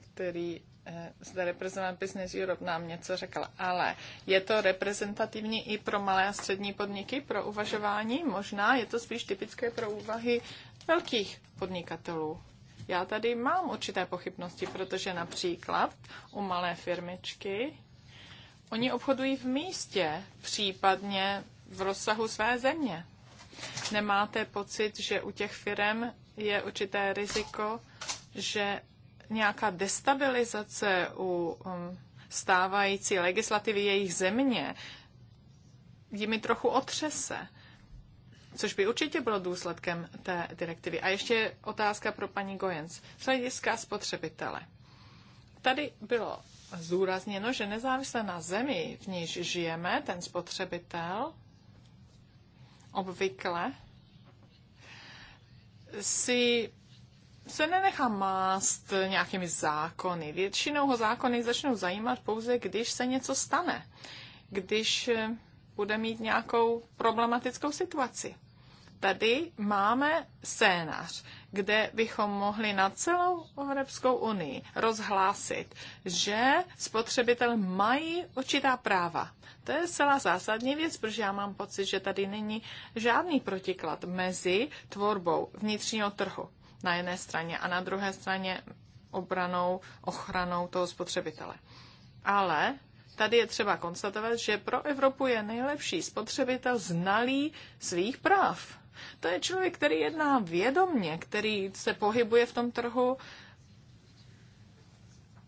který Eh, zde reprezentant Business Europe nám něco řekl, ale je to reprezentativní i pro malé a střední podniky, pro uvažování? Možná je to spíš typické pro úvahy velkých podnikatelů. Já tady mám určité pochybnosti, protože například u malé firmičky oni obchodují v místě, případně v rozsahu své země. Nemáte pocit, že u těch firm je určité riziko, že nějaká destabilizace u um, stávající legislativy jejich země jimi trochu otřese. Což by určitě bylo důsledkem té direktivy. A ještě otázka pro paní Gojens. Z hlediska spotřebitele. Tady bylo zúrazněno, že nezávisle na zemi, v níž žijeme, ten spotřebitel obvykle si se nenechá mást nějakými zákony. Většinou ho zákony začnou zajímat pouze, když se něco stane, když eh, bude mít nějakou problematickou situaci. Tady máme scénář, kde bychom mohli na celou Evropskou unii rozhlásit, že spotřebitel mají určitá práva. To je celá zásadní věc, protože já mám pocit, že tady není žádný protiklad mezi tvorbou vnitřního trhu na jedné straně a na druhé straně obranou, ochranou toho spotřebitele. Ale tady je třeba konstatovat, že pro Evropu je nejlepší spotřebitel znalý svých práv. To je člověk, který jedná vědomně, který se pohybuje v tom trhu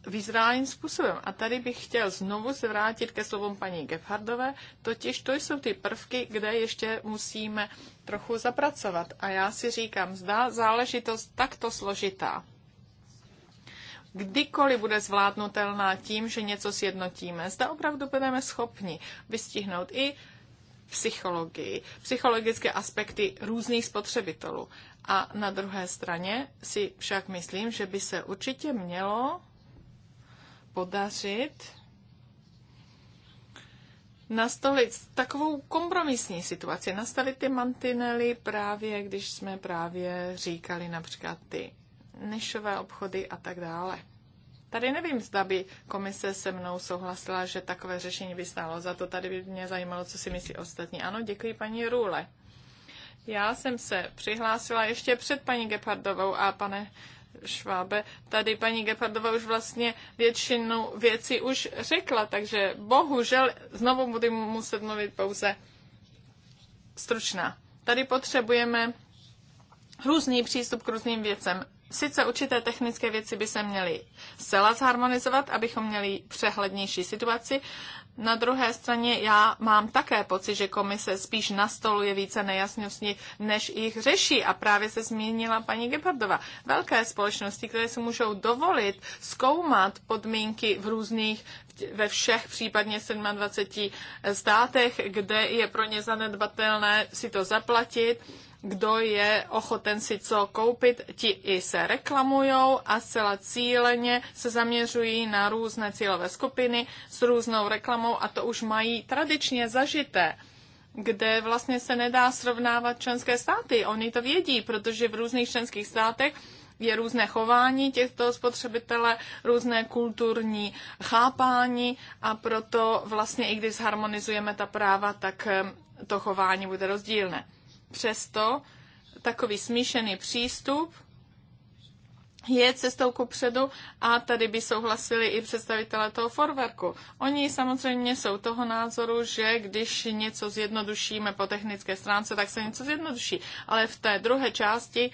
vyzrálým způsobem. A tady bych chtěl znovu se vrátit ke slovům paní Gefhardové, totiž to jsou ty prvky, kde ještě musíme trochu zapracovat. A já si říkám, zdá záležitost takto složitá, kdykoliv bude zvládnutelná tím, že něco sjednotíme, zda opravdu budeme schopni vystihnout i psychologii, psychologické aspekty různých spotřebitelů. A na druhé straně si však myslím, že by se určitě mělo podařit nastolit takovou kompromisní situaci, nastavit ty mantinely právě, když jsme právě říkali například ty nešové obchody a tak dále. Tady nevím, zda by komise se mnou souhlasila, že takové řešení by stálo za to. Tady by mě zajímalo, co si myslí ostatní. Ano, děkuji paní Růle. Já jsem se přihlásila ještě před paní Gepardovou a pane Švábe. Tady paní Gepardová už vlastně většinu věcí už řekla, takže bohužel znovu budu muset mluvit pouze stručná. Tady potřebujeme různý přístup k různým věcem. Sice určité technické věci by se měly zcela zharmonizovat, abychom měli přehlednější situaci, na druhé straně já mám také pocit, že komise spíš nastoluje více nejasností, než jich řeší. A právě se zmínila paní Gebhardova. Velké společnosti, které si můžou dovolit zkoumat podmínky v různých, ve všech případně 27 státech, kde je pro ně zanedbatelné si to zaplatit, kdo je ochoten si co koupit, ti i se reklamujou a zcela cíleně se zaměřují na různé cílové skupiny s různou reklamou a to už mají tradičně zažité kde vlastně se nedá srovnávat členské státy. Oni to vědí, protože v různých členských státech je různé chování těchto spotřebitele, různé kulturní chápání a proto vlastně i když zharmonizujeme ta práva, tak eh, to chování bude rozdílné. Přesto takový smíšený přístup je cestou ku předu a tady by souhlasili i představitelé toho forverku. Oni samozřejmě jsou toho názoru, že když něco zjednodušíme po technické stránce, tak se něco zjednoduší. Ale v té druhé části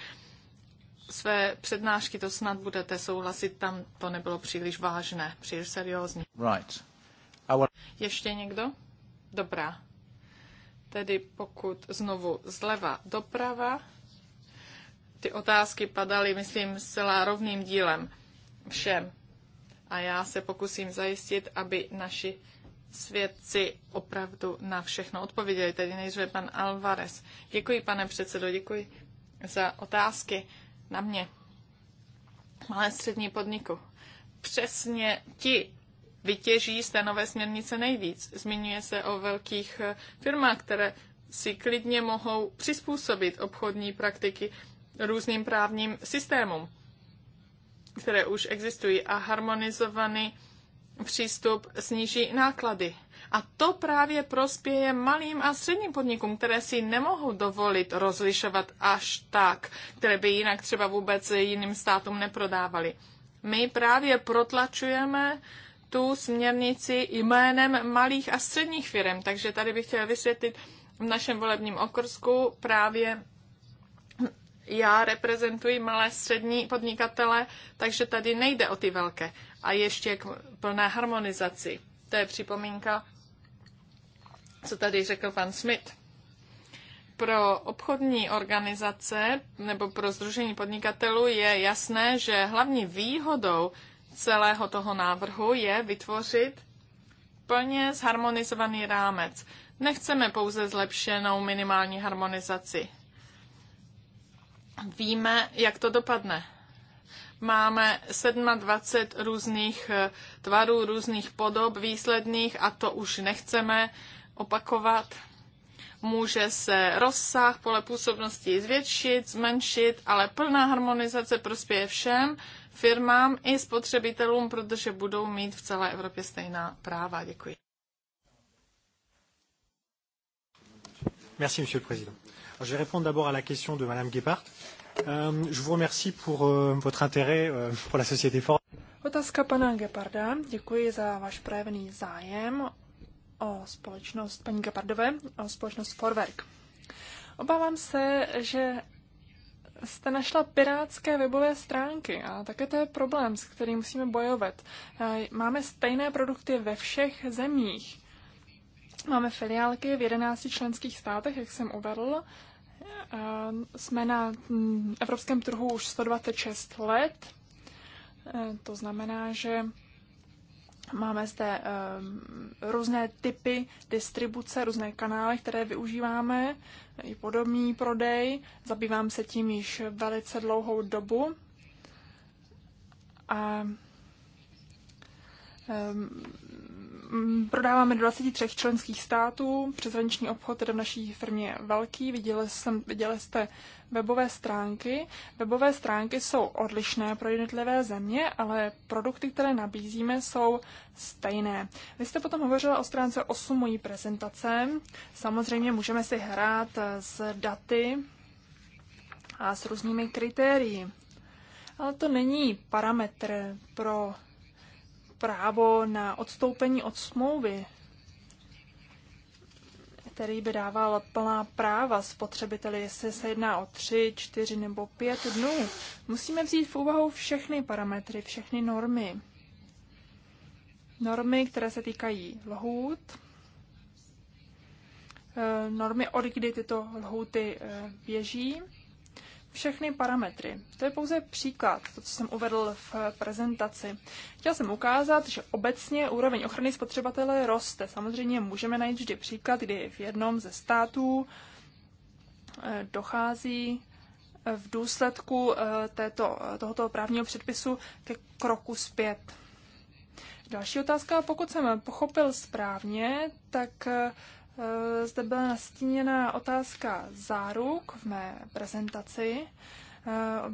své přednášky to snad budete souhlasit, tam to nebylo příliš vážné, příliš seriózní. Right. Ještě někdo? Dobrá. Tedy pokud znovu zleva doprava, ty otázky padaly, myslím, zcela rovným dílem všem. A já se pokusím zajistit, aby naši svědci opravdu na všechno odpověděli. Tedy nejdříve pan Alvarez. Děkuji, pane předsedo, děkuji za otázky na mě. Malé střední podniku. Přesně ti vytěží z té nové směrnice nejvíc. Zmiňuje se o velkých eh, firmách, které si klidně mohou přizpůsobit obchodní praktiky různým právním systémům, které už existují a harmonizovaný přístup sníží náklady. A to právě prospěje malým a středním podnikům, které si nemohou dovolit rozlišovat až tak, které by jinak třeba vůbec jiným státům neprodávali. My právě protlačujeme tu směrnici jménem malých a středních firm. Takže tady bych chtěla vysvětlit, v našem volebním okrsku právě já reprezentuji malé střední podnikatele, takže tady nejde o ty velké. A ještě k plné harmonizaci. To je připomínka, co tady řekl pan Smith. Pro obchodní organizace nebo pro Združení podnikatelů je jasné, že hlavní výhodou celého toho návrhu je vytvořit plně zharmonizovaný rámec. Nechceme pouze zlepšenou minimální harmonizaci. Víme, jak to dopadne. Máme 27 různých eh, tvarů, různých podob výsledných a to už nechceme opakovat. Může se rozsah pole působnosti zvětšit, zmenšit, ale plná harmonizace prospěje všem firmám i spotřebitelům, protože budou mít v celé Evropě stejná práva. Děkuji. Merci, Monsieur le Président. Alors, je vais répondre d'abord à la question de Madame Gebhardt. Euh, je vous remercie pour euh, votre intérêt euh, pour la société Ford. Otázka pana Geparda. Děkuji za váš projevený zájem o společnost paní Gepardové, o společnost Forwerk. Obávám se, že jste našla pirátské webové stránky a také to je problém, s kterým musíme bojovat. Eh, máme stejné produkty ve všech zemích. Máme filiálky v 11 členských státech, jak jsem uvedl. Eh, jsme na hm, evropském trhu už 126 let. Eh, to znamená, že Máme zde ehm, různé typy distribuce, různé kanály, které využíváme, i podobný prodej. Zabývám se tím již velice dlouhou dobu. A ehm, Mm, prodáváme do 23 členských států. Přeshraniční obchod tedy v naší firmě je velký. Viděli, jsem, viděli jste webové stránky. Webové stránky jsou odlišné pro jednotlivé země, ale produkty, které nabízíme, jsou stejné. Vy jste potom hovořila o stránce 8 mojí prezentace. Samozřejmě můžeme si hrát s daty a s různými kritérii. Ale to není parametr pro právo na odstoupení od smlouvy, který by dával plná práva spotřebiteli, jestli se jedná o tři, čtyři nebo pět dnů. Musíme vzít v úvahu všechny parametry, všechny normy. Normy, které se týkají lhůt, eh, normy, od kdy tyto lhůty eh, běží, všechny parametry. To je pouze příklad, to, co jsem uvedl v prezentaci. Chtěl jsem ukázat, že obecně úroveň ochrany spotřebatele roste. Samozřejmě můžeme najít vždy příklad, kdy v jednom ze států eh, dochází eh, v důsledku eh, této, tohoto právního předpisu ke kroku zpět. Další otázka, pokud jsem pochopil správně, tak Eh, zde byla nastíněna otázka záruk v mé prezentaci.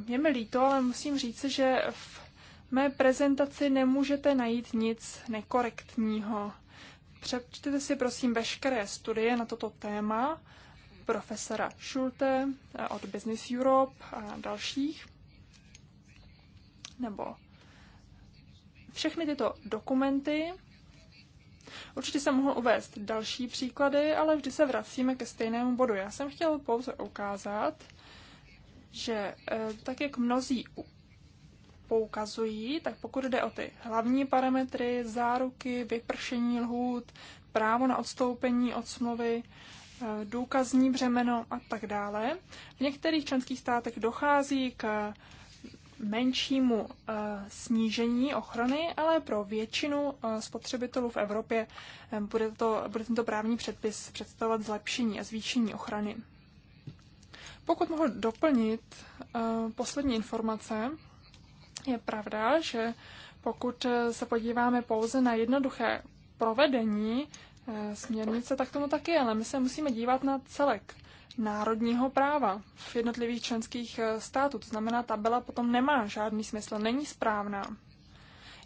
Mě eh, mi líto, ale musím říct, že v mé prezentaci nemůžete najít nic nekorektního. Přečtěte si prosím veškeré studie na toto téma profesora Schulte eh, od Business Europe a dalších. Nebo všechny tyto dokumenty Určitě jsem mohl uvést další příklady, ale vždy se vracíme ke stejnému bodu. Já jsem chtěl pouze ukázat, že eh, tak, jak mnozí poukazují, tak pokud jde o ty hlavní parametry, záruky, vypršení lhůt, právo na odstoupení od smlouvy, eh, důkazní břemeno a tak dále. V některých členských státech dochází k menšímu eh, snížení ochrany, ale pro většinu eh, spotřebitelů v Evropě eh, bude, to, bude tento právní předpis představovat zlepšení a zvýšení ochrany. Pokud mohu doplnit poslední informace, je pravda, že pokud se podíváme pouze na jednoduché provedení směrnice, tak tomu taky, ale my se musíme dívat na celek národního práva v jednotlivých členských eh, států. To znamená, tabela potom nemá žádný smysl, není správná.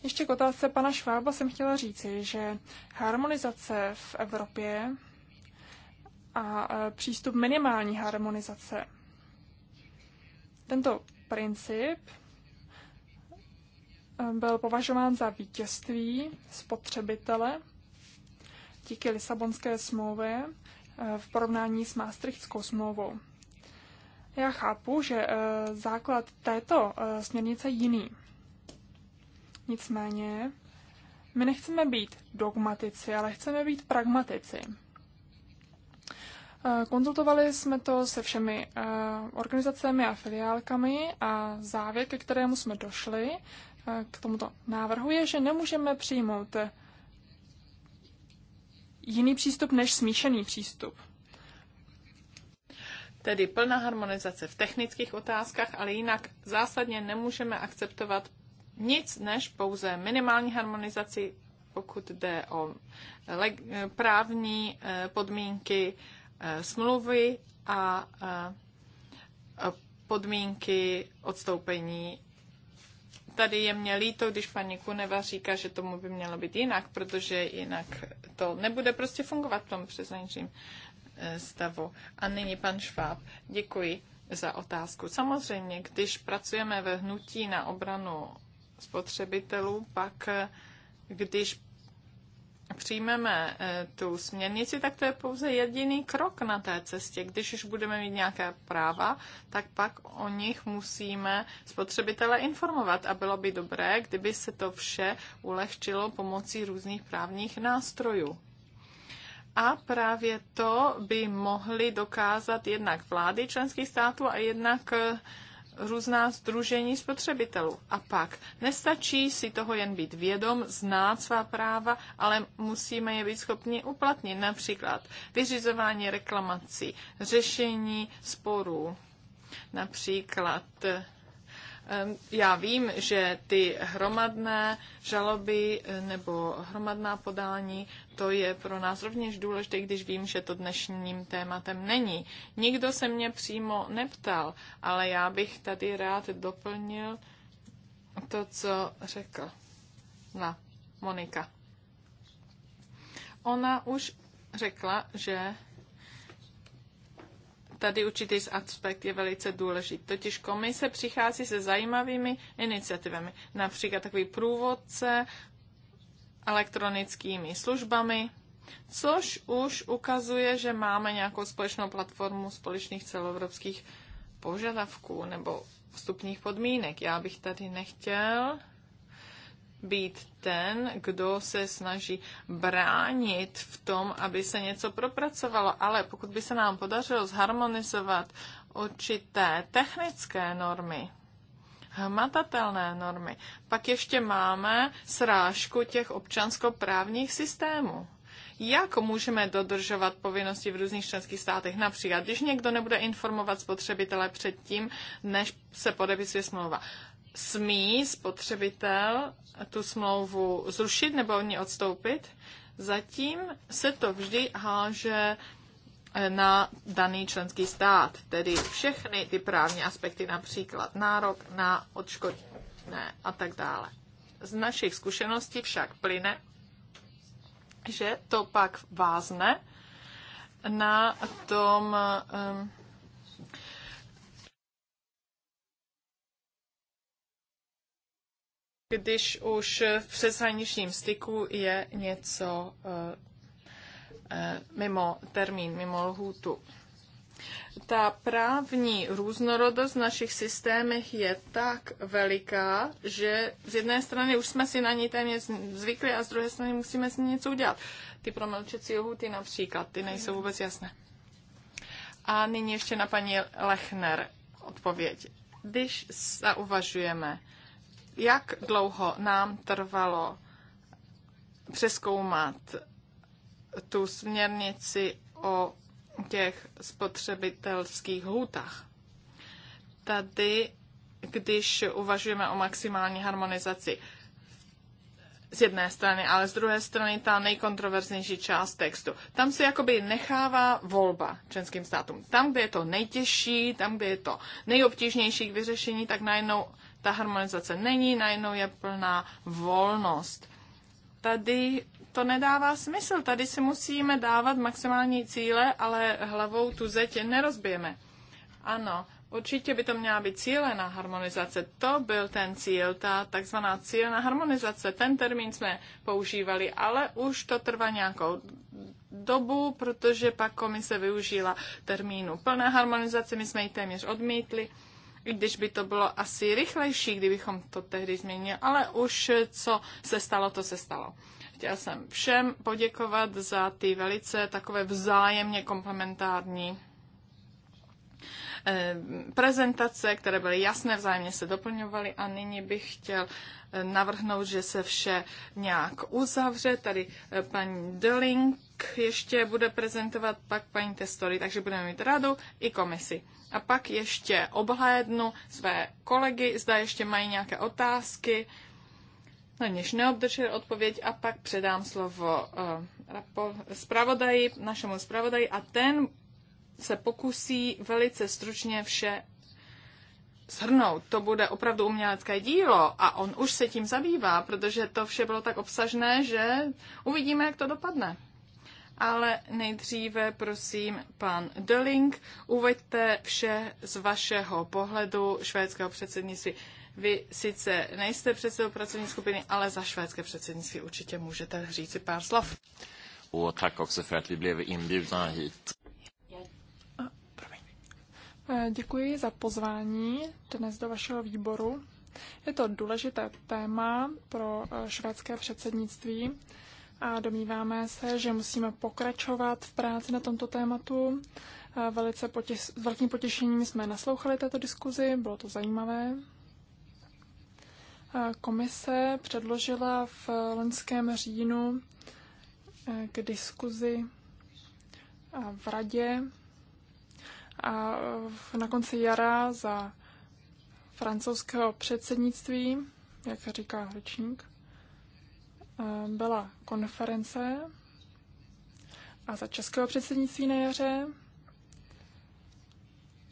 Ještě k otázce pana Švába jsem chtěla říci, že harmonizace v Evropě a eh, přístup minimální harmonizace. Tento princip eh, byl považován za vítězství spotřebitele díky Lisabonské smlouvě, v porovnání s Maastrichtskou smlouvou. Já chápu, že eh, základ této eh, směrnice je jiný. Nicméně, my nechceme být dogmatici, ale chceme být pragmatici. Eh, konzultovali jsme to se všemi organizacemi a filiálkami a závěr, ke kterému jsme došli k tomuto návrhu, je, že nemůžeme přijmout jiný přístup než smíšený přístup. Tedy plná harmonizace v technických otázkách, ale jinak zásadně nemůžeme akceptovat nic než pouze minimální harmonizaci, pokud jde o eh, eh, právní eh, podmínky smluvy a podmínky odstoupení tady je mě líto, když paní Kuneva říká, že tomu by mělo být jinak, protože jinak to nebude prostě fungovat v tom přeshraničním e, stavu. A nyní pan Šváb. Děkuji za otázku. Samozřejmě, když pracujeme ve hnutí na obranu spotřebitelů, pak e, když přijmeme eh, tu směrnici, tak to je pouze jediný krok na té cestě. Když už budeme mít nějaké práva, tak pak o nich musíme spotřebitele informovat. A bylo by dobré, kdyby se to vše ulehčilo pomocí různých právních nástrojů. A právě to by mohly dokázat jednak vlády členských států a jednak eh, různá združení spotřebitelů. A pak nestačí si toho jen být vědom, znát svá práva, ale musíme je být schopni uplatnit. Například vyřizování reklamací, řešení sporů, například já vím, že ty hromadné žaloby eh, nebo hromadná podání, to je pro nás rovněž důležité, když vím, že to dnešním tématem není. Nikdo se mě přímo neptal, ale já bych tady rád doplnil to, co řekl na Monika. Ona už řekla, že tady určitý aspekt je velice důležitý. Totiž komise přichází se zajímavými iniciativami, například takový průvodce elektronickými službami, což už ukazuje, že máme nějakou společnou platformu společných celoevropských požadavků nebo vstupních podmínek. Já bych tady nechtěl být ten, kdo se snaží bránit v tom, aby se něco propracovalo. Ale pokud by se nám podařilo zharmonizovat určité technické normy, hmatatelné normy, pak ještě máme srážku těch občanskoprávních systémů jak můžeme dodržovat povinnosti v různých členských státech. Například, když někdo nebude informovat spotřebitele předtím, než se podepisuje smlouva smí spotřebitel tu smlouvu zrušit nebo od ní odstoupit. Zatím se to vždy háže eh, na daný členský stát, tedy všechny ty právní aspekty, například nárok na odškodné a tak dále. Z našich zkušeností však plyne, že to pak vázne na tom um, když už v přeshraničním styku je něco eh, eh, mimo termín, mimo lhůtu. Ta právní různorodost v našich systémech je tak veliká, že z jedné strany už jsme si na ní téměř zvykli a z druhé strany musíme s ní něco udělat. Ty promlčecí lhuty například, ty nejsou vůbec jasné. A nyní ještě na paní Lechner odpověď. Když zauvažujeme, jak dlouho nám trvalo přeskoumat tu směrnici o těch spotřebitelských hůtách. Tady, když uvažujeme o maximální harmonizaci z jedné strany, ale z druhé strany ta nejkontroverznější část textu. Tam se jakoby nechává volba členským státům. Tam, kde je to nejtěžší, tam, kde je to nejobtížnější k vyřešení, tak najednou ta harmonizace není, najednou je plná volnost. Tady to nedává smysl. Tady si musíme dávat maximální cíle, ale hlavou tu zeď nerozbijeme. Ano, určitě by to měla být cílená harmonizace. To byl ten cíl, ta takzvaná cílená harmonizace. Ten termín jsme používali, ale už to trvá nějakou dobu, protože pak komise využila termínu plné harmonizace, my jsme ji téměř odmítli i když by to bylo asi rychlejší, kdybychom to tehdy změnili, ale už co se stalo, to se stalo. Chtěla jsem všem poděkovat za ty velice takové vzájemně komplementární eh, prezentace, které byly jasné, vzájemně se doplňovaly a nyní bych chtěl eh, navrhnout, že se vše nějak uzavře. Tady eh, paní Delink ještě bude prezentovat, pak paní Testory, takže budeme mít radu i komisi a pak ještě obhlédnu své kolegy, zda ještě mají nějaké otázky, na něž neobdržel odpověď a pak předám slovo uh, našemu zpravodaji a ten se pokusí velice stručně vše shrnout. To bude opravdu umělecké dílo a on už se tím zabývá, protože to vše bylo tak obsažné, že uvidíme, jak to dopadne ale nejdříve prosím pan Dölling, uveďte vše z vašeho pohledu švédského předsednictví. Vy sice nejste předsedou pracovní skupiny, ale za švédské předsednictví určitě můžete si pár slov. Och tak också för att vi blev inbjudna hit. Děkuji za pozvání dnes do vašeho výboru. Je to důležité téma pro e, švédské předsednictví a domníváme se, že musíme pokračovat v práci na tomto tématu. Velice potěš- s velkým potěšením jsme naslouchali této diskuzi, bylo to zajímavé. Komise předložila v loňském říjnu e, k diskuzi v radě a na konci jara za francouzského předsednictví, jak říká řečník, Eh, byla konference a za českého předsednictví na jaře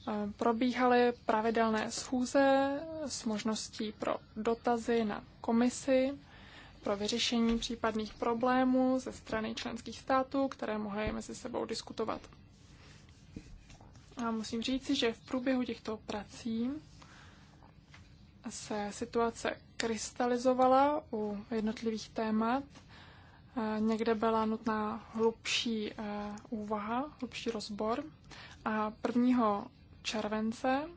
eh, probíhaly pravidelné schůze s možností pro dotazy na komisi pro vyřešení případných problémů ze strany členských států, které mohly mezi sebou diskutovat. A musím říci, že v průběhu těchto prací se situace krystalizovala u jednotlivých témat. Eh, někde byla nutná hlubší eh, úvaha, hlubší rozbor. A 1. července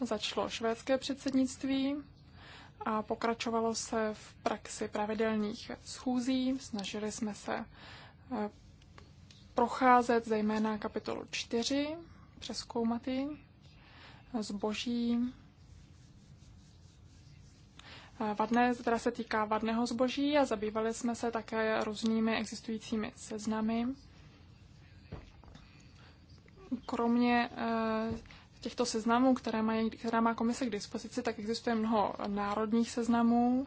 začalo švédské předsednictví a pokračovalo se v praxi pravidelných schůzí. Snažili jsme se eh, procházet zejména kapitolu 4, přeskoumat ji, zboží, vadné, která se týká vadného zboží a zabývali jsme se také různými existujícími seznamy. Kromě eh, těchto seznamů, které, mají, která má komise k dispozici, tak existuje mnoho národních seznamů.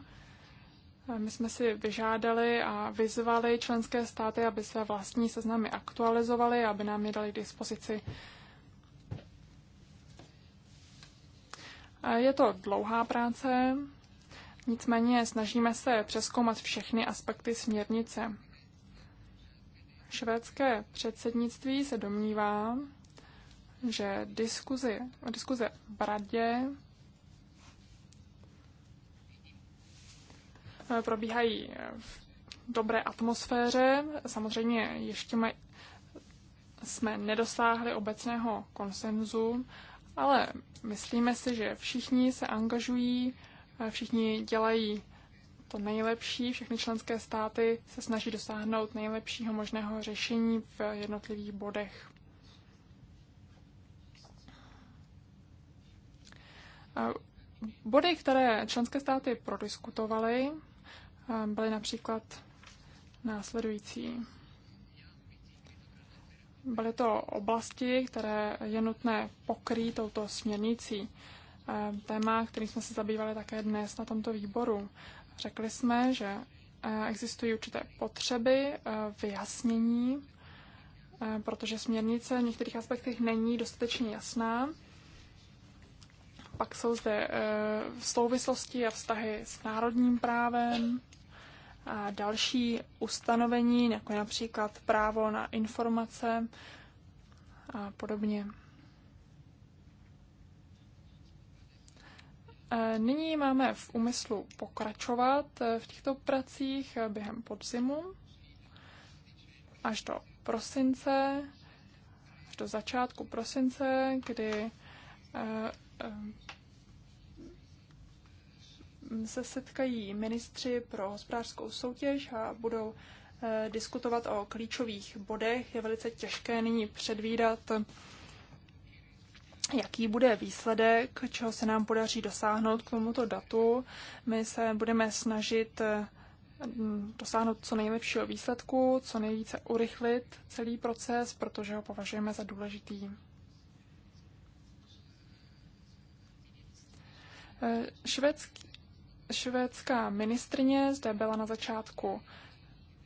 Eh, my jsme si vyžádali a vyzvali členské státy, aby své vlastní seznamy aktualizovaly, aby nám je dali k dispozici. Eh, je to dlouhá práce, Nicméně snažíme se přeskoumat všechny aspekty směrnice. Švédské předsednictví se domnívá, že diskuzi, diskuze v radě eh, probíhají v dobré atmosféře. Samozřejmě ještě maj, jsme nedosáhli obecného konsenzu, ale myslíme si, že všichni se angažují Všichni dělají to nejlepší, všechny členské státy se snaží dosáhnout nejlepšího možného řešení v jednotlivých bodech. Body, které členské státy prodiskutovaly, byly například následující. Byly to oblasti, které je nutné pokrýt touto směrnicí. Eh, téma, kterým jsme se zabývali také dnes na tomto výboru. Řekli jsme, že eh, existují určité potřeby eh, vyjasnění, protože směrnice v některých aspektech není dostatečně jasná. Pak jsou zde souvislosti a vztahy s národním právem a další ustanovení, jako například právo na informace a podobně. Nyní máme v úmyslu pokračovat eh, v těchto pracích eh, během podzimu až do prosince, až do začátku prosince, kdy eh, se setkají ministři pro hospodářskou soutěž a budou diskutovat o klíčových bodech. Je velice těžké nyní předvídat, jaký bude výsledek, čeho se nám podaří dosáhnout k tomuto datu. My se budeme snažit eh, dosáhnout co nejlepšího výsledku, co nejvíce urychlit celý proces, protože ho považujeme za důležitý. Eh, švédský, švédská ministrině zde byla na začátku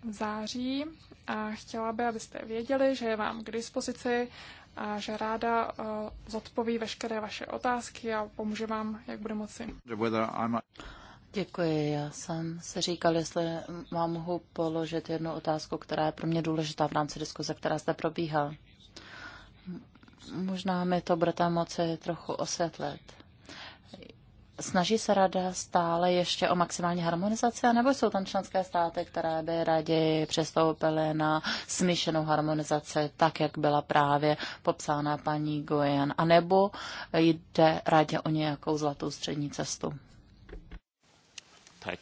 září a chtěla by, abyste věděli, že je vám k dispozici a že ráda eh, zodpoví veškeré vaše otázky a pomůže vám, jak bude moci. Děkuji. Já jsem se říkal, jestli vám mohu položit jednu otázku, která je pro mě důležitá v rámci diskuze, která zde probíhá. Možná mi to budete moci trochu osvětlit. Snaží se rada stále ještě o maximální harmonizaci, nebo jsou tam členské státy, které by raději přestoupily na smíšenou harmonizaci, tak jak byla právě popsána paní Gojen, anebo jde radě o nějakou zlatou střední cestu? Tak.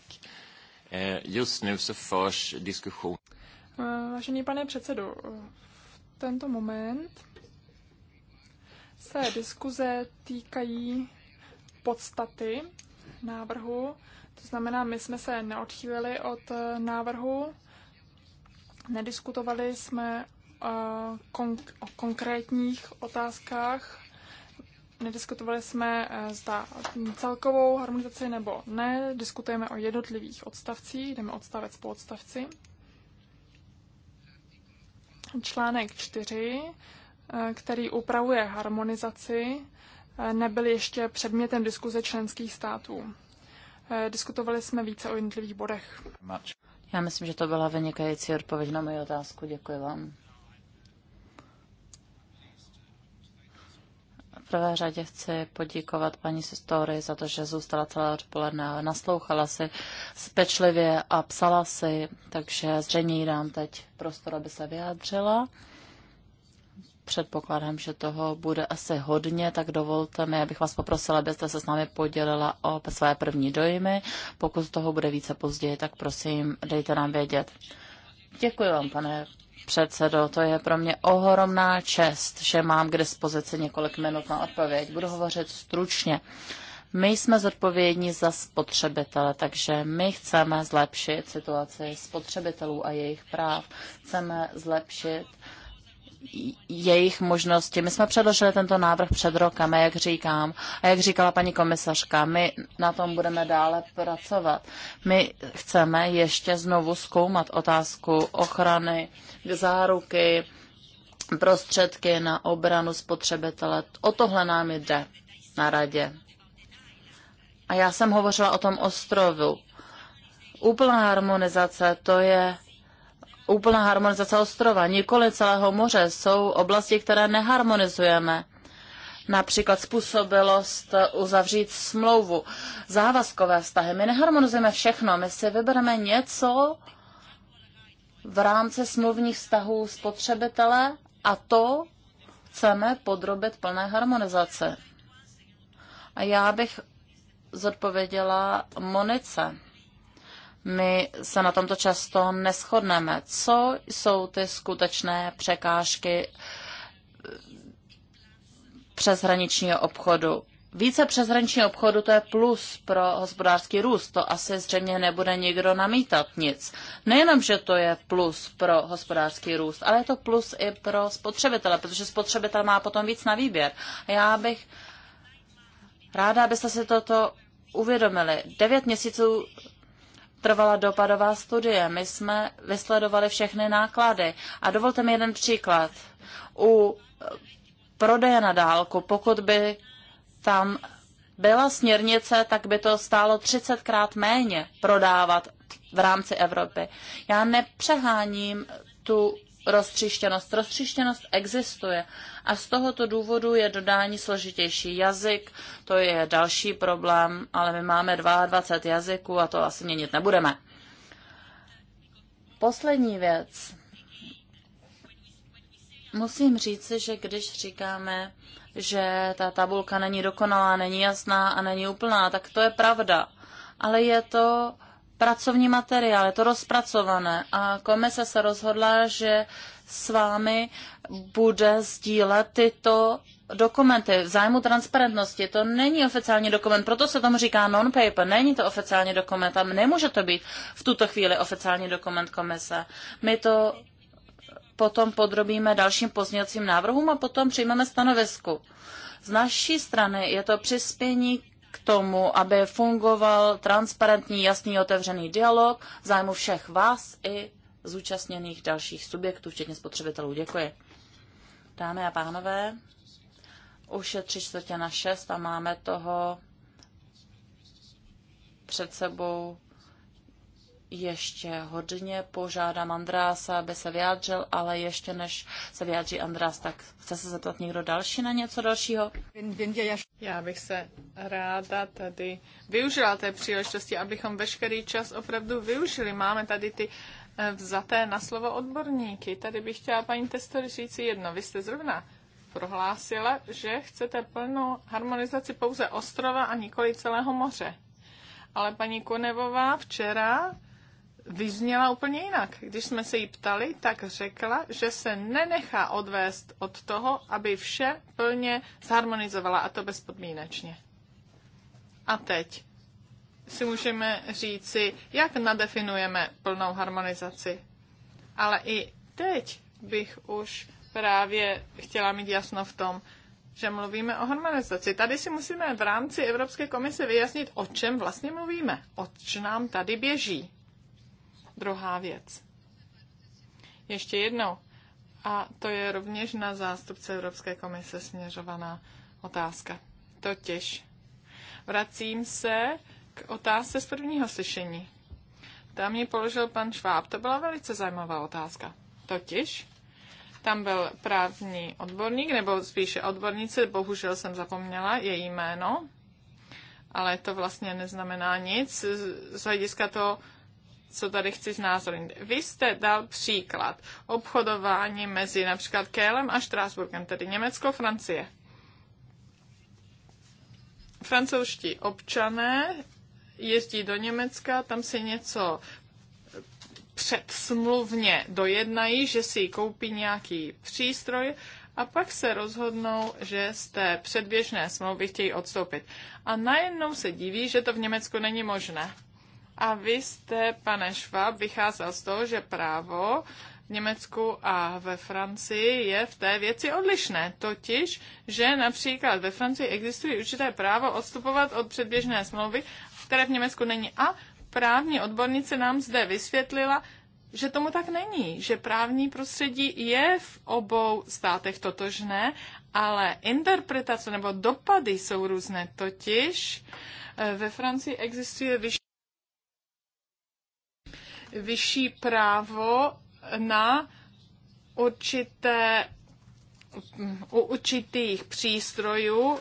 Eh, just nu se förs diskussion. Eh, vážený pane předsedo, v tento moment se diskuze týkají podstaty návrhu. To znamená, my jsme se neodchýlili od eh, návrhu, nediskutovali jsme eh, o konkrétních otázkách, nediskutovali jsme eh, zda celkovou harmonizaci nebo ne, diskutujeme o jednotlivých odstavcích, jdeme odstavec po odstavci. Článek 4, který upravuje harmonizaci, Eh, nebyl ještě předmětem diskuze členských států. Eh, diskutovali jsme více o jednotlivých bodech. Já myslím, že to byla vynikající odpověď na moji otázku. Děkuji vám. prvé řadě chci poděkovat paní Sestory za to, že zůstala celá odpoledne, naslouchala si pečlivě a psala si, takže zřejmě jí dám teď prostor, aby se vyjádřila předpokladem, že toho bude asi hodně, tak dovolte mi, abych vás poprosila, abyste se s námi podělila o své první dojmy. Pokud toho bude více později, tak prosím, dejte nám vědět. Děkuji vám, pane předsedo, to je pro mě ohromná čest, že mám k dispozici několik minut na odpověď. Budu hovořit stručně. My jsme zodpovědní za spotřebitele, takže my chceme zlepšit situaci spotřebitelů a jejich práv. Chceme zlepšit jejich možnosti. My jsme předložili tento návrh před rokem, a jak říkám, a jak říkala paní komisařka, my na tom budeme dále pracovat. My chceme ještě znovu zkoumat otázku ochrany, záruky, prostředky na obranu spotřebitele. O tohle nám jde na radě. A já jsem hovořila o tom ostrovu. Úplná harmonizace, to je úplná harmonizace ostrova, nikoli celého moře. Jsou oblasti, které neharmonizujeme. Například způsobilost uzavřít smlouvu, závazkové vztahy. My neharmonizujeme všechno, my si vybereme něco v rámci smluvních vztahů spotřebitele a to chceme podrobit plné harmonizace. A já bych zodpověděla Monice my se na tomto často neschodneme. Co jsou ty skutečné překážky eh, přeshraničního obchodu? Více přeshraničního obchodu to je plus pro hospodářský růst. To asi zřejmě nebude nikdo namítat nic. Nejenom, že to je plus pro hospodářský růst, ale je to plus i pro spotřebitele, protože spotřebitel má potom víc na výběr. A já bych ráda, abyste si toto uvědomili. Devět měsíců trvala dopadová studie. My jsme vysledovali všechny náklady. A dovolte mi jeden příklad. U eh, prodeje na dálku, pokud by tam byla směrnice, tak by to stálo 30krát méně prodávat v rámci Evropy. Já nepřeháním tu roztřištěnost. Roztřištěnost existuje a z tohoto důvodu je dodání složitější jazyk, to je další problém, ale my máme 22 jazyků a to asi měnit nebudeme. Poslední věc. Musím říci, že když říkáme, že ta tabulka není dokonalá, není jasná a není úplná, tak to je pravda. Ale je to pracovní materiál, je to rozpracované a komise se rozhodla, že s vámi bude sdílet tyto dokumenty v zájmu transparentnosti. To není oficiální dokument, proto se tomu říká non-paper. Není to oficiální dokument a nemůže to být v tuto chvíli oficiální dokument komise. My to potom podrobíme dalším pozměňovacím návrhům a potom přijmeme stanovisku. Z naší strany je to přispění k tomu, aby fungoval transparentní, jasný, otevřený dialog v zájmu všech vás i zúčastněných dalších subjektů, včetně spotřebitelů. Děkuji. Dámy a pánové, už je tři čtvrtě na šest a máme toho před sebou ještě hodně. Požádám Andrása, aby se vyjádřil, ale ještě než se vyjádří András, tak chce se zeptat někdo další na něco dalšího? Já bych se ráda tady využila té příležitosti, abychom veškerý čas opravdu využili. Máme tady ty eh, vzaté na slovo odborníky. Tady bych chtěla paní Testory říct jedno. Vy jste zrovna prohlásila, že chcete plnou harmonizaci pouze ostrova a nikoli celého moře. Ale paní Konevová včera vyzněla úplně jinak. Když jsme se jí ptali, tak řekla, že se nenechá odvést od toho, aby vše plně zharmonizovala a to bezpodmínečně. A teď si můžeme říci, jak nadefinujeme plnou harmonizaci. Ale i teď bych už právě chtěla mít jasno v tom, že mluvíme o harmonizaci. Tady si musíme v rámci Evropské komise vyjasnit, o čem vlastně mluvíme, o čem nám tady běží Druhá věc. Ještě jednou. A to je rovněž na zástupce Evropské komise směřovaná otázka. Totiž vracím se k otázce z prvního slyšení. Tam mi položil pan Šváb. To byla velice zajímavá otázka. Totiž tam byl právní odborník, nebo spíše odbornice, bohužel jsem zapomněla její jméno, ale to vlastně neznamená nic z hlediska toho co tady chci znázornit. Vy jste dal příklad obchodování mezi například Kélem a Štrásburgem, tedy Německo, Francie. Francouzští občané jezdí do Německa, tam si něco předsmluvně dojednají, že si koupí nějaký přístroj a pak se rozhodnou, že z té předběžné smlouvy chtějí odstoupit. A najednou se diví, že to v Německu není možné. A vy jste, pane Schwab, vycházel z toho, že právo v Německu a ve Francii je v té věci odlišné. Totiž, že například ve Francii existují určité právo odstupovat od předběžné smlouvy, které v Německu není. A právní odbornice nám zde vysvětlila, že tomu tak není, že právní prostředí je v obou státech totožné, ale interpretace nebo dopady jsou různé. Totiž eh, ve Francii existuje vyšší vyšší právo na určité, u určitých přístrojů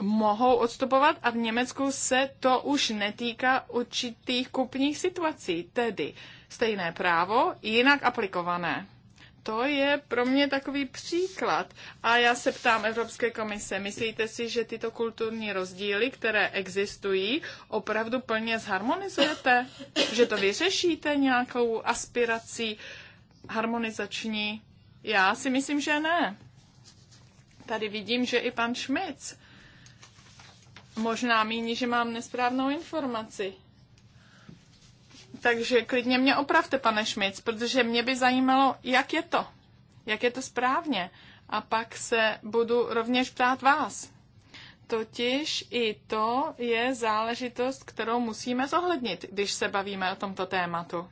mohou odstupovat a v Německu se to už netýká určitých kupních situací, tedy stejné právo, jinak aplikované to je pro mě takový příklad. A já se ptám Evropské komise, myslíte si, že tyto kulturní rozdíly, které existují, opravdu plně zharmonizujete? Že to vyřešíte nějakou aspirací harmonizační? Já si myslím, že ne. Tady vidím, že i pan Šmic možná míní, že mám nesprávnou informaci. Takže klidně mě opravte, pane Šmic, protože mě by zajímalo, jak je to. Jak je to správně. A pak se budu rovněž ptát vás. Totiž i to je záležitost, kterou musíme zohlednit, když se bavíme o tomto tématu.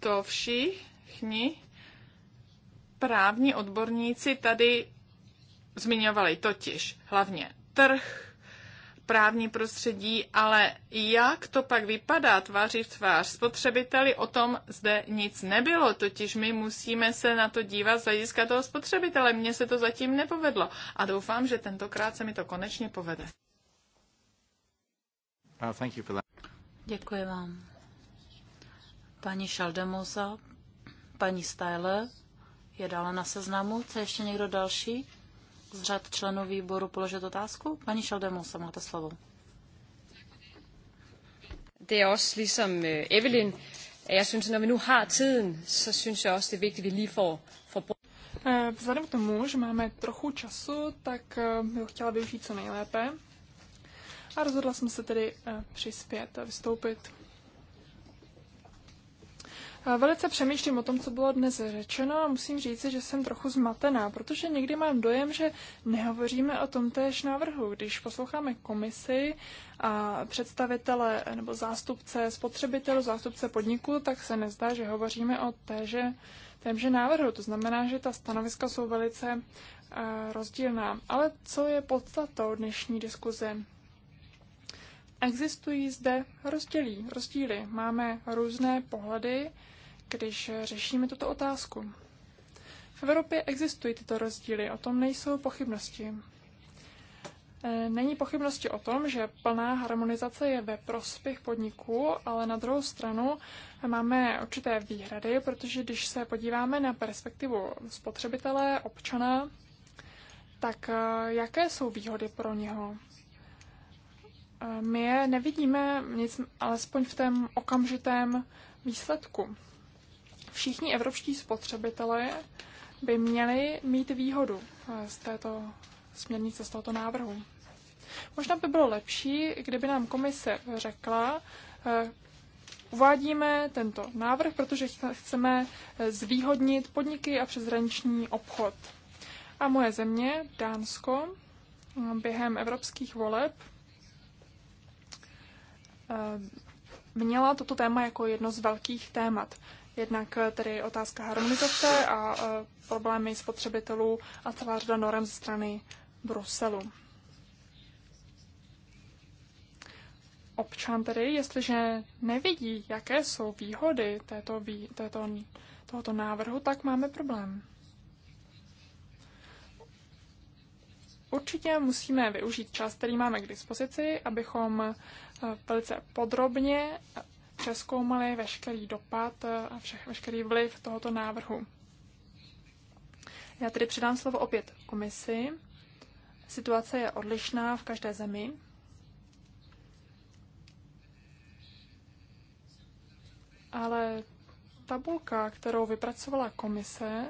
To všichni právní odborníci tady zmiňovali totiž hlavně trh, právní prostředí, ale jak to pak vypadá tváří v tvář spotřebiteli, o tom zde nic nebylo, totiž my musíme se na to dívat z hlediska toho spotřebitele. Mně se to zatím nepovedlo a doufám, že tentokrát se mi to konečně povede. Uh, Děkuji vám. Paní Šaldemosa, paní Styler je dále na seznamu. Co ještě někdo další? z řad členů výboru položit otázku? Paní Šaldemose, máte slovo. Det er også ligesom øh, Evelyn, at jeg synes, at når vi nu har tiden, så synes jeg også, det er vigtigt, at vi lige får, får brug. Eh, vzhledem k tomu, že máme trochu času, tak eh, bych chtěla využít co nejlépe. A rozhodla jsem se tedy eh, přispět a vystoupit Velice přemýšlím o tom, co bylo dnes řečeno a musím říct, že jsem trochu zmatená, protože někdy mám dojem, že nehovoříme o tom též návrhu. Když posloucháme komisi a představitele nebo zástupce spotřebitelů, zástupce podniků, tak se nezdá, že hovoříme o téže, témže návrhu. To znamená, že ta stanoviska jsou velice eh, rozdílná. Ale co je podstatou dnešní diskuze? Existují zde rozdělí, rozdíly. Máme různé pohledy když řešíme tuto otázku. V Evropě existují tyto rozdíly, o tom nejsou pochybnosti. E, není pochybnosti o tom, že plná harmonizace je ve prospěch podniků, ale na druhou stranu máme určité výhrady, protože když se podíváme na perspektivu spotřebitele, občana, tak e, jaké jsou výhody pro něho? E, my je nevidíme, nic, alespoň v tom okamžitém výsledku všichni evropští spotřebitelé by měli mít výhodu eh, z této směrnice, z tohoto návrhu. Možná by bylo lepší, kdyby nám komise řekla, eh, uvádíme tento návrh, protože chceme eh, zvýhodnit podniky a přezraniční obchod. A moje země, Dánsko, během evropských voleb měla toto téma jako jedno z velkých témat. Jednak eh, tedy otázka harmonizace a eh, problémy spotřebitelů a celá řada norem ze strany Bruselu. Občan tedy, jestliže nevidí, jaké jsou výhody této, této, tohoto návrhu, tak máme problém. Určitě musíme využít čas, který máme k dispozici, abychom eh, velice podrobně přeskoumali veškerý dopad eh, a vše, veškerý vliv tohoto návrhu. Já tedy předám slovo opět komisi. Situace je odlišná v každé zemi. Ale tabulka, kterou vypracovala komise,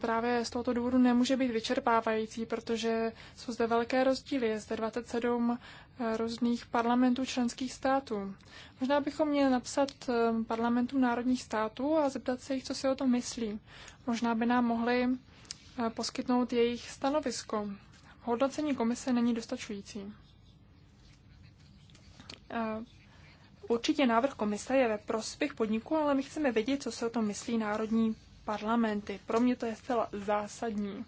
právě z tohoto důvodu nemůže být vyčerpávající, protože jsou zde velké rozdíly. Je zde 27 eh, různých parlamentů členských států. Možná bychom měli napsat eh, parlamentům národních států a zeptat se jich, co si o tom myslí. Možná by nám mohli eh, poskytnout jejich stanovisko. Hodnocení komise není dostačující. Určitě návrh komise je ve prospěch podniku, ale my chceme vědět, co se o tom myslí národní parlamenty. Pro mě to je zcela zásadní,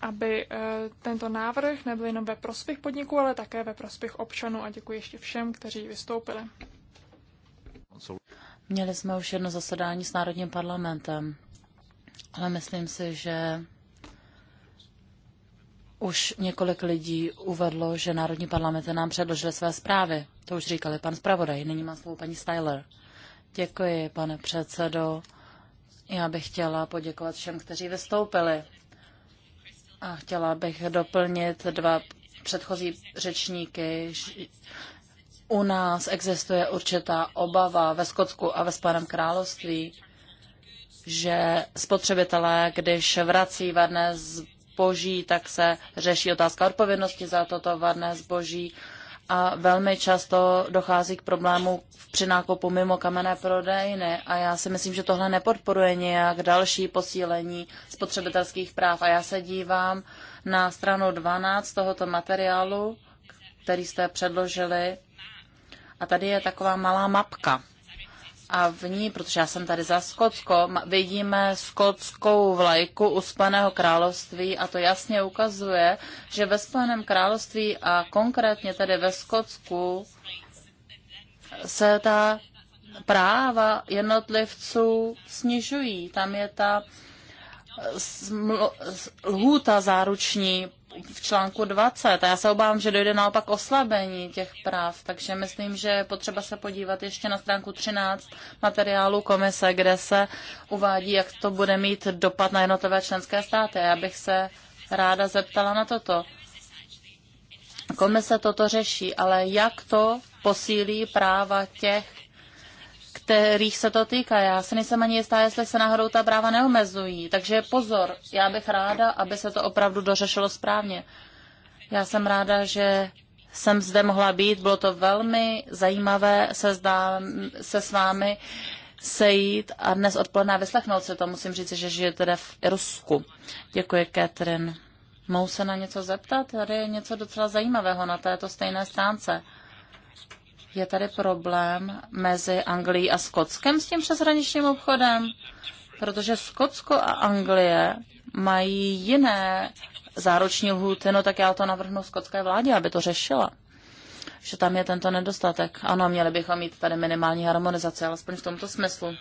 aby eh, tento návrh nebyl jenom ve prospěch podniků, ale také ve prospěch občanů a děkuji ještě všem, kteří vystoupili. Měli jsme už jedno zasedání s Národním parlamentem, ale myslím si, že už několik lidí uvedlo, že Národní parlamenty nám předložili své zprávy. To už říkali pan zpravodaj. Nyní má slovo paní Styler. Děkuji, pane předsedo. Já bych chtěla poděkovat všem, kteří vystoupili. A chtěla bych doplnit dva předchozí řečníky. U nás existuje určitá obava ve Skotsku a ve Spojeném království, že spotřebitelé, když vrací vadné zboží, tak se řeší otázka odpovědnosti za toto vadné zboží a velmi často dochází k problému při nákupu mimo kamenné prodejny a já si myslím, že tohle nepodporuje nějak další posílení spotřebitelských práv. A já se dívám na stranu 12 tohoto materiálu, který jste předložili a tady je taková malá mapka a v ní, protože já jsem tady za Skotsko, vidíme skotskou vlajku uspaného království a to jasně ukazuje, že ve Spojeném království a konkrétně tady ve Skotsku se ta práva jednotlivců snižují. Tam je ta lhůta záruční v článku 20 a já se obávám, že dojde naopak oslabení těch práv, takže myslím, že je potřeba se podívat ještě na stránku 13 materiálu komise, kde se uvádí, jak to bude mít dopad na jednotlivé členské státy. Já bych se ráda zeptala na toto. Komise toto řeší, ale jak to posílí práva těch, kterých se to týká. Já si nejsem ani jistá, jestli se náhodou ta práva neomezují. Takže pozor, já bych ráda, aby se to opravdu dořešilo správně. Já jsem ráda, že jsem zde mohla být. Bylo to velmi zajímavé se, zdá, se s vámi sejít a dnes odpoledne vyslechnout se to. Musím říct, že žije teda v Rusku. Děkuji, Catherine. Mohu se na něco zeptat? Tady je něco docela zajímavého na této stejné stránce. Je tady problém mezi Anglií a Skotskem s tím přeshraničním obchodem? Protože Skotsko a Anglie mají jiné zároční lhůty, no tak já to navrhnu skotské vládě, aby to řešila. Že tam je tento nedostatek. Ano, měli bychom mít tady minimální harmonizaci, alespoň v tomto smyslu.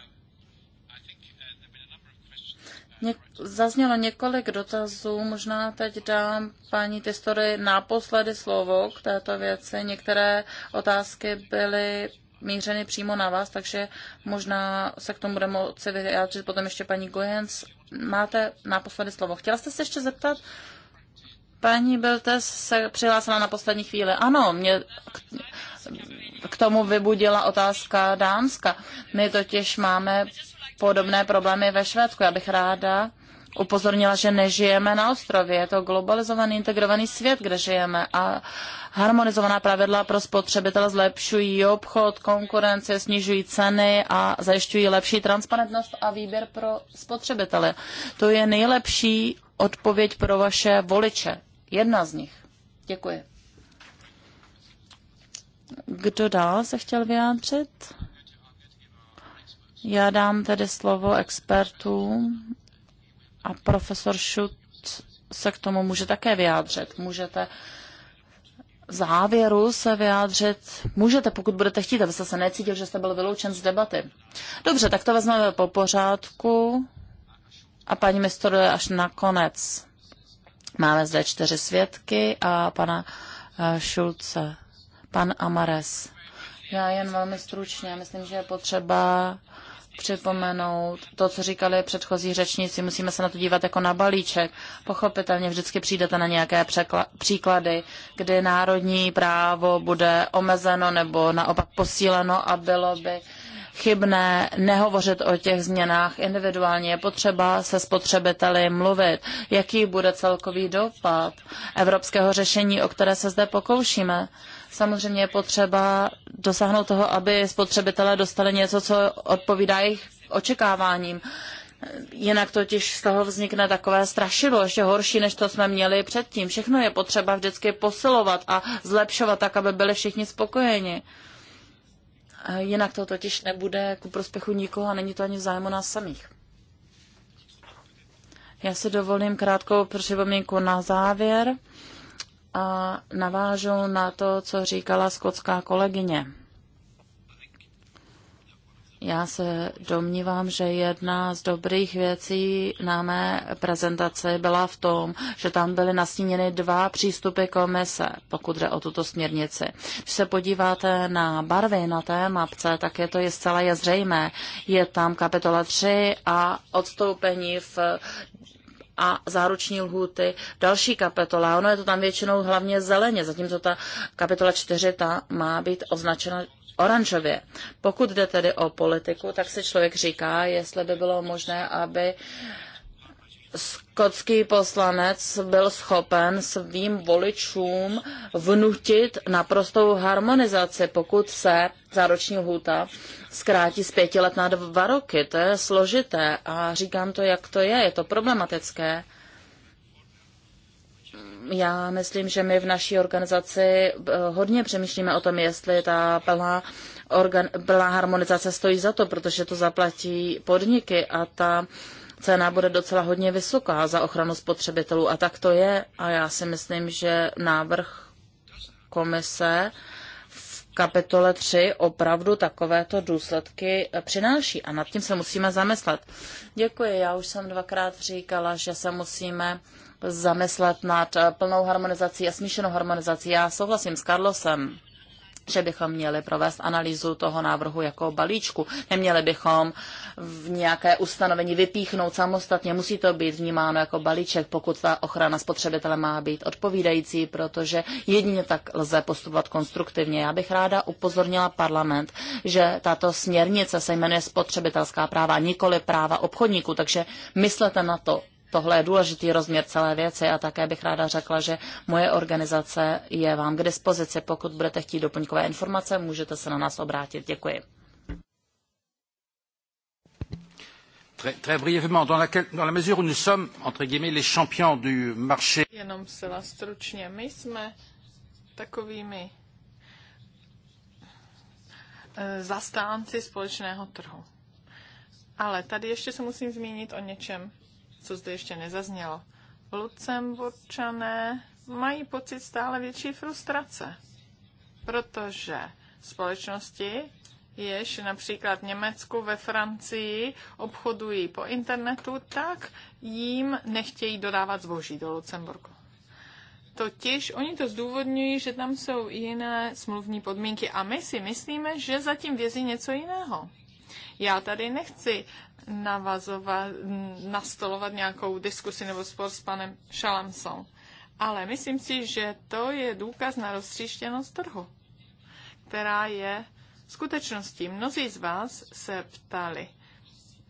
Zaznělo několik dotazů, možná teď dám paní Testory naposledy slovo k této věci. Některé otázky byly mířeny přímo na vás, takže možná se k tomu bude moci vyjádřit potom ještě paní Gojens. Máte naposledy slovo. Chtěla jste se ještě zeptat? Paní Biltes se přihlásila na poslední chvíli. Ano, mě k tomu vybudila otázka dámska. My totiž máme podobné problémy ve Švédsku. Já bych ráda upozornila, že nežijeme na ostrově. Je to globalizovaný, integrovaný svět, kde žijeme a harmonizovaná pravidla pro spotřebitele zlepšují obchod, konkurenci, snižují ceny a zajišťují lepší transparentnost a výběr pro spotřebitele. To je nejlepší odpověď pro vaše voliče. Jedna z nich. Děkuji. Kdo dál se chtěl vyjádřit? Já dám tedy slovo expertům a profesor Šut se k tomu může také vyjádřit. Můžete závěru se vyjádřit. Můžete, pokud budete chtít, abyste se necítil, že jste byl vyloučen z debaty. Dobře, tak to vezmeme po pořádku. A paní mistr, až nakonec. Máme zde čtyři svědky a pana Šulce, eh, pan Amares. Já jen velmi stručně, myslím, že je potřeba připomenout to, co říkali předchozí řečníci. Musíme se na to dívat jako na balíček. Pochopitelně vždycky přijdete na nějaké příklady, kdy národní právo bude omezeno nebo naopak posíleno a bylo by chybné nehovořit o těch změnách individuálně. Je potřeba se spotřebiteli mluvit, jaký bude celkový dopad evropského řešení, o které se zde pokoušíme. Samozřejmě je potřeba dosáhnout toho, aby spotřebitelé dostali něco, co odpovídá jejich očekáváním. Jinak totiž z toho vznikne takové strašidlo, ještě horší, než to jsme měli předtím. Všechno je potřeba vždycky posilovat a zlepšovat tak, aby byli všichni spokojeni. Jinak to totiž nebude ku prospěchu nikoho a není to ani zájmu nás samých. Já si dovolím krátkou připomínku na závěr a navážu na to, co říkala skotská kolegyně. Já se domnívám, že jedna z dobrých věcí na mé prezentaci byla v tom, že tam byly nastíněny dva přístupy komise, pokud jde o tuto směrnici. Když se podíváte na barvy na té mapce, tak je to je zcela je zřejmé. Je tam kapitola 3 a odstoupení v a záruční lhůty další kapitola. Ono je to tam většinou hlavně zeleně, zatímco ta kapitola 4 ta má být označena oranžově. Pokud jde tedy o politiku, tak se člověk říká, jestli by bylo možné, aby skotský poslanec byl schopen svým voličům vnutit naprostou harmonizaci, pokud se zároční lhůta zkrátí z pěti let na dva roky. To je složité a říkám to, jak to je. Je to problematické já myslím, že my v naší organizaci eh, hodně přemýšlíme o tom, jestli ta plná, organ, plná harmonizace stojí za to, protože to zaplatí podniky a ta cena bude docela hodně vysoká za ochranu spotřebitelů. A tak to je. A já si myslím, že návrh komise v kapitole 3 opravdu takovéto důsledky eh, přináší a nad tím se musíme zamyslet. Děkuji, já už jsem dvakrát říkala, že se musíme zamyslet nad eh, plnou harmonizací a smíšenou harmonizací. Já souhlasím s Carlosem že bychom měli provést analýzu toho návrhu jako balíčku. Neměli bychom v nějaké ustanovení vypíchnout samostatně. Musí to být vnímáno jako balíček, pokud ta ochrana spotřebitele má být odpovídající, protože jedině tak lze postupovat konstruktivně. Já bych ráda upozornila parlament, že tato směrnice se jmenuje spotřebitelská práva, nikoli práva obchodníků, takže myslete na to tohle je důležitý rozměr celé věci a také bych ráda řekla, že moje organizace je vám k dispozici. Pokud budete chtít doplňkové informace, můžete se na nás obrátit. Děkuji. Très, très brièvement, dans, laquelle, dans la mesure où nous sommes, entre guillemets, les champions du marché. Jenom zcela stručně, my jsme takovými eh, zastánci společného trhu. Ale tady ještě se musím zmínit o něčem, co zde ještě nezaznělo. Lucemburčané mají pocit stále větší frustrace, protože společnosti, jež například v Německu, ve Francii obchodují po internetu, tak jim nechtějí dodávat zboží do Lucemburku. Totiž oni to zdůvodňují, že tam jsou jiné smluvní podmínky a my si myslíme, že zatím vězí něco jiného. Já tady nechci navazovat, nastolovat nějakou diskusi nebo spor s panem Šalamsou, ale myslím si, že to je důkaz na roztříštěnost trhu, která je skutečností. Mnozí z vás se ptali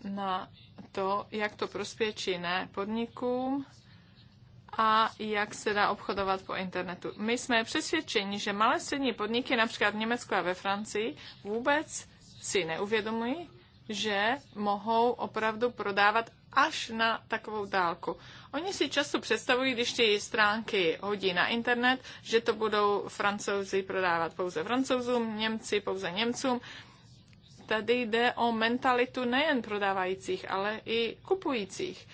na to, jak to prospěje či ne podnikům, a jak se dá obchodovat po internetu. My jsme přesvědčeni, že malé střední podniky například v Německu a ve Francii vůbec si neuvědomují, že mohou opravdu prodávat až na takovou dálku. Oni si často představují, když ty stránky hodí na internet, že to budou francouzi prodávat pouze francouzům, Němci pouze Němcům. Tady jde o mentalitu nejen prodávajících, ale i kupujících.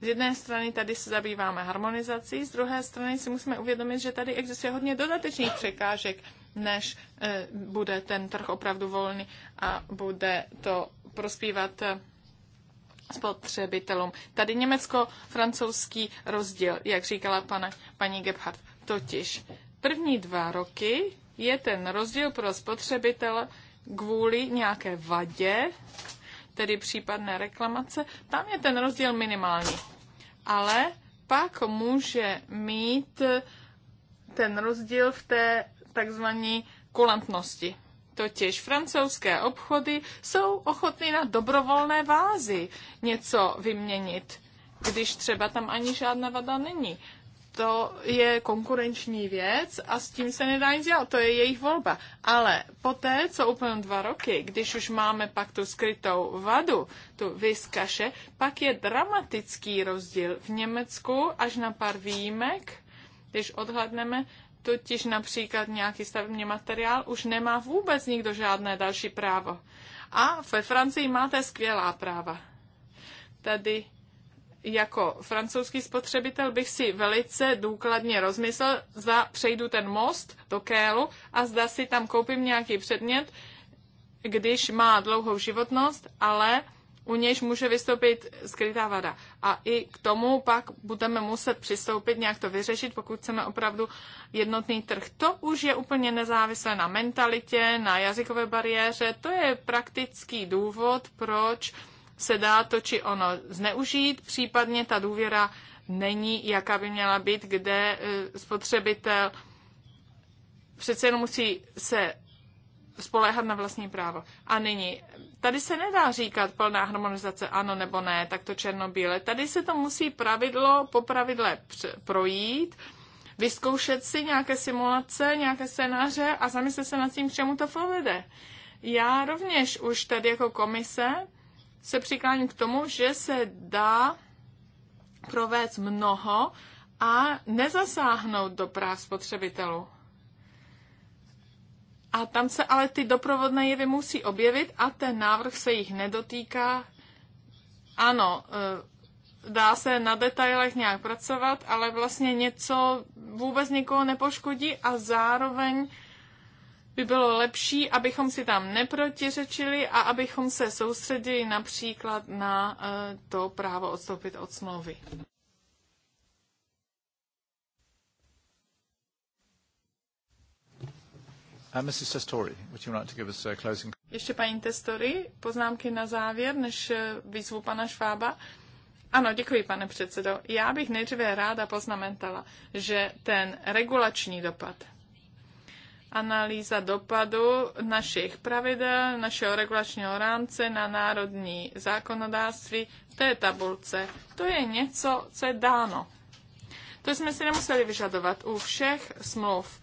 Z jedné strany tady se zabýváme harmonizací, z druhé strany si musíme uvědomit, že tady existuje hodně dodatečných překážek, než e, bude ten trh opravdu volný a bude to prospívat eh, spotřebitelům. Tady německo-francouzský rozdíl, jak říkala pane, paní Gebhardt. Totiž první dva roky je ten rozdíl pro spotřebitele kvůli nějaké vadě, tedy případné reklamace, tam je ten rozdíl minimální. Ale pak může mít ten rozdíl v té takzvané kulantnosti. Totiž francouzské obchody jsou ochotny na dobrovolné vázi něco vyměnit, když třeba tam ani žádná vada není. To je konkurenční věc a s tím se nedá nic dělat, to je jejich volba. Ale poté, co úplně dva roky, když už máme pak tu skrytou vadu, tu vyskaše, pak je dramatický rozdíl v Německu až na pár výjimek, když odhadneme, totiž například nějaký stavební materiál už nemá vůbec nikdo žádné další právo. A ve Francii máte skvělá práva. Tady jako francouzský spotřebitel bych si velice důkladně rozmyslel, za přejdu ten most do Kélu a zda si tam koupím nějaký předmět, když má dlouhou životnost, ale u nějž může vystoupit skrytá vada. A i k tomu pak budeme muset přistoupit, nějak to vyřešit, pokud chceme opravdu jednotný trh. To už je úplně nezávislé na mentalitě, na jazykové bariéře. To je praktický důvod, proč se dá to či ono zneužít, případně ta důvěra není, jaká by měla být, kde eh, spotřebitel přece jenom musí se spoléhat na vlastní právo. A nyní, tady se nedá říkat plná harmonizace ano nebo ne, tak to černobíle. Tady se to musí pravidlo po pravidle projít, vyzkoušet si nějaké simulace, nějaké scénáře a zamyslet se nad tím, k čemu to povede. Já rovněž už tady jako komise se přikláním k tomu, že se dá provést mnoho a nezasáhnout do práv spotřebitelů. A tam se ale ty doprovodné jevy musí objevit a ten návrh se jich nedotýká. Ano, eh, dá se na detailech nějak pracovat, ale vlastně něco vůbec nikoho nepoškodí a zároveň by bylo lepší, abychom si tam neprotiřečili a abychom se soustředili například na eh, to právo odstoupit od smlouvy. Uh, Mrs. Testori, would you like to give us a closing... Ještě paní Testori, poznámky na závěr, než eh, výzvu pana Švába. Ano, děkuji, pane předsedo. Já bych nejdříve ráda poznamentala, že ten regulační dopad, analýza dopadu našich pravidel, našeho regulačního rámce na národní zákonodárství v té tabulce, to je něco, co je dáno. To jsme si nemuseli vyžadovat u všech smluv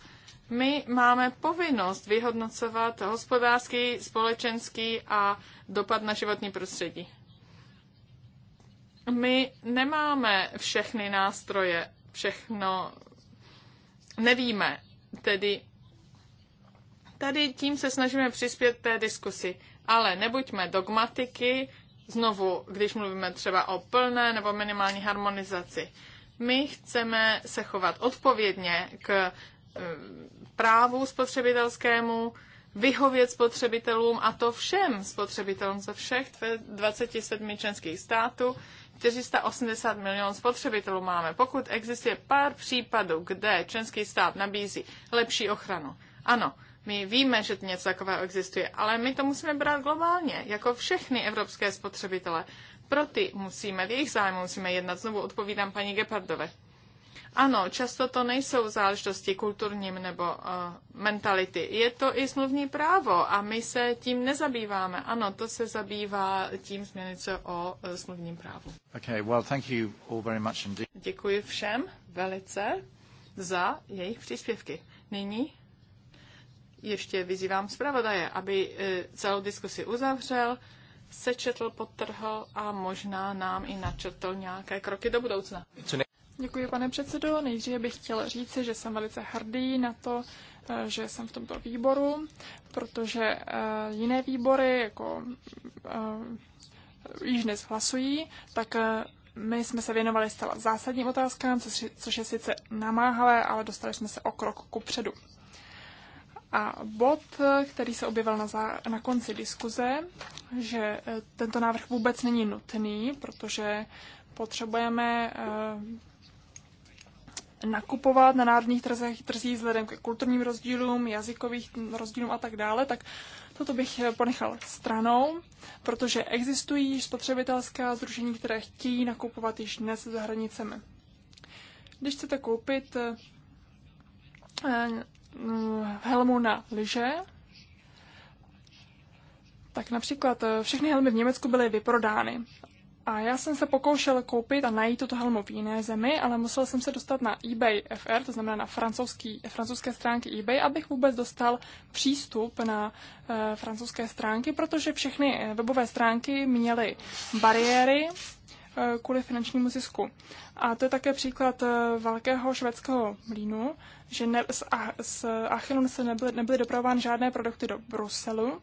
my máme povinnost vyhodnocovat hospodářský, společenský a dopad na životní prostředí. My nemáme všechny nástroje, všechno nevíme. Tedy tady tím se snažíme přispět té diskusi. Ale nebuďme dogmatiky, znovu, když mluvíme třeba o plné nebo minimální harmonizaci. My chceme se chovat odpovědně k Eh, právu spotřebitelskému, vyhovět spotřebitelům a to všem spotřebitelům ze všech 27 členských států. 480 milionů spotřebitelů máme. Pokud existuje pár případů, kde členský stát nabízí lepší ochranu, ano, my víme, že něco takového existuje, ale my to musíme brát globálně, jako všechny evropské spotřebitele. Pro ty musíme, v jejich zájmu musíme jednat. Znovu odpovídám paní Gepardové. Ano, často to nejsou záležitosti kulturním nebo uh, mentality. Je to i smluvní právo a my se tím nezabýváme. Ano, to se zabývá tím změnice o uh, smluvním právu. Okay, well, thank you all very much indeed. Děkuji všem velice za jejich příspěvky. Nyní ještě vyzývám zpravodaje, aby eh, celou diskusi uzavřel, sečetl, potrhl a možná nám i načetl nějaké kroky do budoucna. Děkuji, pane předsedo. Nejdříve bych chtěl říci, že jsem velice hrdý na to, eh, že jsem v tomto výboru, protože eh, jiné výbory, jako eh, již dnes hlasují, tak my jsme se věnovali stále zásadním otázkám, což je sice namáhavé, ale dostali jsme se o krok ku předu. A bod, který se objevil na, zá, na konci diskuze, že tento návrh vůbec není nutný, protože potřebujeme nakupovat na národních trzích, trzích vzhledem k kulturním rozdílům, jazykových rozdílům a tak dále, tak toto bych eh, ponechal stranou, protože existují spotřebitelská zrušení, které chtějí nakupovat již dnes za hranicemi. Když chcete koupit eh, eh, helmu na lyže, tak například všechny helmy v Německu byly vyprodány. A já jsem se pokoušel koupit a najít tuto helmu v jiné zemi, ale musel jsem se dostat na eBay FR, to znamená na francouzský, francouzské stránky eBay, abych vůbec dostal přístup na e, francouzské stránky, protože všechny eh, webové stránky měly bariéry e, kvůli finančnímu zisku. A to je také příklad e, velkého švédského mlínu, že ne, s, a, s Achillon se nebyly, nebyly dopravovány žádné produkty do Bruselu,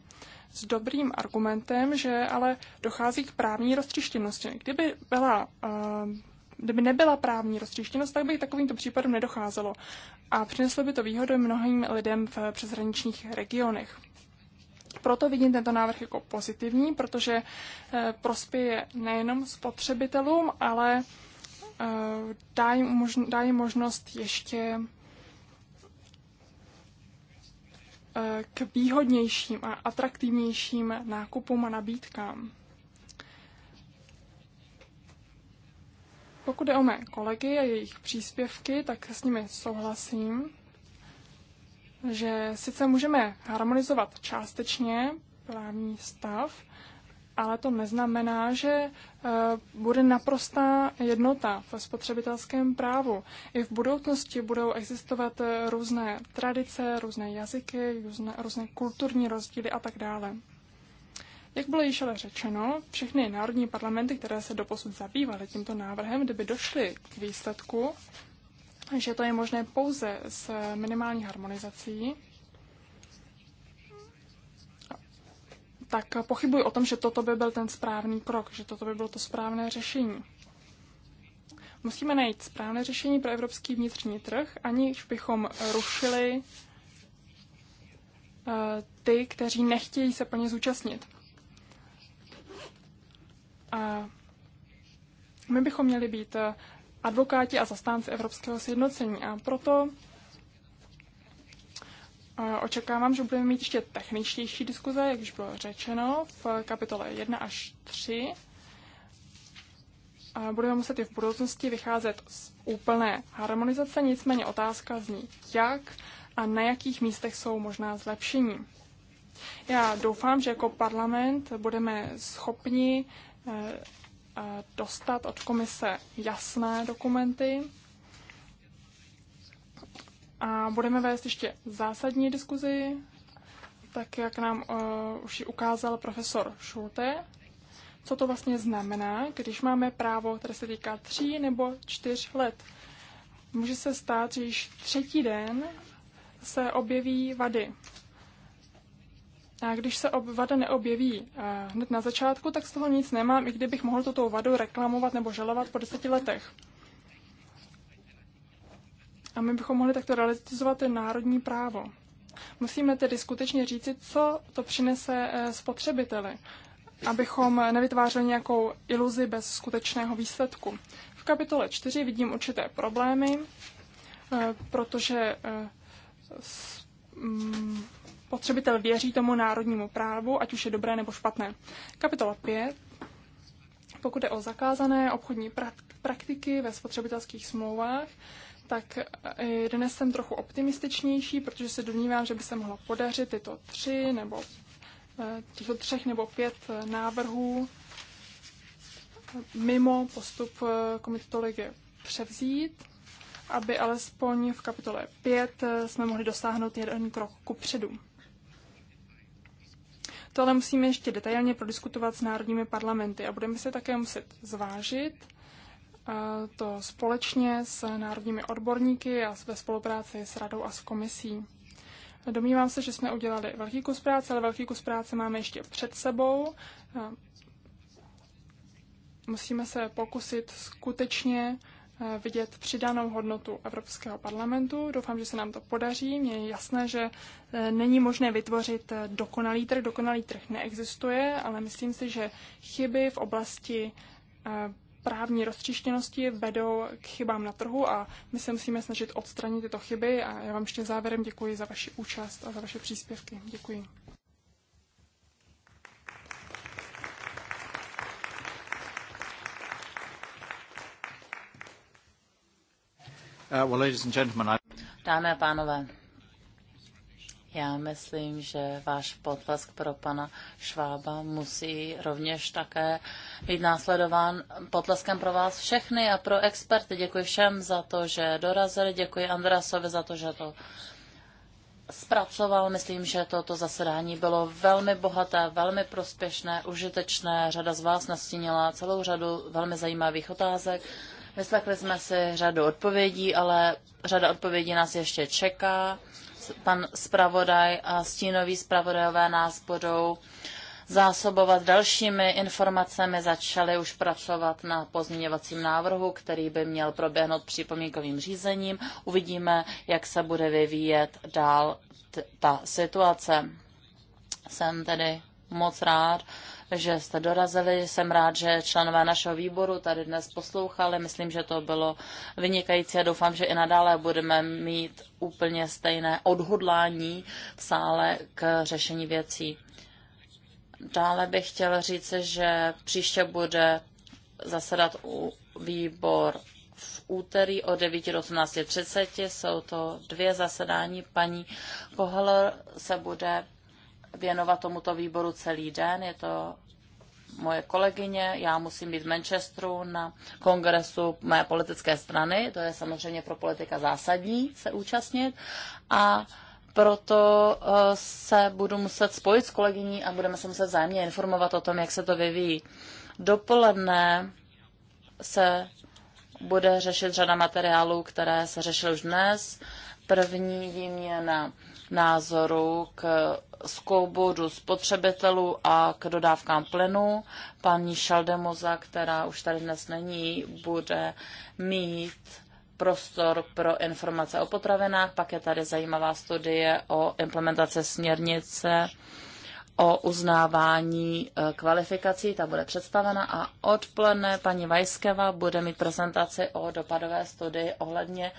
s dobrým argumentem, že ale dochází k právní roztřištěnosti. Kdyby byla ehm, kdyby nebyla právní roztříštěnost, tak by k takovýmto případům nedocházelo a přineslo by to výhodu mnohým lidem v přeshraničních regionech. Proto vidím tento návrh jako pozitivní, protože eh, prospěje nejenom spotřebitelům, ale eh, dá jim, možnost ještě k výhodnějším a atraktivnějším nákupům a nabídkám. Pokud je o mé kolegy a jejich příspěvky, tak s nimi souhlasím, že sice můžeme harmonizovat částečně právní stav, ale to neznamená, že eh, bude naprostá jednota v spotřebitelském právu. I v budoucnosti budou existovat eh, různé tradice, různé jazyky, různé, různé kulturní rozdíly a tak dále. Jak bylo již ale řečeno, všechny národní parlamenty, které se doposud zabývaly tímto návrhem, kdyby došly k výsledku, že to je možné pouze s minimální harmonizací, tak pochybuji o tom, že toto by byl ten správný krok, že toto by bylo to správné řešení. Musíme najít správné řešení pro evropský vnitřní trh, aniž bychom rušili eh, ty, kteří nechtějí se plně zúčastnit. A my bychom měli být eh, advokáti a zastánci evropského sjednocení. A proto Očekávám, že budeme mít ještě techničtější diskuze, jak už bylo řečeno, v kapitole 1 až 3. Budeme muset i v budoucnosti vycházet z úplné harmonizace, nicméně otázka zní, jak a na jakých místech jsou možná zlepšení. Já doufám, že jako parlament budeme schopni eh, dostat od komise jasné dokumenty, a budeme vést ještě zásadní diskuzi, tak jak nám uh, už ji ukázal profesor Schulte, co to vlastně znamená, když máme právo, které se týká tří nebo čtyř let. Může se stát, že již třetí den se objeví vady. A když se ob, vada neobjeví uh, hned na začátku, tak z toho nic nemám, i kdybych mohl tuto vadu reklamovat nebo žalovat po deseti letech. A my bychom mohli takto realizovat národní právo. Musíme tedy skutečně říci, co to přinese eh, spotřebiteli, abychom nevytvářeli nějakou iluzi bez skutečného výsledku. V kapitole 4 vidím určité problémy, eh, protože eh, spotřebitel mm, věří tomu národnímu právu, ať už je dobré nebo špatné. Kapitola 5. Pokud je o zakázané obchodní praktiky ve spotřebitelských smlouvách, tak eh, dnes jsem trochu optimističnější, protože se domnívám, že by se mohlo podařit tyto tři nebo eh, těchto třech nebo pět eh, návrhů mimo postup komitologie převzít, aby alespoň v kapitole 5 jsme mohli dosáhnout jeden krok ku předu. To ale musíme ještě detailně prodiskutovat s národními parlamenty a budeme se také muset zvážit, to společně s národními odborníky a ve spolupráci s radou a s komisí. Domnívám se, že jsme udělali velký kus práce, ale velký kus práce máme ještě před sebou. Musíme se pokusit skutečně e, vidět přidanou hodnotu Evropského parlamentu. Doufám, že se nám to podaří. Mně je jasné, že e, není možné vytvořit e, dokonalý trh. Dokonalý trh neexistuje, ale myslím si, že chyby v oblasti právní roztříštěnosti vedou k chybám na trhu a my se musíme snažit odstranit tyto chyby a já vám ještě závěrem děkuji za vaši účast a za vaše příspěvky. Děkuji. Uh, Dámy a pánové, já myslím, že váš potlesk pro pana Švába musí rovněž také být následován potleskem pro vás všechny a pro experty. Děkuji všem za to, že dorazili, děkuji Andrasovi za to, že to zpracoval. Myslím, že toto zasedání bylo velmi bohaté, velmi prospěšné, užitečné. Řada z vás nastínila celou řadu velmi zajímavých otázek. Vyslechli jsme si řadu odpovědí, ale řada odpovědí nás ještě čeká pan zpravodaj a stínoví zpravodajové nás budou zásobovat dalšími informacemi. Začali už pracovat na pozměňovacím návrhu, který by měl proběhnout připomínkovým řízením. Uvidíme, jak se bude vyvíjet dál ta situace. Jsem tedy moc rád, že jste dorazili. Jsem rád, že členové našeho výboru tady dnes poslouchali. Myslím, že to bylo vynikající a doufám, že i nadále budeme mít úplně stejné odhodlání v sále k řešení věcí. Dále bych chtěl říct, že příště bude zasedat výbor v úterý o 9 do 18.30. Jsou to dvě zasedání. Paní Kohler se bude věnovat tomuto výboru celý den. Je to moje kolegyně, já musím být v Manchesteru na kongresu mé politické strany, to je samozřejmě pro politika zásadní se účastnit a proto eh, se budu muset spojit s kolegyní a budeme se muset zájemně informovat o tom, jak se to vyvíjí. Dopoledne se bude řešit řada materiálů, které se řešily už dnes. První výměna názoru k skoubodu spotřebitelů a k dodávkám plynu. Paní Šaldemoza, která už tady dnes není, bude mít prostor pro informace o potravinách, pak je tady zajímavá studie o implementaci směrnice o uznávání e, kvalifikací, ta bude představena a odpoledne paní Vajskeva bude mít prezentaci o dopadové studii ohledně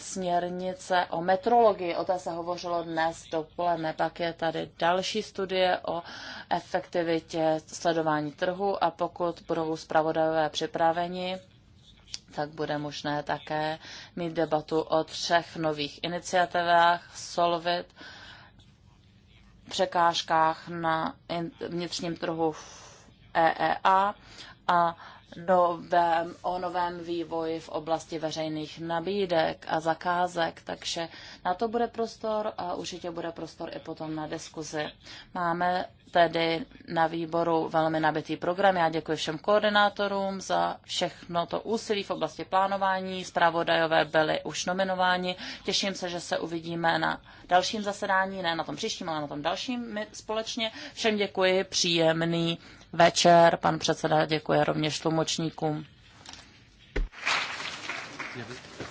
směrnice o metrologii, o té se hovořilo dnes dopoledne. Pak je tady další studie o efektivitě sledování trhu a pokud budou zpravodajové připraveni, tak bude možné také mít debatu o třech nových iniciativách Solvit, překážkách na vnitřním trhu v EEA a novém, o novém vývoji v oblasti veřejných nabídek a zakázek, takže na to bude prostor a určitě bude prostor i potom na diskuzi. Máme tedy na výboru velmi nabitý program. Já děkuji všem koordinátorům za všechno to úsilí v oblasti plánování. Zpravodajové byly už nominováni. Těším se, že se uvidíme na dalším zasedání, ne na tom příštím, ale na tom dalším my společně. Všem děkuji, příjemný večer. Pan předseda děkuje rovněž tlumočníkům.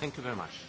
Thank you very much.